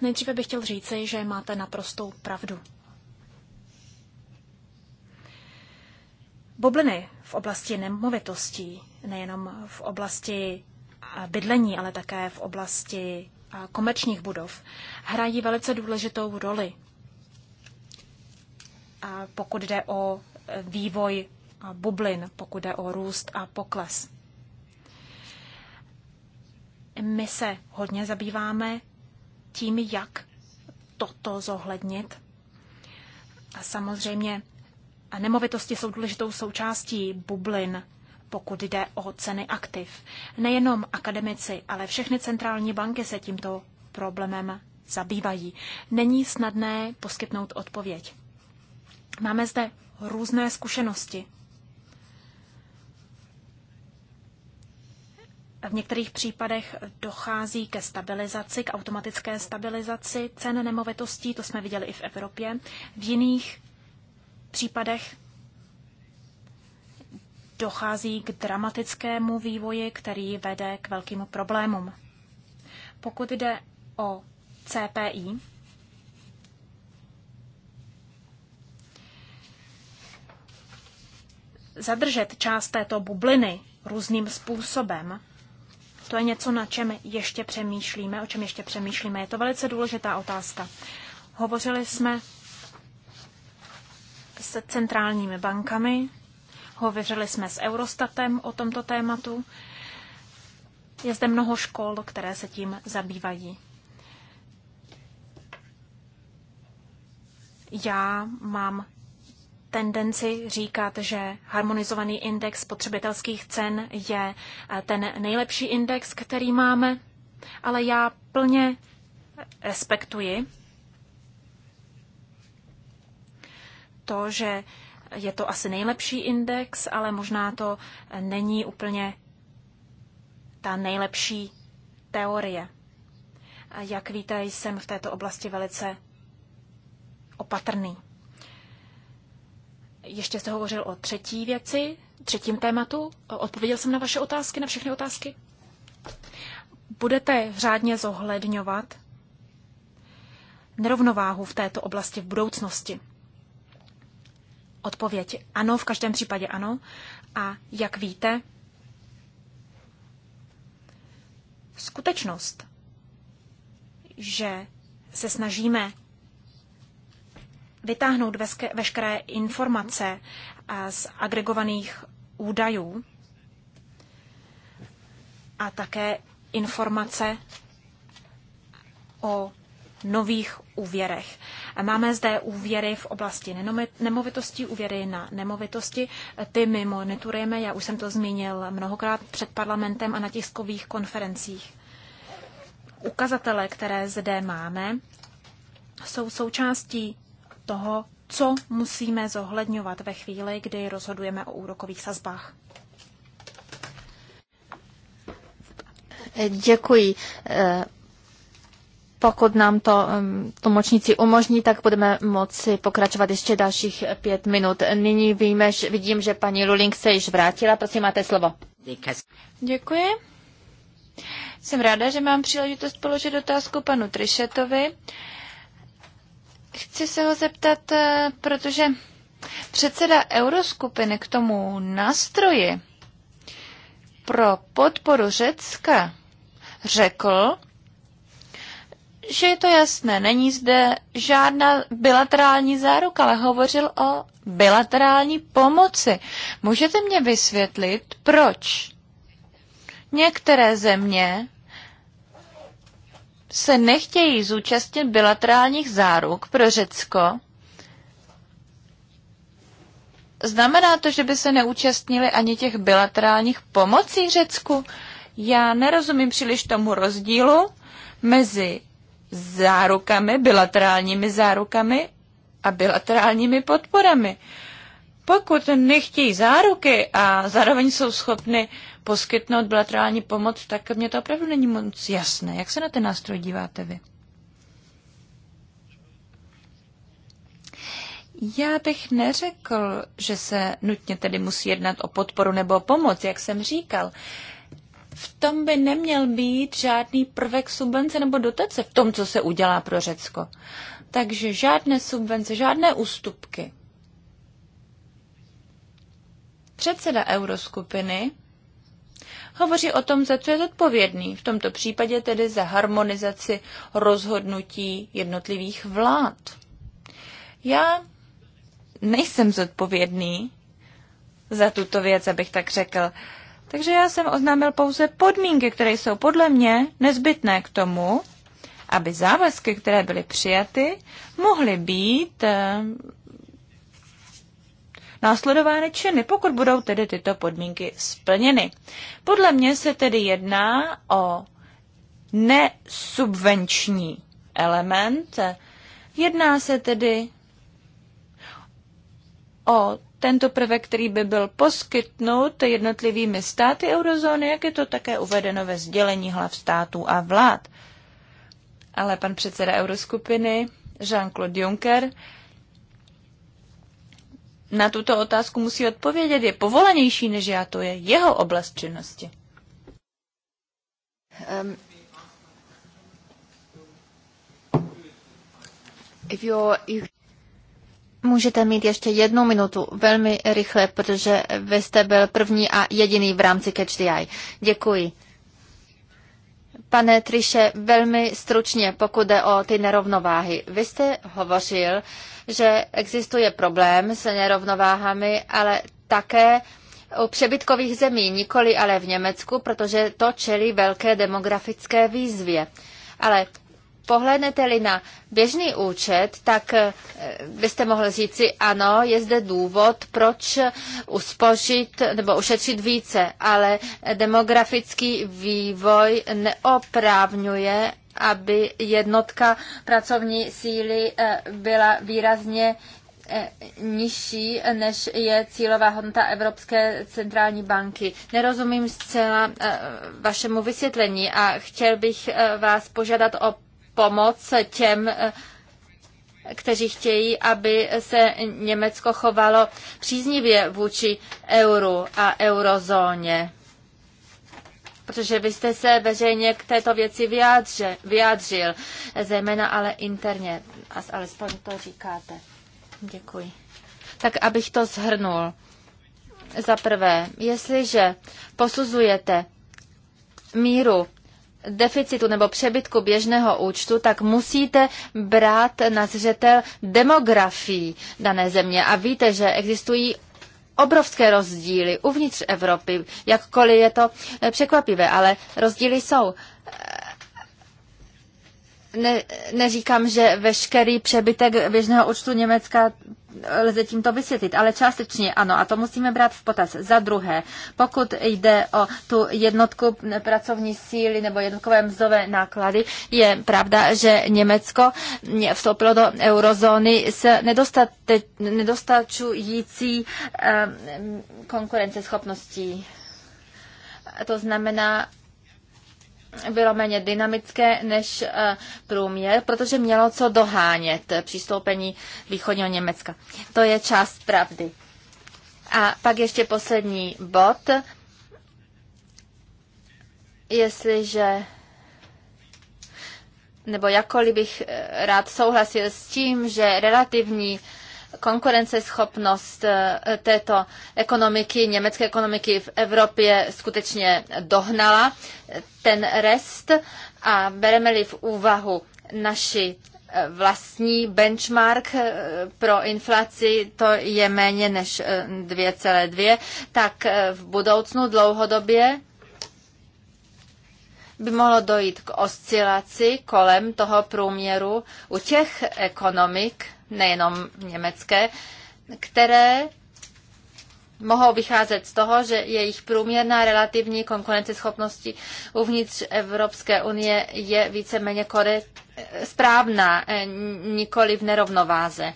Nejdříve bych chtěl říci, že máte naprostou pravdu. Bobliny v oblasti nemovitostí, nejenom v oblasti bydlení, ale také v oblasti komerčních budov, hrají velice důležitou roli, pokud jde o e, vývoj bublin, pokud jde o růst a pokles. My se hodně zabýváme tím, jak toto zohlednit. A samozřejmě nemovitosti jsou důležitou součástí bublin pokud jde o ceny aktiv. Nejenom akademici, ale všechny centrální banky se tímto problémem zabývají. Není snadné poskytnout odpověď. Máme zde různé zkušenosti. V některých případech dochází ke stabilizaci, k automatické stabilizaci cen nemovitostí, to jsme viděli i v Evropě. V jiných případech dochází k dramatickému vývoji, který vede k velkým problémům. Pokud jde o CPI, zadržet část této bubliny různým způsobem, to je něco, na čem ještě přemýšlíme, o čem ještě přemýšlíme. Je to velice důležitá otázka. Hovořili jsme s centrálními bankami, Hovořili jsme s Eurostatem o tomto tématu. Je zde mnoho škol, které se tím zabývají. Já mám tendenci říkat, že harmonizovaný index spotřebitelských cen je eh, ten nejlepší index, který máme, ale já plně respektuji to, že je to asi nejlepší index, ale možná to není úplně ta nejlepší teorie. Jak víte, jsem v této oblasti velice opatrný. Ještě jste hovořil o třetí věci, třetím tématu. Odpověděl jsem na vaše otázky, na všechny otázky? Budete řádně zohledňovat nerovnováhu v této oblasti v budoucnosti. Odpověď ano, v každém případě ano. A jak víte, skutečnost, že se snažíme vytáhnout veškeré informace z agregovaných údajů a také informace o nových úvěrech. Máme zde úvěry v oblasti nemovitostí, úvěry na nemovitosti. Ty my monitorujeme, já už jsem to zmínil mnohokrát před parlamentem a na tiskových konferencích. Ukazatele, které zde máme, jsou součástí toho, co musíme zohledňovat ve chvíli, kdy rozhodujeme o úrokových sazbách. Děkuji. Pokud nám to tlumočníci umožní, tak budeme moci pokračovat ještě dalších pět minut. Nyní víme, že vidím, že paní Luling se již vrátila. Prosím, máte slovo. Děkuji. Jsem ráda, že mám příležitost položit otázku panu Trišetovi. Chci se ho zeptat, eh, protože předseda euroskupiny k tomu nástroji pro podporu Řecka řekl, že je to jasné. Není zde žádná bilaterální záruka, ale hovořil o bilaterální pomoci. Můžete mě vysvětlit, proč některé země se nechtějí zúčastnit bilaterálních záruk pro Řecko, znamená to, že by se neúčastnili ani těch bilaterálních pomocí Řecku? Já nerozumím příliš tomu rozdílu mezi zárukami, bilaterálními zárukami a bilaterálními podporami. Pokud nechtějí záruky a zároveň jsou schopny poskytnout bilaterální pomoc, tak mě to opravdu není moc jasné. Jak se na ten nástroj díváte vy? Já bych neřekl, že se nutně tedy musí jednat o podporu nebo o pomoc, jak jsem říkal. Uh, v tom by neměl být žádný prvek subvence nebo dotace v tom, co se udělá pro Řecko. Takže žádné subvence, žádné ústupky. Předseda euroskupiny hovoří o tom, za co je zodpovědný, v tomto případě tedy za harmonizaci rozhodnutí jednotlivých vlád. Já nejsem zodpovědný za tuto věc, abych tak řekl. Takže já jsem oznámil pouze podmínky, které jsou podle mě nezbytné k tomu, aby závazky, které byly přijaty, mohly být eh, následovány činy, pokud budou tedy tyto podmínky splněny. Podle mě se tedy jedná o nesubvenční element. Jedná se tedy o tento prvek, který by byl poskytnut jednotlivými státy eurozóny, jak je to také uvedeno ve sdělení hlav států a vlád. Ale pan předseda euroskupiny Jean-Claude Juncker na tuto otázku musí odpovědět. Je povolenější, než já, to je jeho oblast činnosti. Um, if you're, if Můžete mít ještě jednu minutu, velmi rychle, protože vy jste byl první a jediný v rámci Catch the Eye. Děkuji. Pane Triše, velmi stručně, pokud jde o ty nerovnováhy. Vy jste hovořil, že existuje problém s nerovnováhami, ale také u přebytkových zemí, nikoli ale v Německu, protože to čelí velké demografické výzvě. Ale pohlednete-li na běžný účet, tak eh, byste mohl říci, ano, je zde důvod, proč uspořit nebo ušetřit více, ale demografický vývoj neoprávňuje aby jednotka pracovní síly eh, byla výrazně eh, nižší, než je cílová hodnota Evropské centrální banky. Nerozumím zcela vašemu vysvětlení a chtěl bych vás požádat o pomoc těm, eh, kteří chtějí, aby se Německo chovalo příznivě vůči euru a eurozóně. Protože vy jste se veřejně k této věci vyjádřil, vyjádřil zejména ale interně, alespoň to říkáte. Děkuji. Tak abych to zhrnul. Za prvé, jestliže posuzujete míru deficitu nebo přebytku běžného účtu, tak musíte brát na zřetel demografii dané země. A víte, že existují obrovské rozdíly uvnitř Evropy, jakkoliv je to eh, překvapivé, ale rozdíly jsou ne, neříkám, že veškerý přebytek běžného účtu Německa e, lze tímto vysvětlit, ale částečně ano, a to musíme brát v potaz. Za druhé, pokud jde o tu jednotku pracovní síly nebo jednotkové mzdové náklady, je pravda, že Německo vstoupilo do eurozóny s nedostate, nedostačující e, konkurenceschopností. To znamená, bylo méně dynamické než eh, průměr, protože mělo co dohánět přistoupení východního Německa. To je část pravdy. A pak ještě poslední bod. Jestliže nebo jakkoliv bych eh, rád souhlasil s tím, že relativní uh, konkurenceschopnost eh, této ekonomiky, německé ekonomiky v Evropě skutečně dohnala eh, ten rest a bereme-li v úvahu naši eh, vlastní benchmark pro inflaci, to je méně než 2,2, tak v budoucnu dlouhodobě by mohlo dojít k oscilaci kolem toho průměru u těch ekonomik, nejenom německé, které mohou vycházet z toho, že jejich průměrná relativní konkurenceschopnosti uvnitř Evropské unie je víceméně kore- správná, e, nikoli v nerovnováze.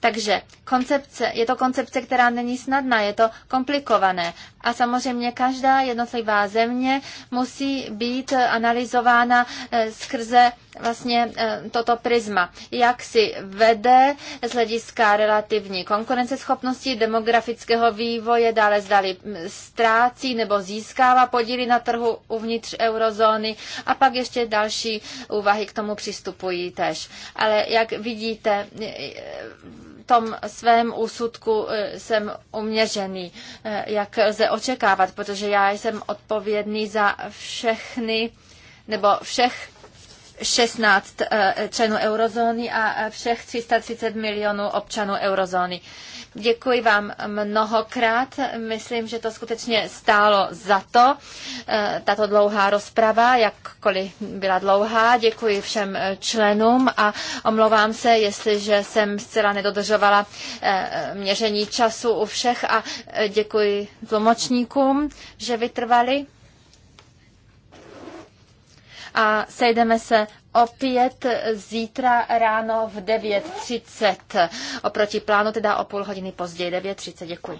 Takže koncepce, je to koncepce, která není snadná, je to komplikované a samozřejmě každá jednotlivá země musí být analyzována eh, skrze vlastně eh, toto prisma. Jak si vede z hlediska relativní konkurenceschopnosti, demografického vývoje, dále zdali mm, ztrácí nebo získává podíly na trhu uvnitř eurozóny a pak ještě další úvahy k tomu přistupují tež. Ale jak vidíte, eh, tom svém úsudku eh, jsem uměřený, eh, jak lze očekávat, protože já jsem odpovědný za všechny nebo všech 16 eh, členů eurozóny a eh, všech 330 milionů občanů eurozóny. Děkuji vám mnohokrát. Myslím, že to skutečně stálo za to, eh, tato dlouhá rozprava, jakkoliv byla dlouhá. Děkuji všem členům a omlouvám se, jestliže jsem zcela nedodržovala měření času u všech a děkuji tlumočníkům, že vytrvali a sejdeme se opět zítra ráno v 9.30. Oproti plánu teda o půl hodiny později 9.30. Děkuji.